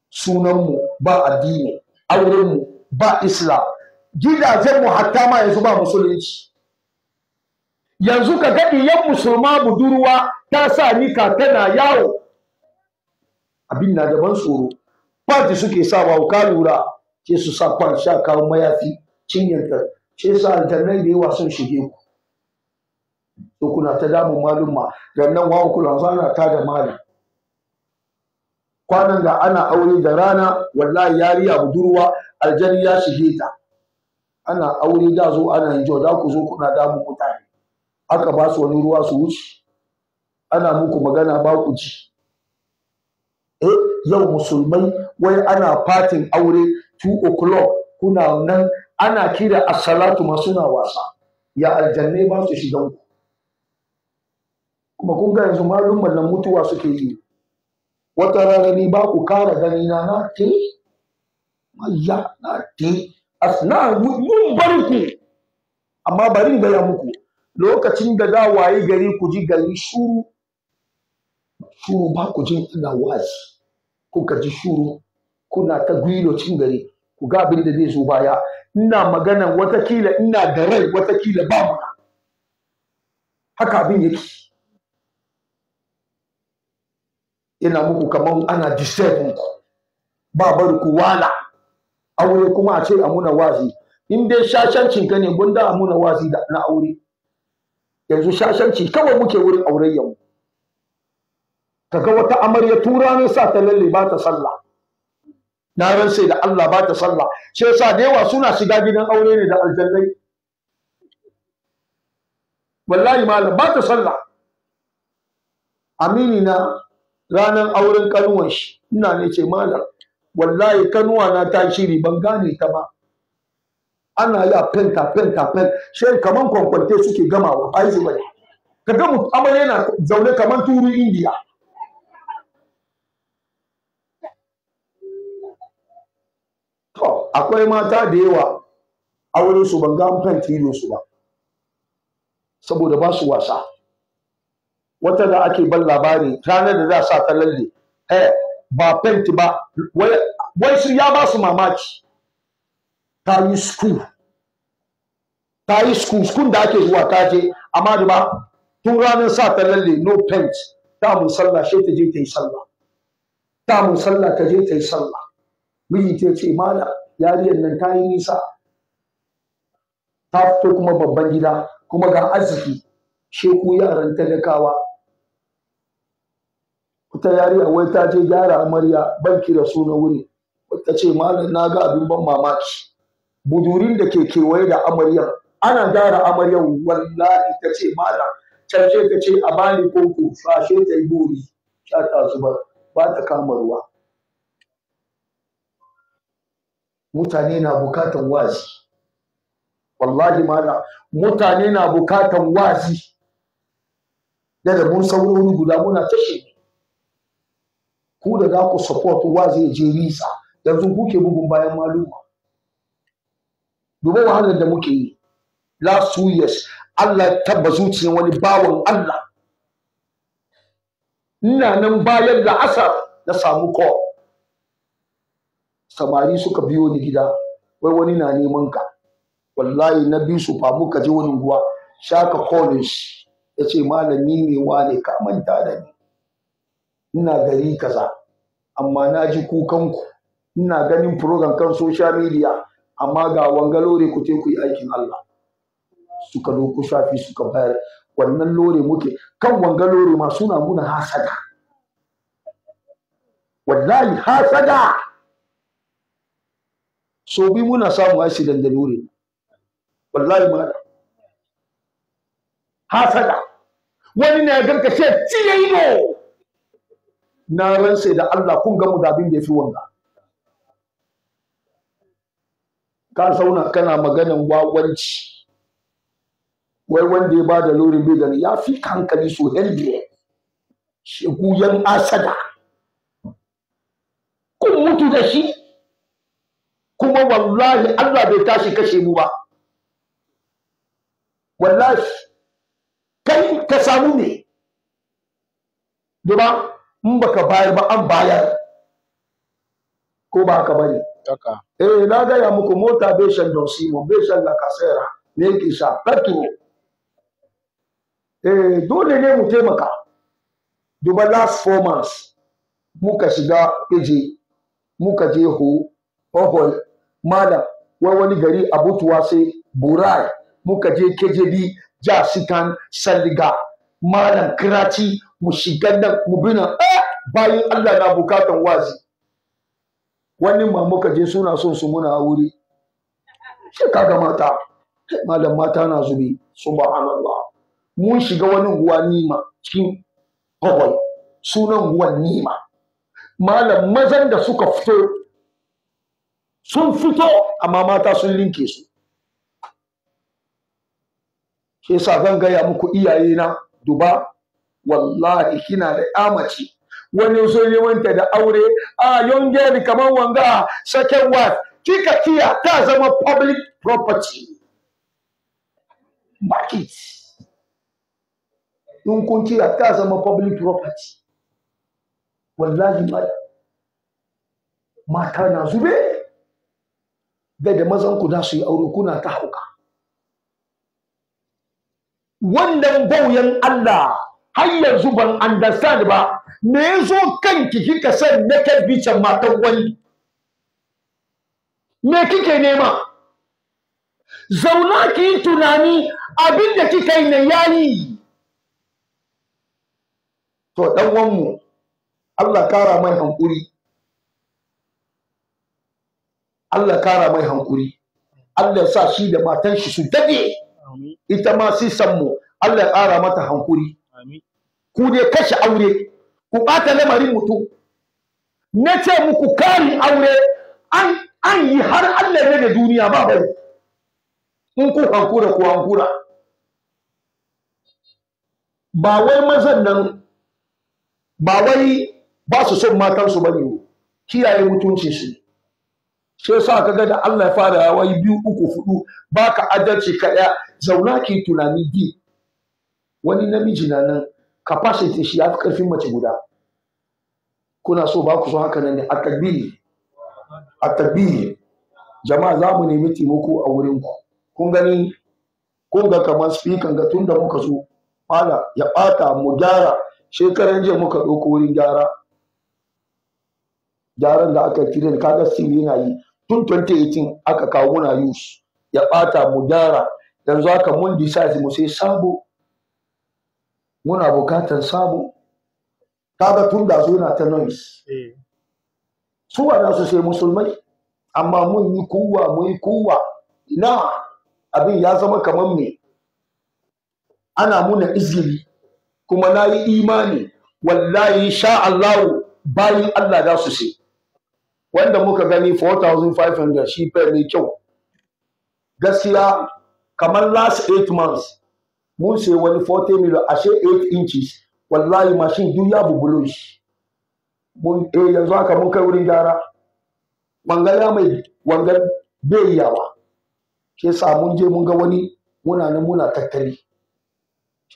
sunanmu ba addini mu ba islam mu hatta ma yanzu ba musulunci yanzu ka ga yan musulma budurwa ta sa ka tana yawo abin na daban tsoro fati suke sa ka lura ke su sa kwan kawo mayafi cinyanta shi yasa da yawa sun shige ku to kuna ta damun ma dan nan wa ku na ta da malam kwanan da ana aure da rana wallahi yariya budurwa aljani ya shige ta ana aure da zo ana yin da ku zo kuna damun mutane aka ba su wani ruwa su wuce ana muku magana ba ku ji eh yau musulmai wai ana fatin aure 2 o'clock kuna nan ana kira as-salatu ma suna wasa ya aljannai ba su shigan ku kuma kun ga yanzu malumman nan mutuwa suke yi wata rana ni ba ku kara gani na na ke na ke asna mun bar ku amma bari gaya muku lokacin da za wayi gari ku ji gari shuru shuru ba ku jin ana wazi kuka ji shuru kuna ta gwilocin cin gari ku ga abin da zai zo baya ina magana watakila ina da rai watakila ba mu haka abin yake ina muku kamar ana disturb ku ba bari ku wala aure kuma a ce a muna wazi in dai shashancin ka ne gunda a muna wazi da na aure yanzu shashanci kawai muke wurin aurayyan Ka ga wata amarya tura ne sa ta lalle ba ta sallah na ransa da Allah ba ta sallah shi yasa da yawa suna shiga gidan aure ne da aljannai wallahi malam ba ta sallah amini na ranar auren kanuwan shi ina ne ce malam wallahi kanuwa na ta shiri ban gane ta ba ana yi penta fenta fenta shi kaman kwankwante suke gamawa aizu bai ka ga amarya na zaune kaman turu indiya To, akwai mata da yawa a wurin su ban ga an kan su ba. Saboda ba su wasa. Wata da ake ban labari ranar da za sa ta lalle. Eh, ba fenti ba. Wai su ya ba su mamaki. Ta yi school. Ta yi school. School da ake zuwa ta je. Amma da ba tun ranar sa ta lalle no pent. Ta mun sallah sai ta je ta yi sallah. Ta mun sallah ta je ta yi sallah. miji ta ce mala yariyar nan ta yi nisa ta fito kuma babban gida kuma ga arziki sheku yaran talakawa wata yariya wai ta je gyara amarya banki da suna wuri wata ce malam na ga abin ban mamaki budurin da ke kewaye da amaryar ana gyara amaryar wallahi ta ce malam canje ta ce a bani koko fashe ta yi buri sha ta zubar ba ta kama ruwa mutane na bukatan wazi wallahi mana mutane na bukatan wazi Yadda mun saurori guda muna shi. ku da za ku support wazi je risa yanzu kuke bugun bayan maluma duba wahalar da muke yi last two years Allah tabba zuciyar wani bawan Allah ina nan bayan da asar na samu kowa samari suka biyo ni gida wai wani na neman ka wallahi na bi su famu ka je wani ruwa shaka college ya ce malami ne wane ka manta da ni ina gari kaza amma na ji kukan ku ina ganin program kan social media amma ga wanga lore ku ce ku yi aikin Allah suka doko shafi suka bayar wannan lore muke kan wanga lore ma suna muna hasada wallahi hasada so bi muna samu accident da lori wallahi ma hasada wani na garka ce tiye ido na ransa da Allah kun ga mu da abin da yafi wanga ka sauna kana maganan wawanci wai wanda ya bada lorin bai gani ya fi hankali so helbiye shegu yan asada kun mutu da shi kuma wallahi Allah bai tashi kashe mu ba wallahi kai ka samu ne duba in baka bayar ba an bayar ko ba ka bari eh na gaya muku mota bai shan don simo bai shan la kasera ne yake sha petro eh dole ne mu taimaka duba last four months muka shiga eje muka je ho ohol malam wai wani gari a butuwa sai burai muka je kejebi jasikan saliga. malam kiraci mu shiga nan mu bina eh, bayan Allah na bukatan wazi wani ma muka je suna son su muna wuri shi kaga mata malam mata na zubi subhanallah mun shiga wani guwa nima cikin hawaii sunan guwan nima malam mazan da suka fito sun fito amma mata sun linke su shi sa zan gaya muku iyaye na duba wallahi kina da ya mace wani sun yi wanta da aure a young girl kamar wanga second wife kika kiya ta zama public property market in kun kiya ta zama public property wallahi mata na zube da da mazan ku za su yi aure kuna ta hauka wannan bauyan Allah har yanzu ban understand ba me yazo kanki kika san na kan matan wani me kike nema zauna ki tunani abin da kika yi na yayi to dan wanmu Allah kara mai hankuri Allah kara mai hankuri Allah sa shi da matan shi su dade ita ma san mu, Allah ya kara mata hankuri ku dai kashe aure ku bata lamarin mutum na ce muku kari aure an an yi har Allah ne da duniya ba bai in ku hankura ku hankura ba wai mazan nan ba wai ba su son matansu ba ne kiyaye mutuncin su shi yasa ka ga da Allah ya fara wai biyu uku hudu baka adalci ka ɗaya zauna ki tunani di wani namiji na nan capacity shi ya fi karfin mace guda kuna so ba ku so haka nan ne a tabbili a tabbili jama'a za mu nemi taimako a wurin ku kun gani kun ga kamar speaker ga tunda muka so fala ya bata mu gyara shekaran jiya muka ɗauko wurin gyara gyaran da aka kire kaga sim yana yi tun 2018 aka kawo muna use ya bata mu gyara yanzu haka mun decide mu sai sabo muna bukatar sabo kaga tun da zo na ta noise eh. su wa su sai musulmai amma mun yi kuwa mun yi kuwa ina abin ya zama kamar me ana muna izini. kuma na yi imani wallahi sha Allah bayin Allah za su sai wanda muka gani 4500 shi fa mai kyau gaskiya kamar last 8 months mun sai wani 40 million ashe 8 inches wallahi machine duk ya bubulo shi mun eh yanzu haka mun kai wurin gyara wangala mai wangan bai yawa Ke sa mun je mun ga wani muna nan muna tattali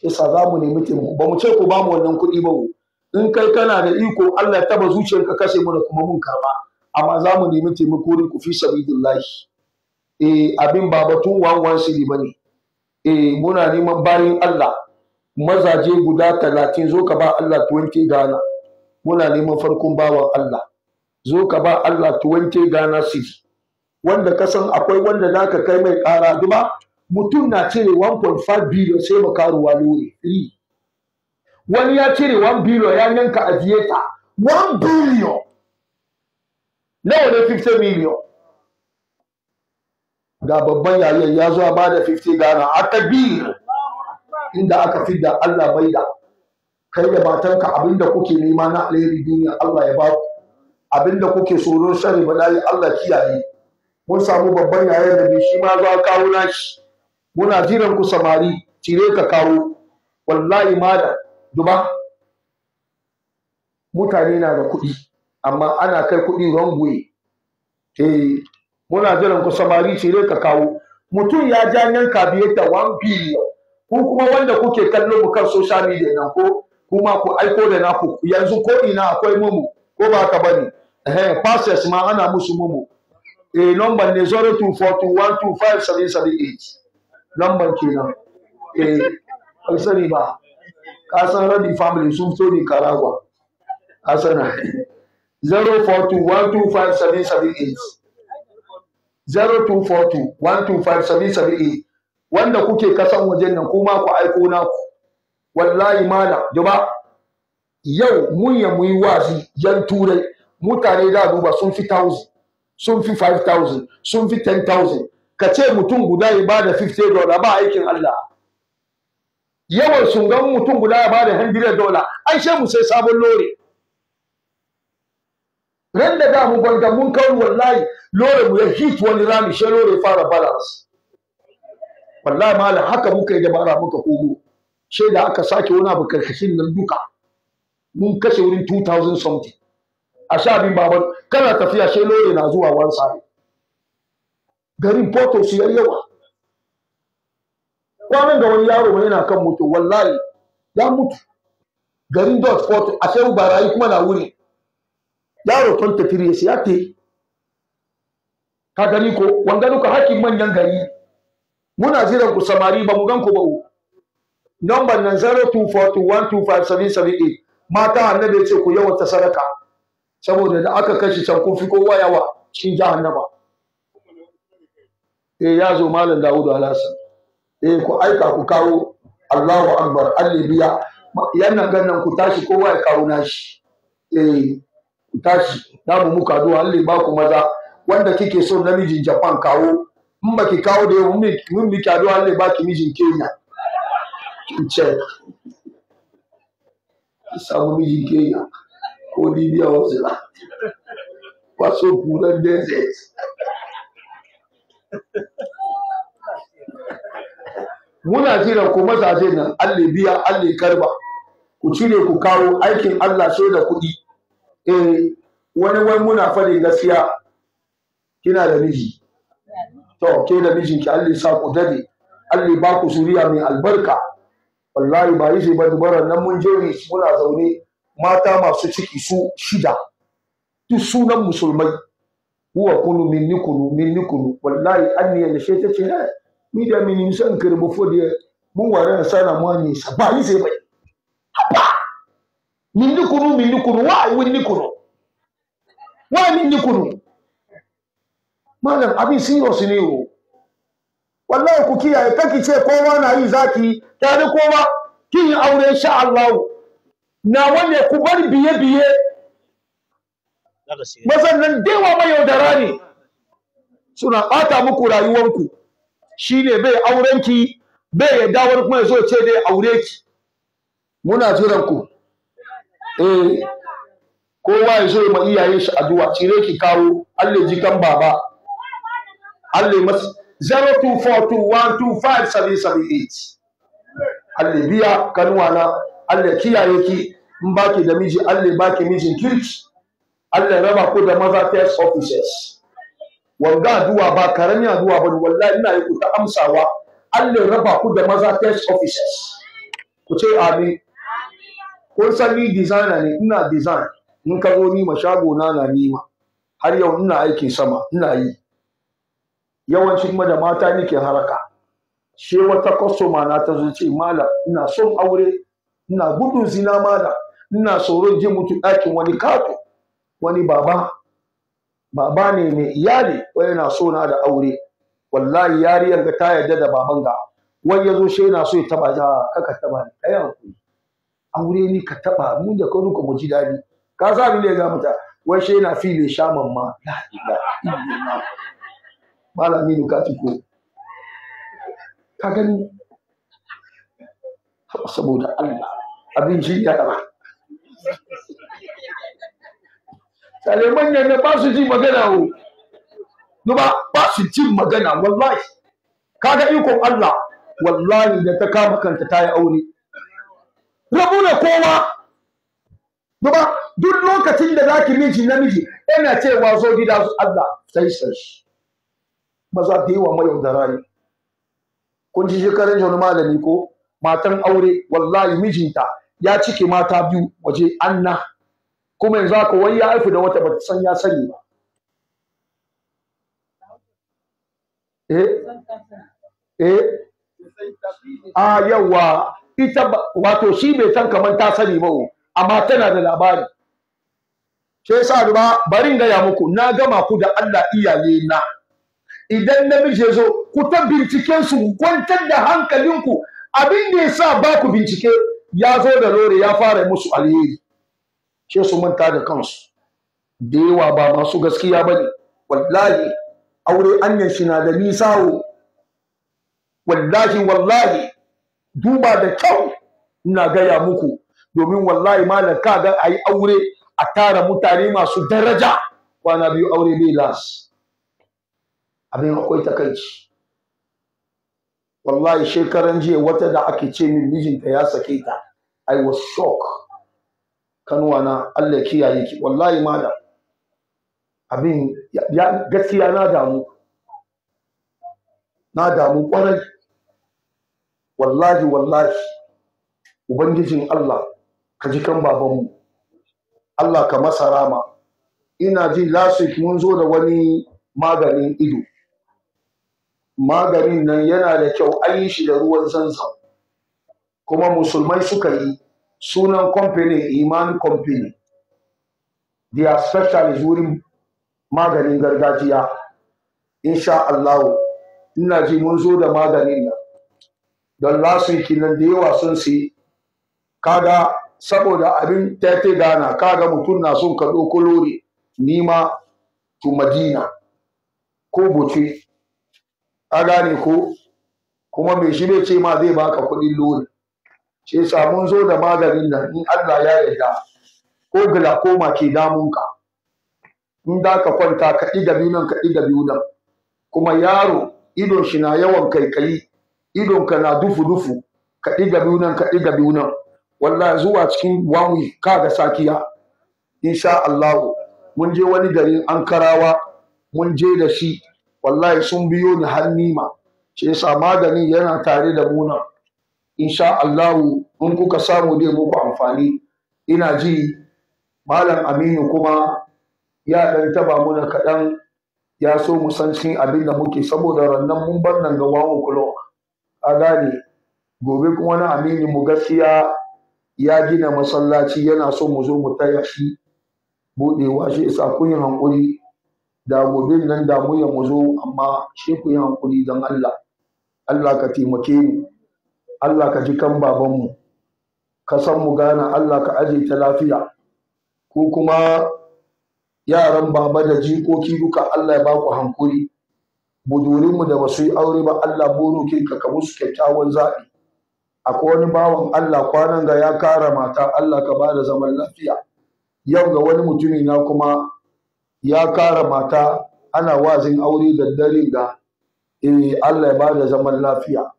Ke sa za mu nemi taimako ba mu ce ku ba mu wannan kuɗi ba in kai kana da iko Allah ya taba zuciyarka kashe mu da kuma mun karba amma za mu nemi taimako ne ku fi sabidillahi eh abin ba batun wanwan shiri bane eh muna neman bayin Allah mazaje guda talatin zo ka ba Allah tuwanke gana muna neman farkon bawan Allah zo ka ba Allah tuwanke gana siri wanda ka san akwai wanda zaka kai mai ƙara duba mutum na cire 1.5 billion sai makaruwa lori wani ya cire 1 billion ya yanka ajiyeta 1 billion nawa ne 50 million ga babban yayin ya zo ba da 50 gana a kabir inda aka fi da Allah bai da kai da matanka abinda kuke nema na alheri duniya Allah ya ba ku abinda kuke tsoro shari bala'i Allah kiyaye mun samu babban yayin da shi ma zo kawo shi. muna jiran ku samari cire ka kawo wallahi da, duba mutane na da kuɗi amma ana kai kuɗi wrong eh muna jiran ku samari shi ne ka kawo mutum ya ja yanka biye da 1 billion ku kuma wanda kuke kallo mu kan social media nan ko kuma ku aiko da naku yanzu ko ina akwai mumu ko ba ka bani? eh passes ma ana musu mumu eh number ne 0242125778 number kenan eh an sani ba Kasan san rabi family sun fito ne karagwa ka sana 0242 wanda kuke kasan wajen nan kuma ku aiko naku wallahi mala duba yau mun ya muyi wazi yan turai mutane da duba sun fi 1000 sun fi 5000 sun fi 10000 ka ce mutum guda ya bada 50 dollar ba aikin Allah yawan sun ga mutum guda ya bada 100 dollar an she mu sai sabon lore ran da da mu banga mun kawo wallahi lore mu ya hit wani rami shi lore fara balance wallahi mala haka muka yi bara muka komo. sai da aka sake wani abu karkashin nan duka mun kashe wurin 2000 something a sha bin baban kana tafiya sai lore na zuwa wan sare garin porto su yayi yawa kwanan da wani yaro mai yana kan mutu wallahi ya mutu garin dot porto a sai barayi kuma na wuri yaro ton tafiri ya siya te ka gani ko wanga duka hakkin manyan gari muna jiran ku samari ba mu gan ku ba u number nan 0241257778 mata annabi ya ce ku ta sadaka saboda da aka kashi can kun fi kowa yawa shi jahannama eh ya zo malam Dawudu Alhassan eh ku aika ku kawo Allahu Akbar Allah biya yannan gannan ku tashi kowa ya kawo nashi eh ku tashi na mu muka zuwa Allah ba ku maza wanda kike so namijin Japan kawo in ba ki kawo da yau mun mi addu'a Allah ba ki mijin Kenya kin ce ki samu mijin Kenya ko Libya ko Zira ba so kuran desert muna jiran ku mazajen nan Allah biya Allah karba ku cire ku kawo aikin Allah sai da kuɗi eh wani wani muna faɗin gaskiya kina da miji to ke da mijinki Allah sa ku dade Allah ba ku suriya mai albarka wallahi ba yi ba dubaran nan mun je muna zaune mata masu ciki su shida duk sunan musulmai huwa kunu min nikunu min nikunu wallahi anni ya shi ta ce eh, ni da min san karbu fodiya mun ware na sana mu ne sa ba sai bai minni kunu minni kunu wa winni kunu wa minni kunu malam abin serious ne o wallahi ku kiyaye kake ce kowa na yi zaki tare kowa kin yi aure insha Allah na wanne ku bar biye biye mazan nan dewa mai yaudara ne suna ɓata muku rayuwanku shine bai aurenki bai yadda wani kuma ya zo ce dai aure ki muna jiran ku eh kowa ya zo ma iyayen shi addu'a cire ki kawo Allah ji kan baba Allah mas 0242125778 Allah biya kanuwa na Allah kiyaye ki in baki da miji Allah baki mijin kirki Allah raba ku da maza test officers wanga addu'a ba karami addu'a ba wallahi ina yi ku ta amsawa Allah raba ku da maza test officers ku ce amin kun san ni designer ne ina design in ka zo nima shago na na nima har yau ina aikin sama ina yi yawanci kuma da mata nake haraka she wata kwastoma na ta zo ce malam ina son aure ina gudun zina malam ina tsoron je mutu dakin wani kato wani baba baba ne mai iyali wani na so na da aure wallahi yariyar ga ta yarda da baban ga wani ya zo shi yana so ya taba ja kaka taba ni kai aure ni ka taba mu da kanu ka mu ji dadi ka sa ni ne ga mata wai she na fili shaman ma la ilaha bala ni ka ci ko ka gani saboda Allah abin shi ya dama sale manyan ne ba su ji magana o duba ba su ji magana wallahi kaga ikon Allah wallahi da ta kama kanta ta yi aure rabu da kowa duba duk lokacin da zaki miji namiji yana cewa zo gida su Allah sai za maza yi wa mai da rani kun ji shekarun jawani malami ko matan aure wallahi mijinta ya cike mata biyu waje anna kuma yanzu haka wai ya haifu da wata bata san ya sani ba eh eh ah yawa ita wato shi bai san kamar ta sani ba amma tana da labari sai sa ba bari in gaya muku na gama ku da Allah iyaye na idan na ya zo ku ta binciken su kwantar da hankalinku abin da yasa ba ku bincike ya zo da lore ya fara musu alheri sai su manta da kansu da yawa ba masu gaskiya ba ne wallahi aure anyan shi na da nisa wallahi wallahi duba da kyau ina gaya muku domin wallahi malam ka ga ayi aure a tara mutane masu daraja kwana biyu aure bai las abin akwai takaici wallahi shekaran jiya wata da ake ce min mijinta ya sake ta i was shocked kanuwa na Allah ya kiyaye ki wallahi malam abin gaskiya na damu na damu kwarai wallahi wallahi ubangijin Allah ka ji kan babanmu Allah ka masa rama ina ji lasik mun zo da wani maganin ido maganin nan yana da kyau an shi da ruwan zanzan kuma musulmai suka yi sunan company iman company are specialist wurin maganin gargajiya insha Allah ina ji mun zo da maganin nan don lasin kinan da yawa sun si kaga saboda abin tete gana kaga mutum na son ka ɗauko lori nima to madina ko buce a gane ko kuma mai shi bai ce ma zai baka kuɗin lori ce samun zo da maganin nan in Allah ya yarda ko glaucoma ke damunka in da ka kwanta kaɗi da biyu nan ka da biyu nan kuma yaro idon shi na yawan kaikayi idonka na dufu-dufu ka ɗiga biyu nan ka ɗiga biyu nan wallahi zuwa cikin wani kaga sakiya insha Allah mun je wani garin Ankarawa mun je da shi wallahi sun biyo ni har nima shi yasa magani yana tare da mu nan insha Allah in kuka samu dai muku amfani ina ji malam Aminu kuma ya dan taba muna kaɗan ya so mu san cikin abin da muke saboda rannan mun bar nan ga wawo kulawa. a gane gobe kuma na amini mu gaskiya ya gina masallaci yana so mu zo mu taya shi budewa shi isa kun yi hankuri da gobe nan da mu ya mu zo amma shi ku yi hankuri don Allah Allah ka taimake mu Allah ka ji kan babanmu ka san mu gane Allah ka aje ta lafiya ko kuma yaran baba da jikoki duka Allah ya ba ku hankuri budurinmu da ba su yi aure ba Allah buru ke ka kamu su kyakkyawan zaɓi akwai wani bawan Allah kwanan ga ya kara mata Allah ka ba da zaman lafiya yau ga wani mutumi na kuma ya kara mata ana wazin aure da dare ga eh Allah ya ba da zaman lafiya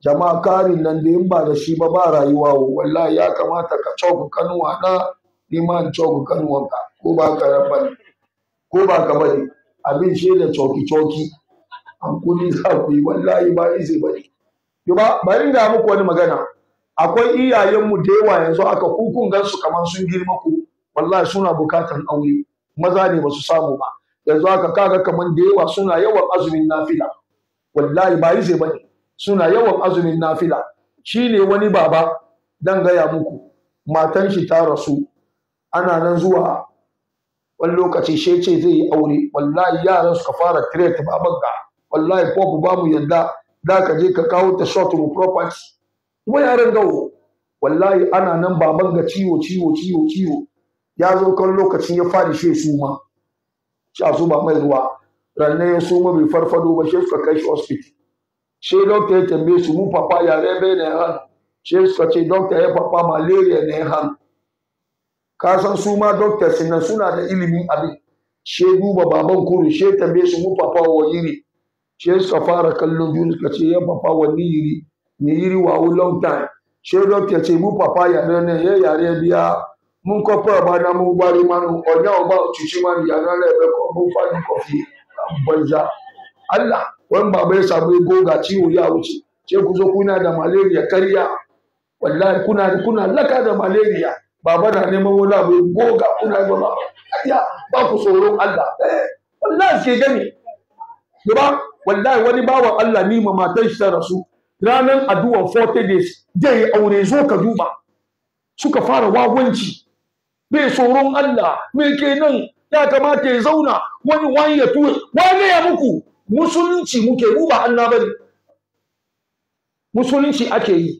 jama'a karin nan da in ba da shi ba ba rayuwa wallahi ya kamata ka cauku kanuwa na neman cauku kanuwanka ko ba ka ko ba ka bari? abin shi da coki-coki hankuri za ku yi wallahi ba izi ba ne ba bari da muku wani magana akwai iyayenmu da yawa yanzu aka kukun gansu kamar sun girma ku wallahi suna bukatan aure maza ne basu samu ba yanzu aka kaga kamar da yawa suna yawan azumin nafila wallahi ba yi ba ne suna yawan azumin nafila shi ne wani baba dan gaya muku matan shi ta rasu ana nan zuwa wani lokaci shi ce zai yi aure wallahi yaran suka fara tire ta wallahi pop ba mu yadda da ka je ka kawo ta short mu property kuma yaran gawo wallahi ana nan baban ga ciwo ciwo ciwo ciwo ya zo kan lokacin ya fadi shi su ma shi a ba mai ruwa ranne ya so bai farfado ba shi suka kai shi hospital shi doctor ya tambaye su mu papa ya rebe ne ha shi suka ce doctor ya papa malaria ne ha ka san su ma doctors nan suna da ilimin abin she duba baban kuri she tambaye su mu papa wa yiri she su fara kallon juna suka ce ya papa wani yiri ni yiri wa wu long time she doctor ce mu papa yare ne ya yare biya mun kofa ba na mu bari manu onya oba cuci ma ya na lebe ko mu ni kofi banza Allah wani baba ya samu ego ga ciwo ya wuce ce ku zo kuna da malaria kariya wallahi kuna kuna laka da malaria baba na neman wani abu goga kuna ba ba ba ku tsoron Allah eh wallahi ke gani gaba wallahi wani bawan Allah ni ma matan shi ta rasu ranan addu'an 40 days dai aure zo ka duba suka fara wawanci bai tsoron Allah me kenan ya kamata ya zauna wani wani ya tuwa wani ya muku musulunci muke mu ba Allah bane musulunci ake yi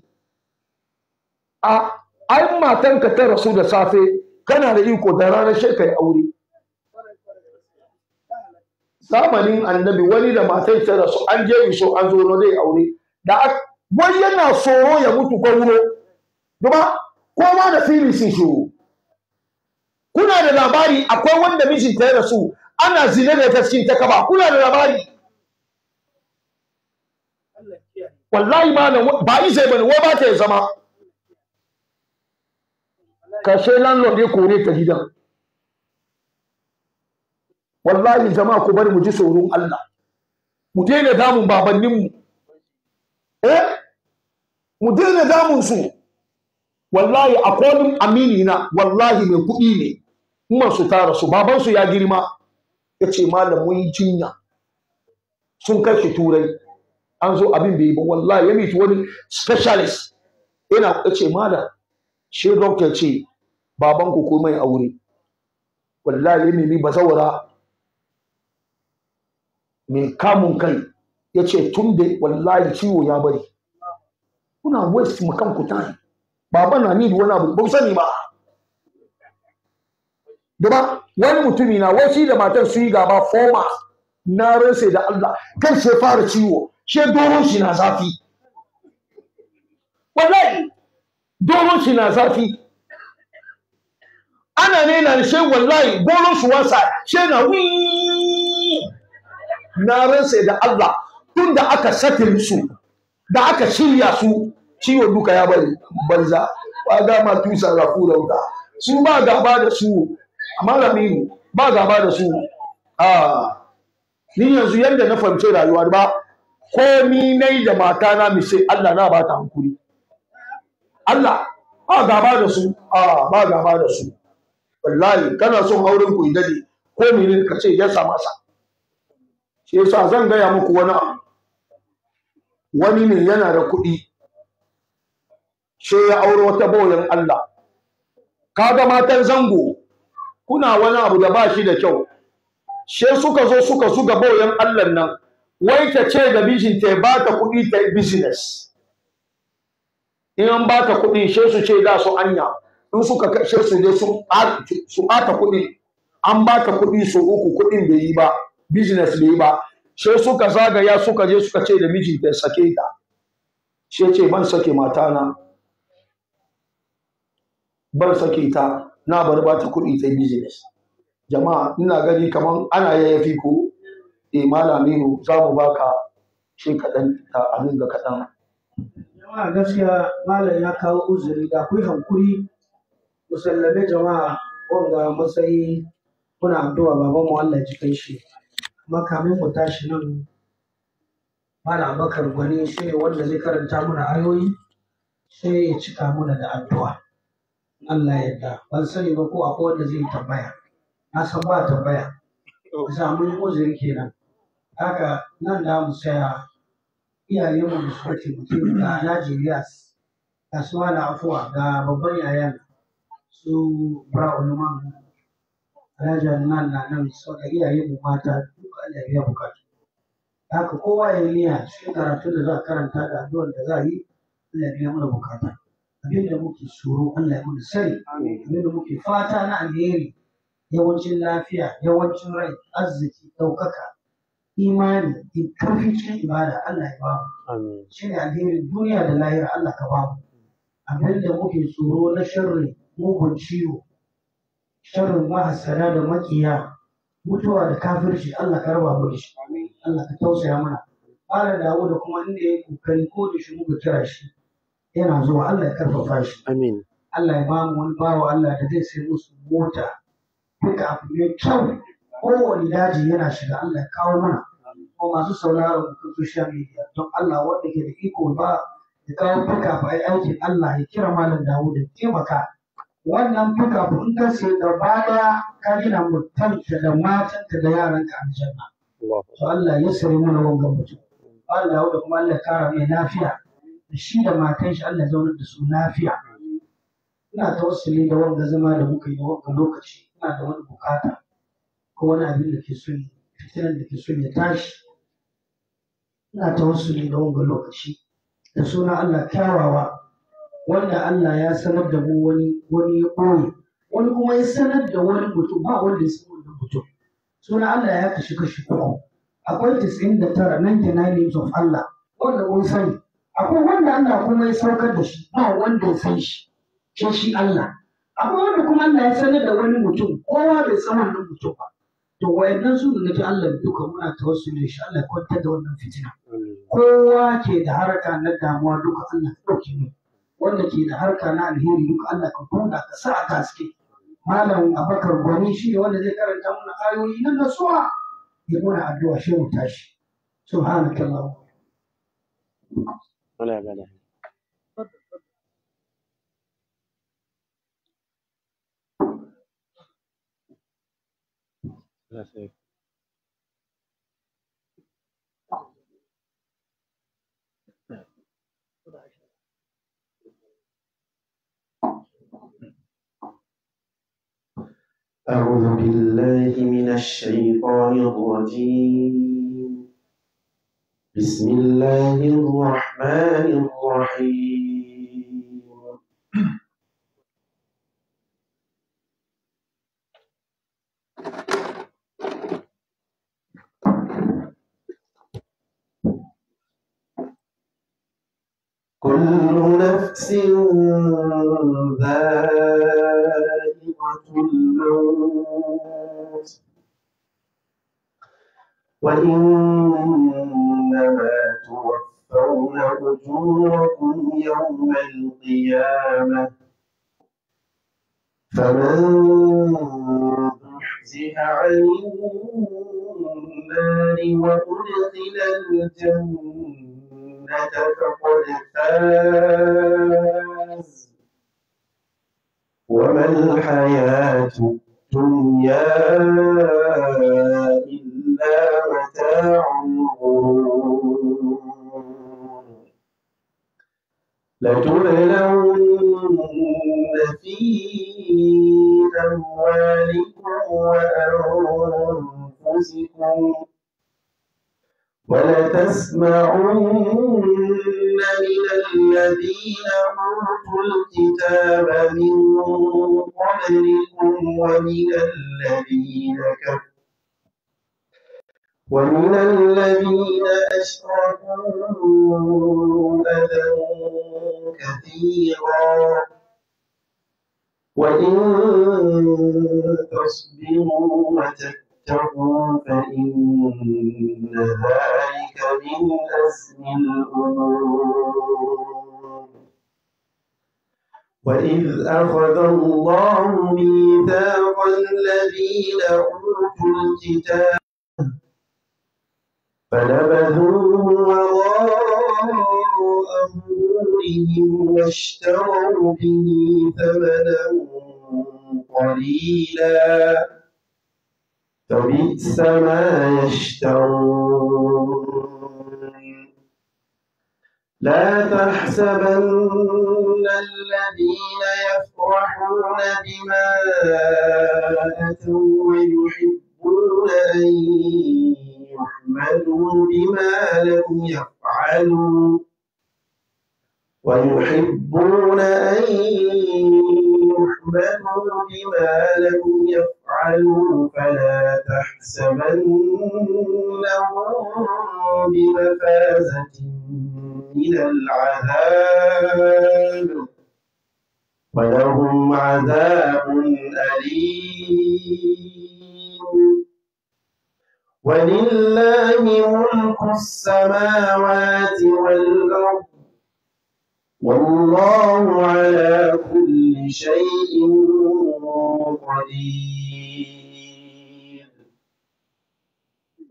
a ai matanka ta rasu da safe kana da iko da ranar shekai aure zamanin annabi wani da matar ta rasu an je so an zo na zai aure da wani yana tsoro ya mutu wuro. duba kowa da fili sun shuru kuna da labari akwai wanda mijinta da su ana zina da ta cikin takaba kuna da labari wallahi na ba izai bane wa ba ta zama kashe landlord ya kore ta gidan wallahi jama'a ku bari mu ji tsoron Allah mu daina damun babanninmu eh mu daina damun su wallahi a kodin amini na wallahi mai kuɗi ne kuma su tara su baban su ya girma ya ce malam mun jinya sun kai shi turai an zo abin bai ba wallahi ya miki wani specialist yana ya ce malam shi doctor ce baban ku ko mai aure wallahi ya nemi bazawara min kamun kai ya ce tun da wallahi ciwo ya bari kuna waste mu kanku time baba na ni wani abu ba sani ba ba wani mutumi na wasu da matar su yi gaba foma na rasa da Allah kan sai fara ciwo she doron shi na zafi wallahi doron shi na zafi ana ne na she wallahi doron su wasa she na wii na ransa da Allah tun da aka satil su da aka shirya su ciwon duka ya bari banza ba ma tusa rafura wuta su ba gaba da su malami ba gaba da su a ni yanzu yanda na fahimci rayuwa ba ni nai da mata na mi sai Allah na ba ta hankuri Allah ba gaba da su a ba gaba da su wallahi kana son auren ku idade ko mene ka ce ya sa masa shi yasa zan gaya muku wani abu wani ne yana da kuɗi Sai ya auro wata boyan Allah kaga matan zango kuna wani abu da ba shi da kyau Sai suka zo suka zuga boyan Allah nan wai ta ce da bijin ta ba ta kuɗi ta business in ba ta kuɗi sai su ce da su anya in suka kashe su ne su ɓata kuɗi an ba ta kuɗi su uku kuɗin da yi ba business bai ba sai suka zagaya suka je suka ce da mijinta ta sake ta sai ce ban sake na, ban sake ta na bar ba ta kuɗi ta business jama'a ina gani kaman ana yayyafi ko eh malaminu za mu baka shi kaɗan ta amin ga kaɗan jama'a gaskiya malam ya kawo uzuri da akwai hankuri musallame jama'a wanga matsayi kuna addu'a mu Allah ji kai shi Maka kamin mu tashi nan Malam bakar Gwani sai wanda zai karanta mana ayoyi sai ya cika mana da addu'a. Allah ya yarda ban sani ba ko akwai wanda zai tambaya na san ba tambaya Za mun yi uzuri kenan haka nan da mu saya iyaye mu da suka taimake mu ga Najeriya kasuwa na afuwa ga babban yayan su Brown Man raja nan na nan suka iyaye mu mata Allah ya biya haka kowa ya yi niyya cikin karatu da za a karanta da addu'ar da za a yi Allah ya biya mana bukata abin da muke tsoro Allah ya mana sani abin da muke fata na alheri yawancin lafiya yawancin rai arziki ɗaukaka imani in karfi cikin ibada Allah ya ba mu shi ne alherin duniya da lahira Allah ka ba mu abin da muke tsoro na sharri mugun ciwo sharrin mahasara da makiya mutuwa da kafirci Allah ka raba mu da shi Allah ka tausaya mana Ala dawo da kuma inda ya kokari ko da shi muka kira shi yana zuwa Allah ya karfafa shi amin Allah ya ba mu wani bawa Allah da zai sai musu mota duka abu ne kyau kowane daji yana shiga Allah ya kawo mana ko masu sauraron kan social media don Allah wanda ke da iko ba ya kawo duka ba aikin Allah ya kira malam dawud da taimaka wannan fuka ka kashe da baya ka gina mutanka da matanka da yaranka a aljanna to Allah ya sare mana wanga mutum Allah da kuma Allah kara mai lafiya da shi da matan shi Allah zaunar da su lafiya ina ne da wanga zama da muka yi wanga lokaci ina da wani bukata ko wani abin da ke so fitinan da ke so ya tashi ina ne da wanga lokaci da suna Allah kyawawa wanda Allah ya sanar da mu wani wani ya wani kuma ya sanar da wani mutum ba wanda ya san wannan mutum suna Allah ya kashi kashi uku akwai tis'in da tara ninety nine names of Allah wanda mun sani akwai wanda Allah kuma ya saukar da shi ba wanda ya san shi shi shi Allah akwai wanda kuma Allah ya sanar da wani mutum kowa bai san wannan mutum ba to wayannan su ne nake Allah duka muna tawassuli shi Allah ya kwantar da wannan fitina kowa ke da haraka na damuwa duka Allah ya dauke mu wanda ke da harka na alheri duka Allah ka buɗa ka sa a taske malam abakar gwani shi ne wanda zai karanta mana ayoyi na nasuwa ya muna addu'a shi mu tashi subhanakallah wala بلا لا أعوذ بالله من الشيطان الرجيم بسم الله الرحمن الرحيم كل نفس ذات الموت وإنما توفون أجوركم يوم القيامة فمن زهزها عن النار وأدخل الجنة فقد فاز وما الحياة الدنيا إلا متاع لتبلون في أموالكم وأنفسكم ولتسمعن إلى الذين أوتوا الكتاب من قبلكم ومن الذين كفروا ومن الذين أشركوا أذى كثيرا وإن تصبروا وتتقوا تتقوا فإن ذلك من أزم الأمور وإذ أخذ الله ميثاق الذين أوتوا الكتاب فنبذوه وراء ظهورهم واشتروا به ثمنا قليلا فبئس ما يشترون لا تحسبن الذين يفرحون بما أتوا ويحبون أن يحمدوا بما لم يفعلوا ويحبون أن يحمدوا بما لم يفعلوا يفعلوا فلا تحسبنهم بمفازة من العذاب ولهم عذاب أليم ولله ملك السماوات والأرض والله على كل شيء قدير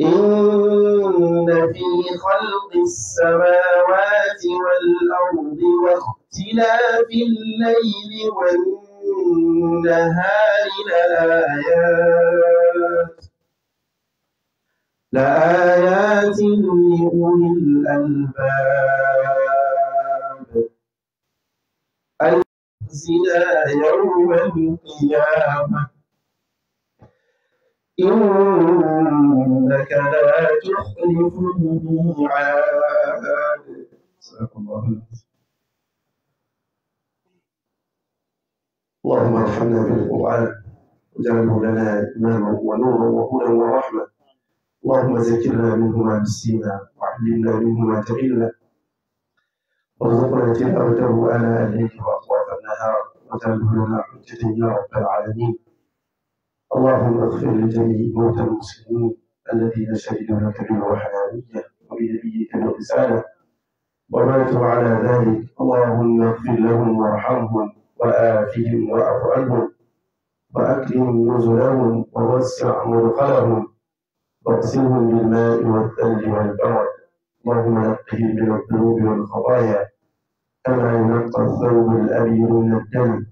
إن في خلق السماوات والأرض واختلاف الليل والنهار لآيات لآيات لأولي الألباب منزلا يوم القيامة إنك لا تخلف الميعاد الله اللهم ارحمنا بالقرآن واجعله لنا إماما ونورا وهدى ورحمة اللهم ذكرنا منه ما نسينا وعلمنا منه ما جهلنا وارزقنا تلاوته آناء الليل وأطراف النهار وتبلغنا حجة يا رب العالمين اللهم اغفر لجميع موتى المسلمين الذين شهدوا لك بالوحدانية وبنبيك بالرسالة وماتوا على ذلك اللهم اغفر لهم وارحمهم وآفهم واعف عنهم وأكرم نزلهم ووسع مدخلهم واغسلهم بالماء والثلج والبرد وعما يقيه من الذنوب والخطايا كما ينقى الثوب الأبيض من الدم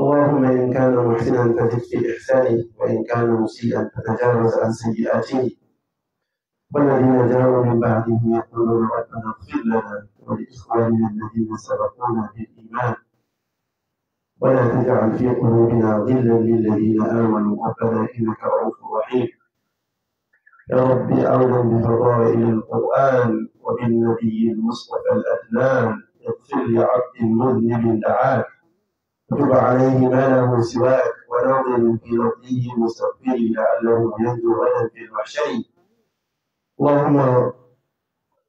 اللهم إن كان محسنا فزد في إحسانه وإن كان مسيئا فتجاوز عن سيئاته والذين جاءوا من بعدهم يقولون ربنا اغفر لنا ولإخواننا الذين سبقونا بالإيمان ولا تجعل في قلوبنا غلا للذين آمنوا ربنا إنك رؤوف رحيم يا رب أعوذ بفضائل القرآن وبالنبي المصطفى الأدنان اغفر لعبد مذنب دعاك وتب عليه ما له سواك ونظر في نظره مستغفر لعله ينجو غدا في المحشر اللهم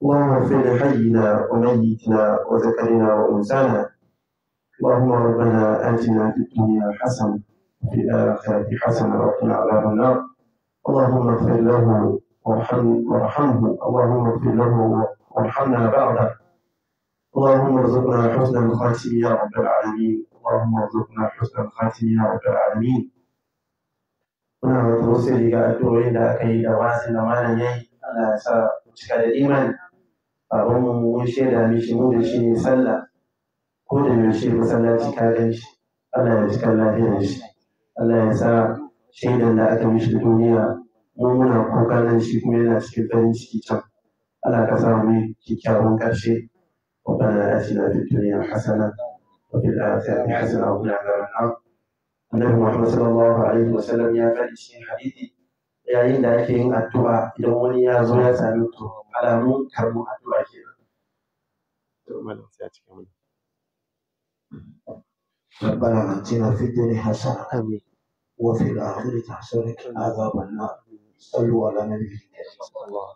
اللهم اغفر لحينا وميتنا وذكرنا وانسانا اللهم ربنا اتنا في الدنيا حسنه وفي الاخره حسنه وقنا عذاب النار اللهم اغفر له وارحمه اللهم اغفر له وارحمنا بعده اللهم ارزقنا حسن الخاتم يا رب العالمين اللهم ارزقنا حسن الخاتم يا رب العالمين انا متوسل لك اتو الى كي دواسنا وانا نهي انا ساتك دائما اللهم مشيدا مشمود شيء سلا كل من شيء سلا تكالش انا اتكالا هنش انا ساتك shaidan da aka mishi duniya mu muna kuka nan shi kuma yana cikin farin ciki can Allah ka sa mu kyakkyawan ƙarshe ربنا آتنا في الدنيا حسنة وفي الآخرة حسنة وقنا عذاب النار Annabi Muhammad sallallahu alaihi Sallam ya faɗi cikin hadisi yayin da ake yin addu'a idan wani ya zo ya sami to alamun karmu addu'a kenan. ربنا آتنا في الدنيا حسنة وفي الآخرة حسنة عذاب النار صلوا على نبيك صلى الله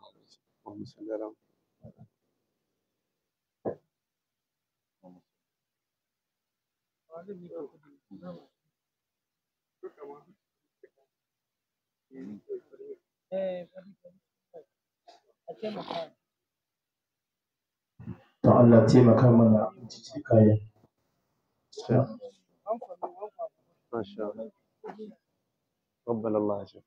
عليه وسلم ta Allah taimaka mana cikin ما شاء الله تقبل الله أجر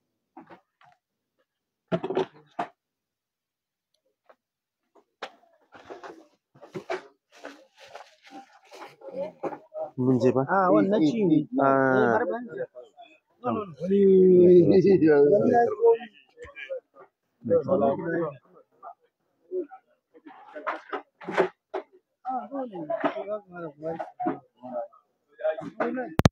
من جبه؟ آه،, اه اه